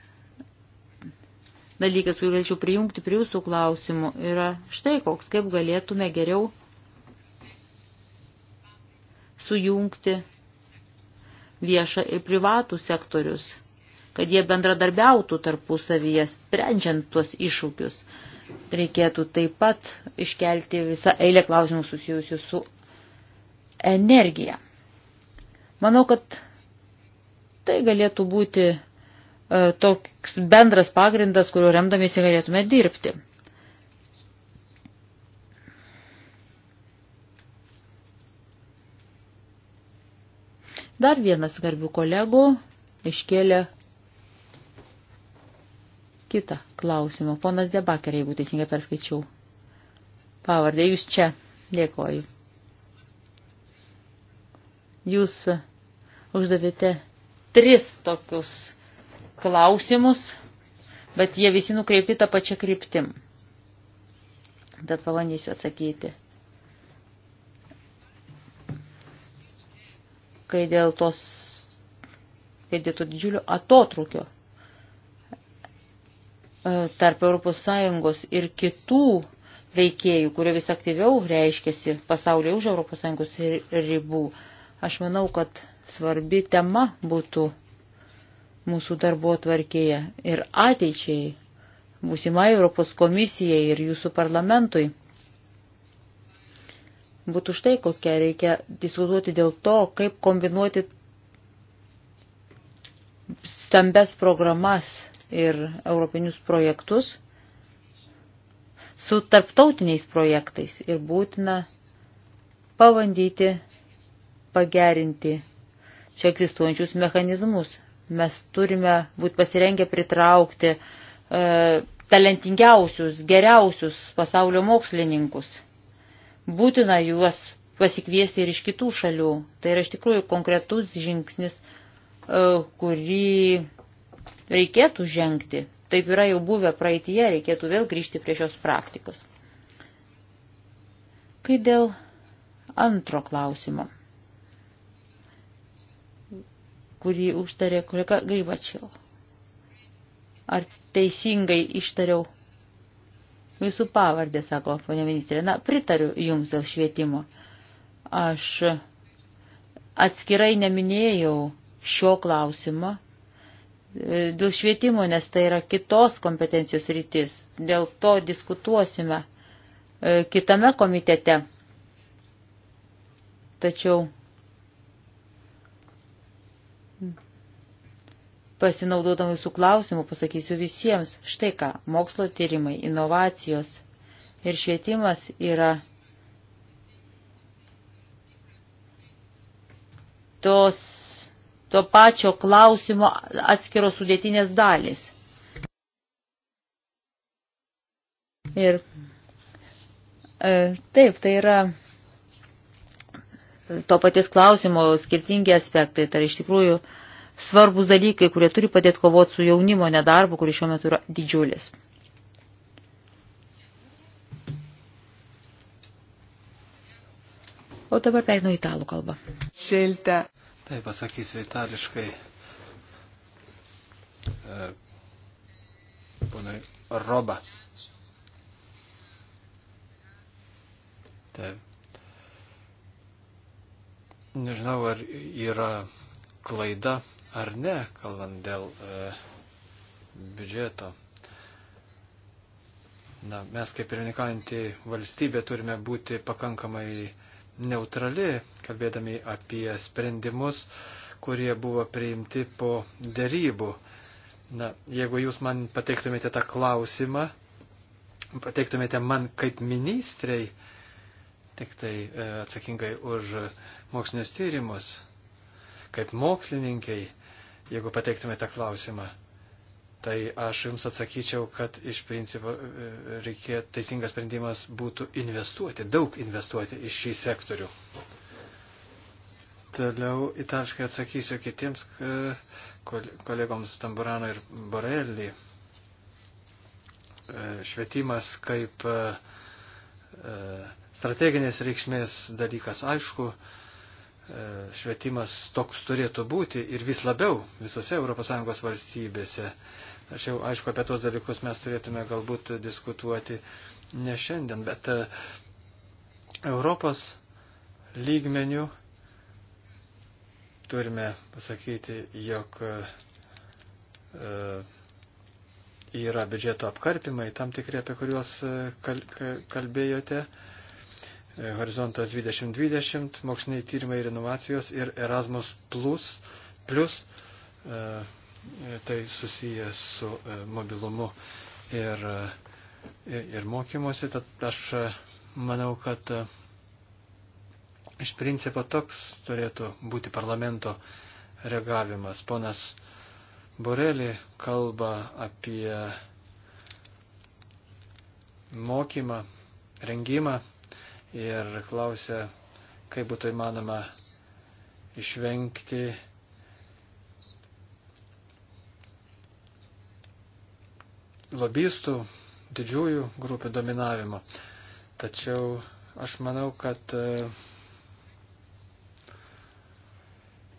dalykas, kurį galėčiau prijungti prie jūsų klausimų, yra štai koks, kaip galėtume geriau sujungti viešą ir privatų sektorius, kad jie bendradarbiautų tarpusavyje, sprendžiant tuos iššūkius. Reikėtų taip pat iškelti visą eilę klausimų susijusių su energija. Manau, kad tai galėtų būti E, toks bendras pagrindas, kuriuo remdamiesi galėtume dirbti. Dar vienas garbių kolegų iškėlė kitą klausimą. Ponas Debaker, jeigu teisingai perskaičiau. Pavardė, jūs čia. Dėkoju. Jūs uždavėte tris tokius klausimus, bet jie visi nukreipti tą pačią kryptim. Tad pabandysiu atsakyti. Kai dėl tos, kai dėl to didžiulio atotrukio e, tarp ES ir kitų veikėjų, kurie vis aktyviau reiškiasi pasaulyje už ES ribų. Aš manau, kad svarbi tema būtų mūsų darbo tvarkėje ir ateičiai, būsimai Europos komisijai ir jūsų parlamentui. Būtų štai kokia reikia diskutuoti dėl to, kaip kombinuoti stambes programas ir europinius projektus su tarptautiniais projektais ir būtina pabandyti pagerinti čia egzistuojančius mechanizmus. Mes turime būti pasirengę pritraukti e, talentingiausius, geriausius pasaulio mokslininkus. Būtina juos pasikviesti ir iš kitų šalių. Tai yra iš tikrųjų konkretus žingsnis, e, kurį reikėtų žengti. Taip yra jau buvę praeitie, reikėtų vėl grįžti prie šios praktikos. Kai dėl antro klausimo kurį užtarė kolega Grybačil. Ar teisingai ištariau? Jūsų pavardė, sako ponia ministrė. Na, pritariu jums dėl švietimo. Aš atskirai neminėjau šio klausimo e, dėl švietimo, nes tai yra kitos kompetencijos rytis. Dėl to diskutuosime e, kitame komitete. Tačiau Pasinaudodama jūsų klausimų pasakysiu visiems, štai ką, mokslo tyrimai, inovacijos ir švietimas yra tos, to pačio klausimo atskiros sudėtinės dalis. Ir e, taip, tai yra to paties klausimo skirtingi aspektai, tai iš tikrųjų e, svarbus dalykai, kurie turi padėti kovoti su jaunimo nedarbu, kuris šiuo metu yra didžiulis. O dabar perinu italų kalbą. Šiltę. Taip, pasakysiu itališkai. E, Ponai Roba. Taip. Nežinau, ar yra klaida ar ne, kalbant dėl e, biudžeto. Na, mes kaip pirmininkaujantį valstybę turime būti pakankamai neutrali, kalbėdami apie sprendimus, kurie buvo priimti po dėrybų. Na, jeigu jūs man pateiktumėte tą klausimą, pateiktumėte man kaip ministrei, tik tai e, atsakingai už mokslinius tyrimus, kaip mokslininkiai, jeigu pateiktumėte klausimą, tai aš jums atsakyčiau, kad iš principo e, e, reikė, teisingas sprendimas būtų investuoti, daug investuoti į šį sektorių. Toliau itališkai atsakysiu kitiems e, kolegoms Tamburano ir Borelli. Švietimas kaip strateginės reikšmės dalykas aišku, E, švietimas toks turėtų būti ir vis labiau visose ES valstybėse. Tačiau, aišku, apie tos dalykus mes turėtume galbūt diskutuoti ne šiandien, bet e, Europos lygmenių turime pasakyti, jog e, yra biudžeto apkarpimai, tam tikri, apie kuriuos kalbėjote. Kal E, horizontas 2020, moksliniai tyrimai ir inovacijos ir Erasmus Plus, plus e, e, tai susijęs su mobilumu ir, ir, ir mokymosi. Tad aš manau, kad iš principo toks turėtų būti parlamento reagavimas. Ponas Borelį kalba apie mokymą, rengimą ir klausia, kaip būtų įmanoma išvengti lobistų didžiųjų grupių dominavimo. Tačiau aš manau, kad e,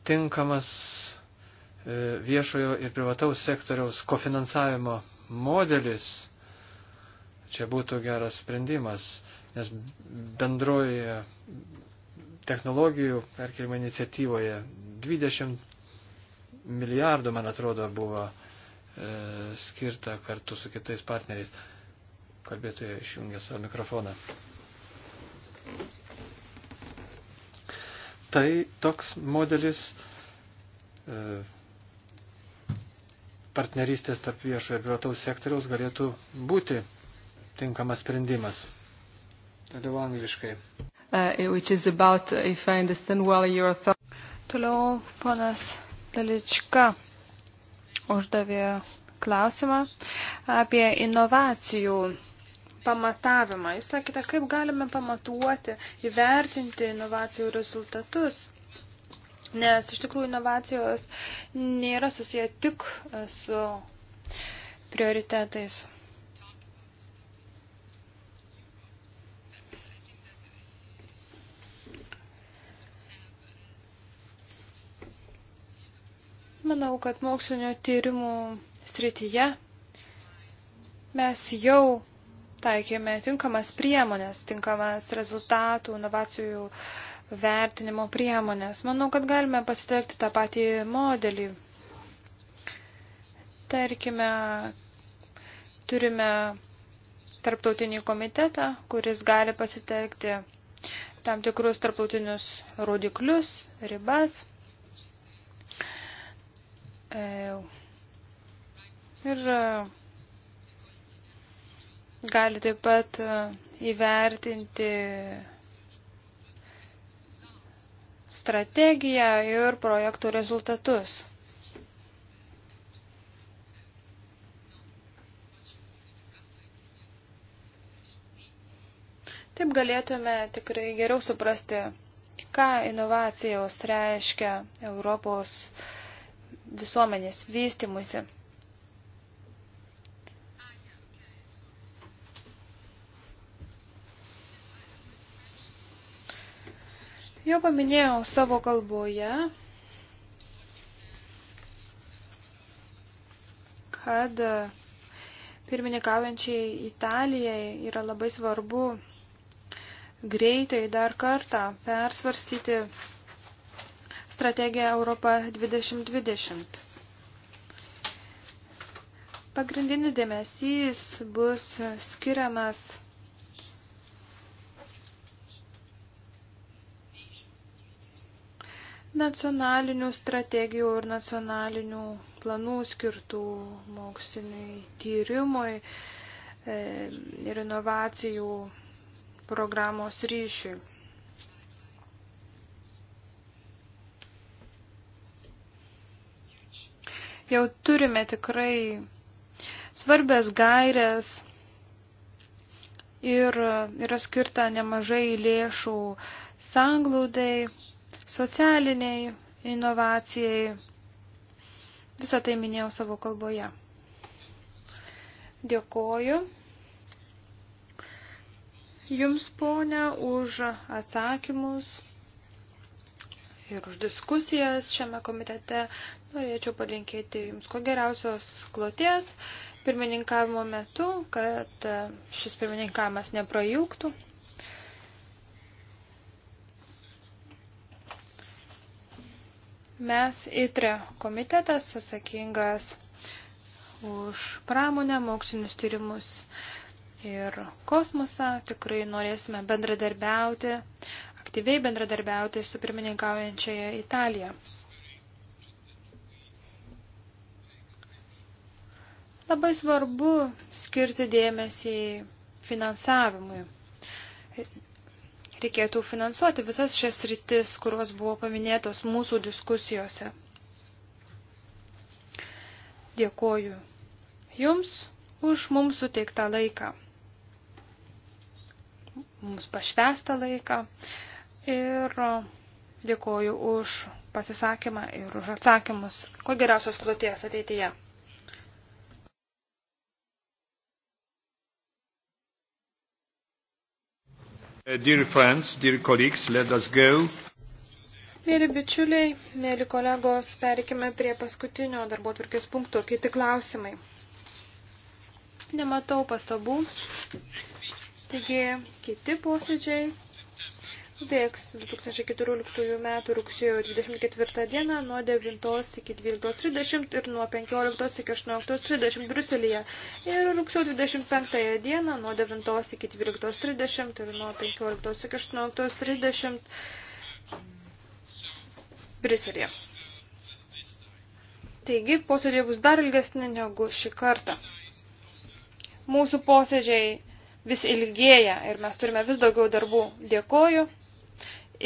tinkamas e, viešojo ir privataus sektoriaus kofinansavimo modelis čia būtų geras sprendimas nes bendroje technologijų perkelimo iniciatyvoje 20 milijardų, man atrodo, buvo e, skirta kartu su kitais partneriais. Kalbėtoja išjungė savo mikrofoną. Tai toks modelis e, partnerystės tarp viešo ir privataus sektoriaus galėtų būti tinkamas sprendimas. Toliau angliškai. Uh, about, well, your... Toliau ponas Dalička uždavė klausimą apie inovacijų pamatavimą. Jūs sakėte, kaip galime pamatuoti, įvertinti inovacijų rezultatus. Nes iš tikrųjų inovacijos nėra susiję tik su prioritetais. Manau, kad mokslinio tyrimų srityje mes jau taikėme tinkamas priemonės, tinkamas rezultatų, inovacijų vertinimo priemonės. Manau, kad galime pasitelkti tą patį modelį. Tarkime, turime tarptautinį komitetą, kuris gali pasitelkti tam tikrus tarptautinius rodiklius, ribas. E, ir e, gali taip pat e, įvertinti strategiją ir projektų rezultatus. Taip galėtume tikrai geriau suprasti, ką inovacijos reiškia Europos uh, visuomenės vystimusi. Jau paminėjau savo kalboje, kad pirmininkaujančiai Italijai yra labai svarbu greitai dar kartą persvarstyti strategija Europa 2020. Pagrindinis dėmesys bus skiriamas nacionalinių strategijų ir nacionalinių planų skirtų moksliniai tyrimui e, ir inovacijų programos ryšiui. jau turime tikrai svarbės gairės ir yra skirta nemažai lėšų sanglaudai, socialiniai inovacijai. Visą tai minėjau savo kalboje. Dėkoju Jums, ponia, už atsakymus ir už diskusijas šiame komitete. Norėčiau palinkėti Jums ko geriausios kloties pirmininkavimo metu, kad e, šis pirmininkavimas neprajūktų. Mes ITRE komitetas atsakingas už pramonę, mokslinius tyrimus ir kosmosą. Tikrai norėsime bendradarbiauti, aktyviai bendradarbiauti su pirmininkaujančiaja Italija. Labai svarbu skirti dėmesį finansavimui. Reikėtų finansuoti visas šias rytis, kurios buvo paminėtos mūsų diskusijose. Dėkoju Jums už mums suteiktą laiką, mums pašvestą laiką ir dėkoju už pasisakymą ir už atsakymus. Ko geriausios kloties ateityje. Uh, dear friends, dear colleagues, let us go. Mėly bičiuliai, mėly kolegos, perikime prie paskutinio darbo tvarkės punkto, kiti klausimai. Nematau pastabų, taigi kiti posėdžiai vyks 2014 metų rugsėjo 24 dieną nuo 9 iki 12.30 ir nuo 15 iki 18.30 Bruselėje ir rugsėjo 25 dieną nuo 9 iki 12.30 ir nuo 15 iki 18.30 Briuselėje. Taigi, posėdžiai bus dar ilgesni negu šį kartą. Mūsų posėdžiai vis ilgėja ir mes turime vis daugiau darbų. Dėkoju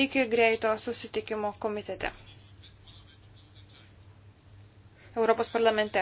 iki greito susitikimo komitete. Europos parlamente.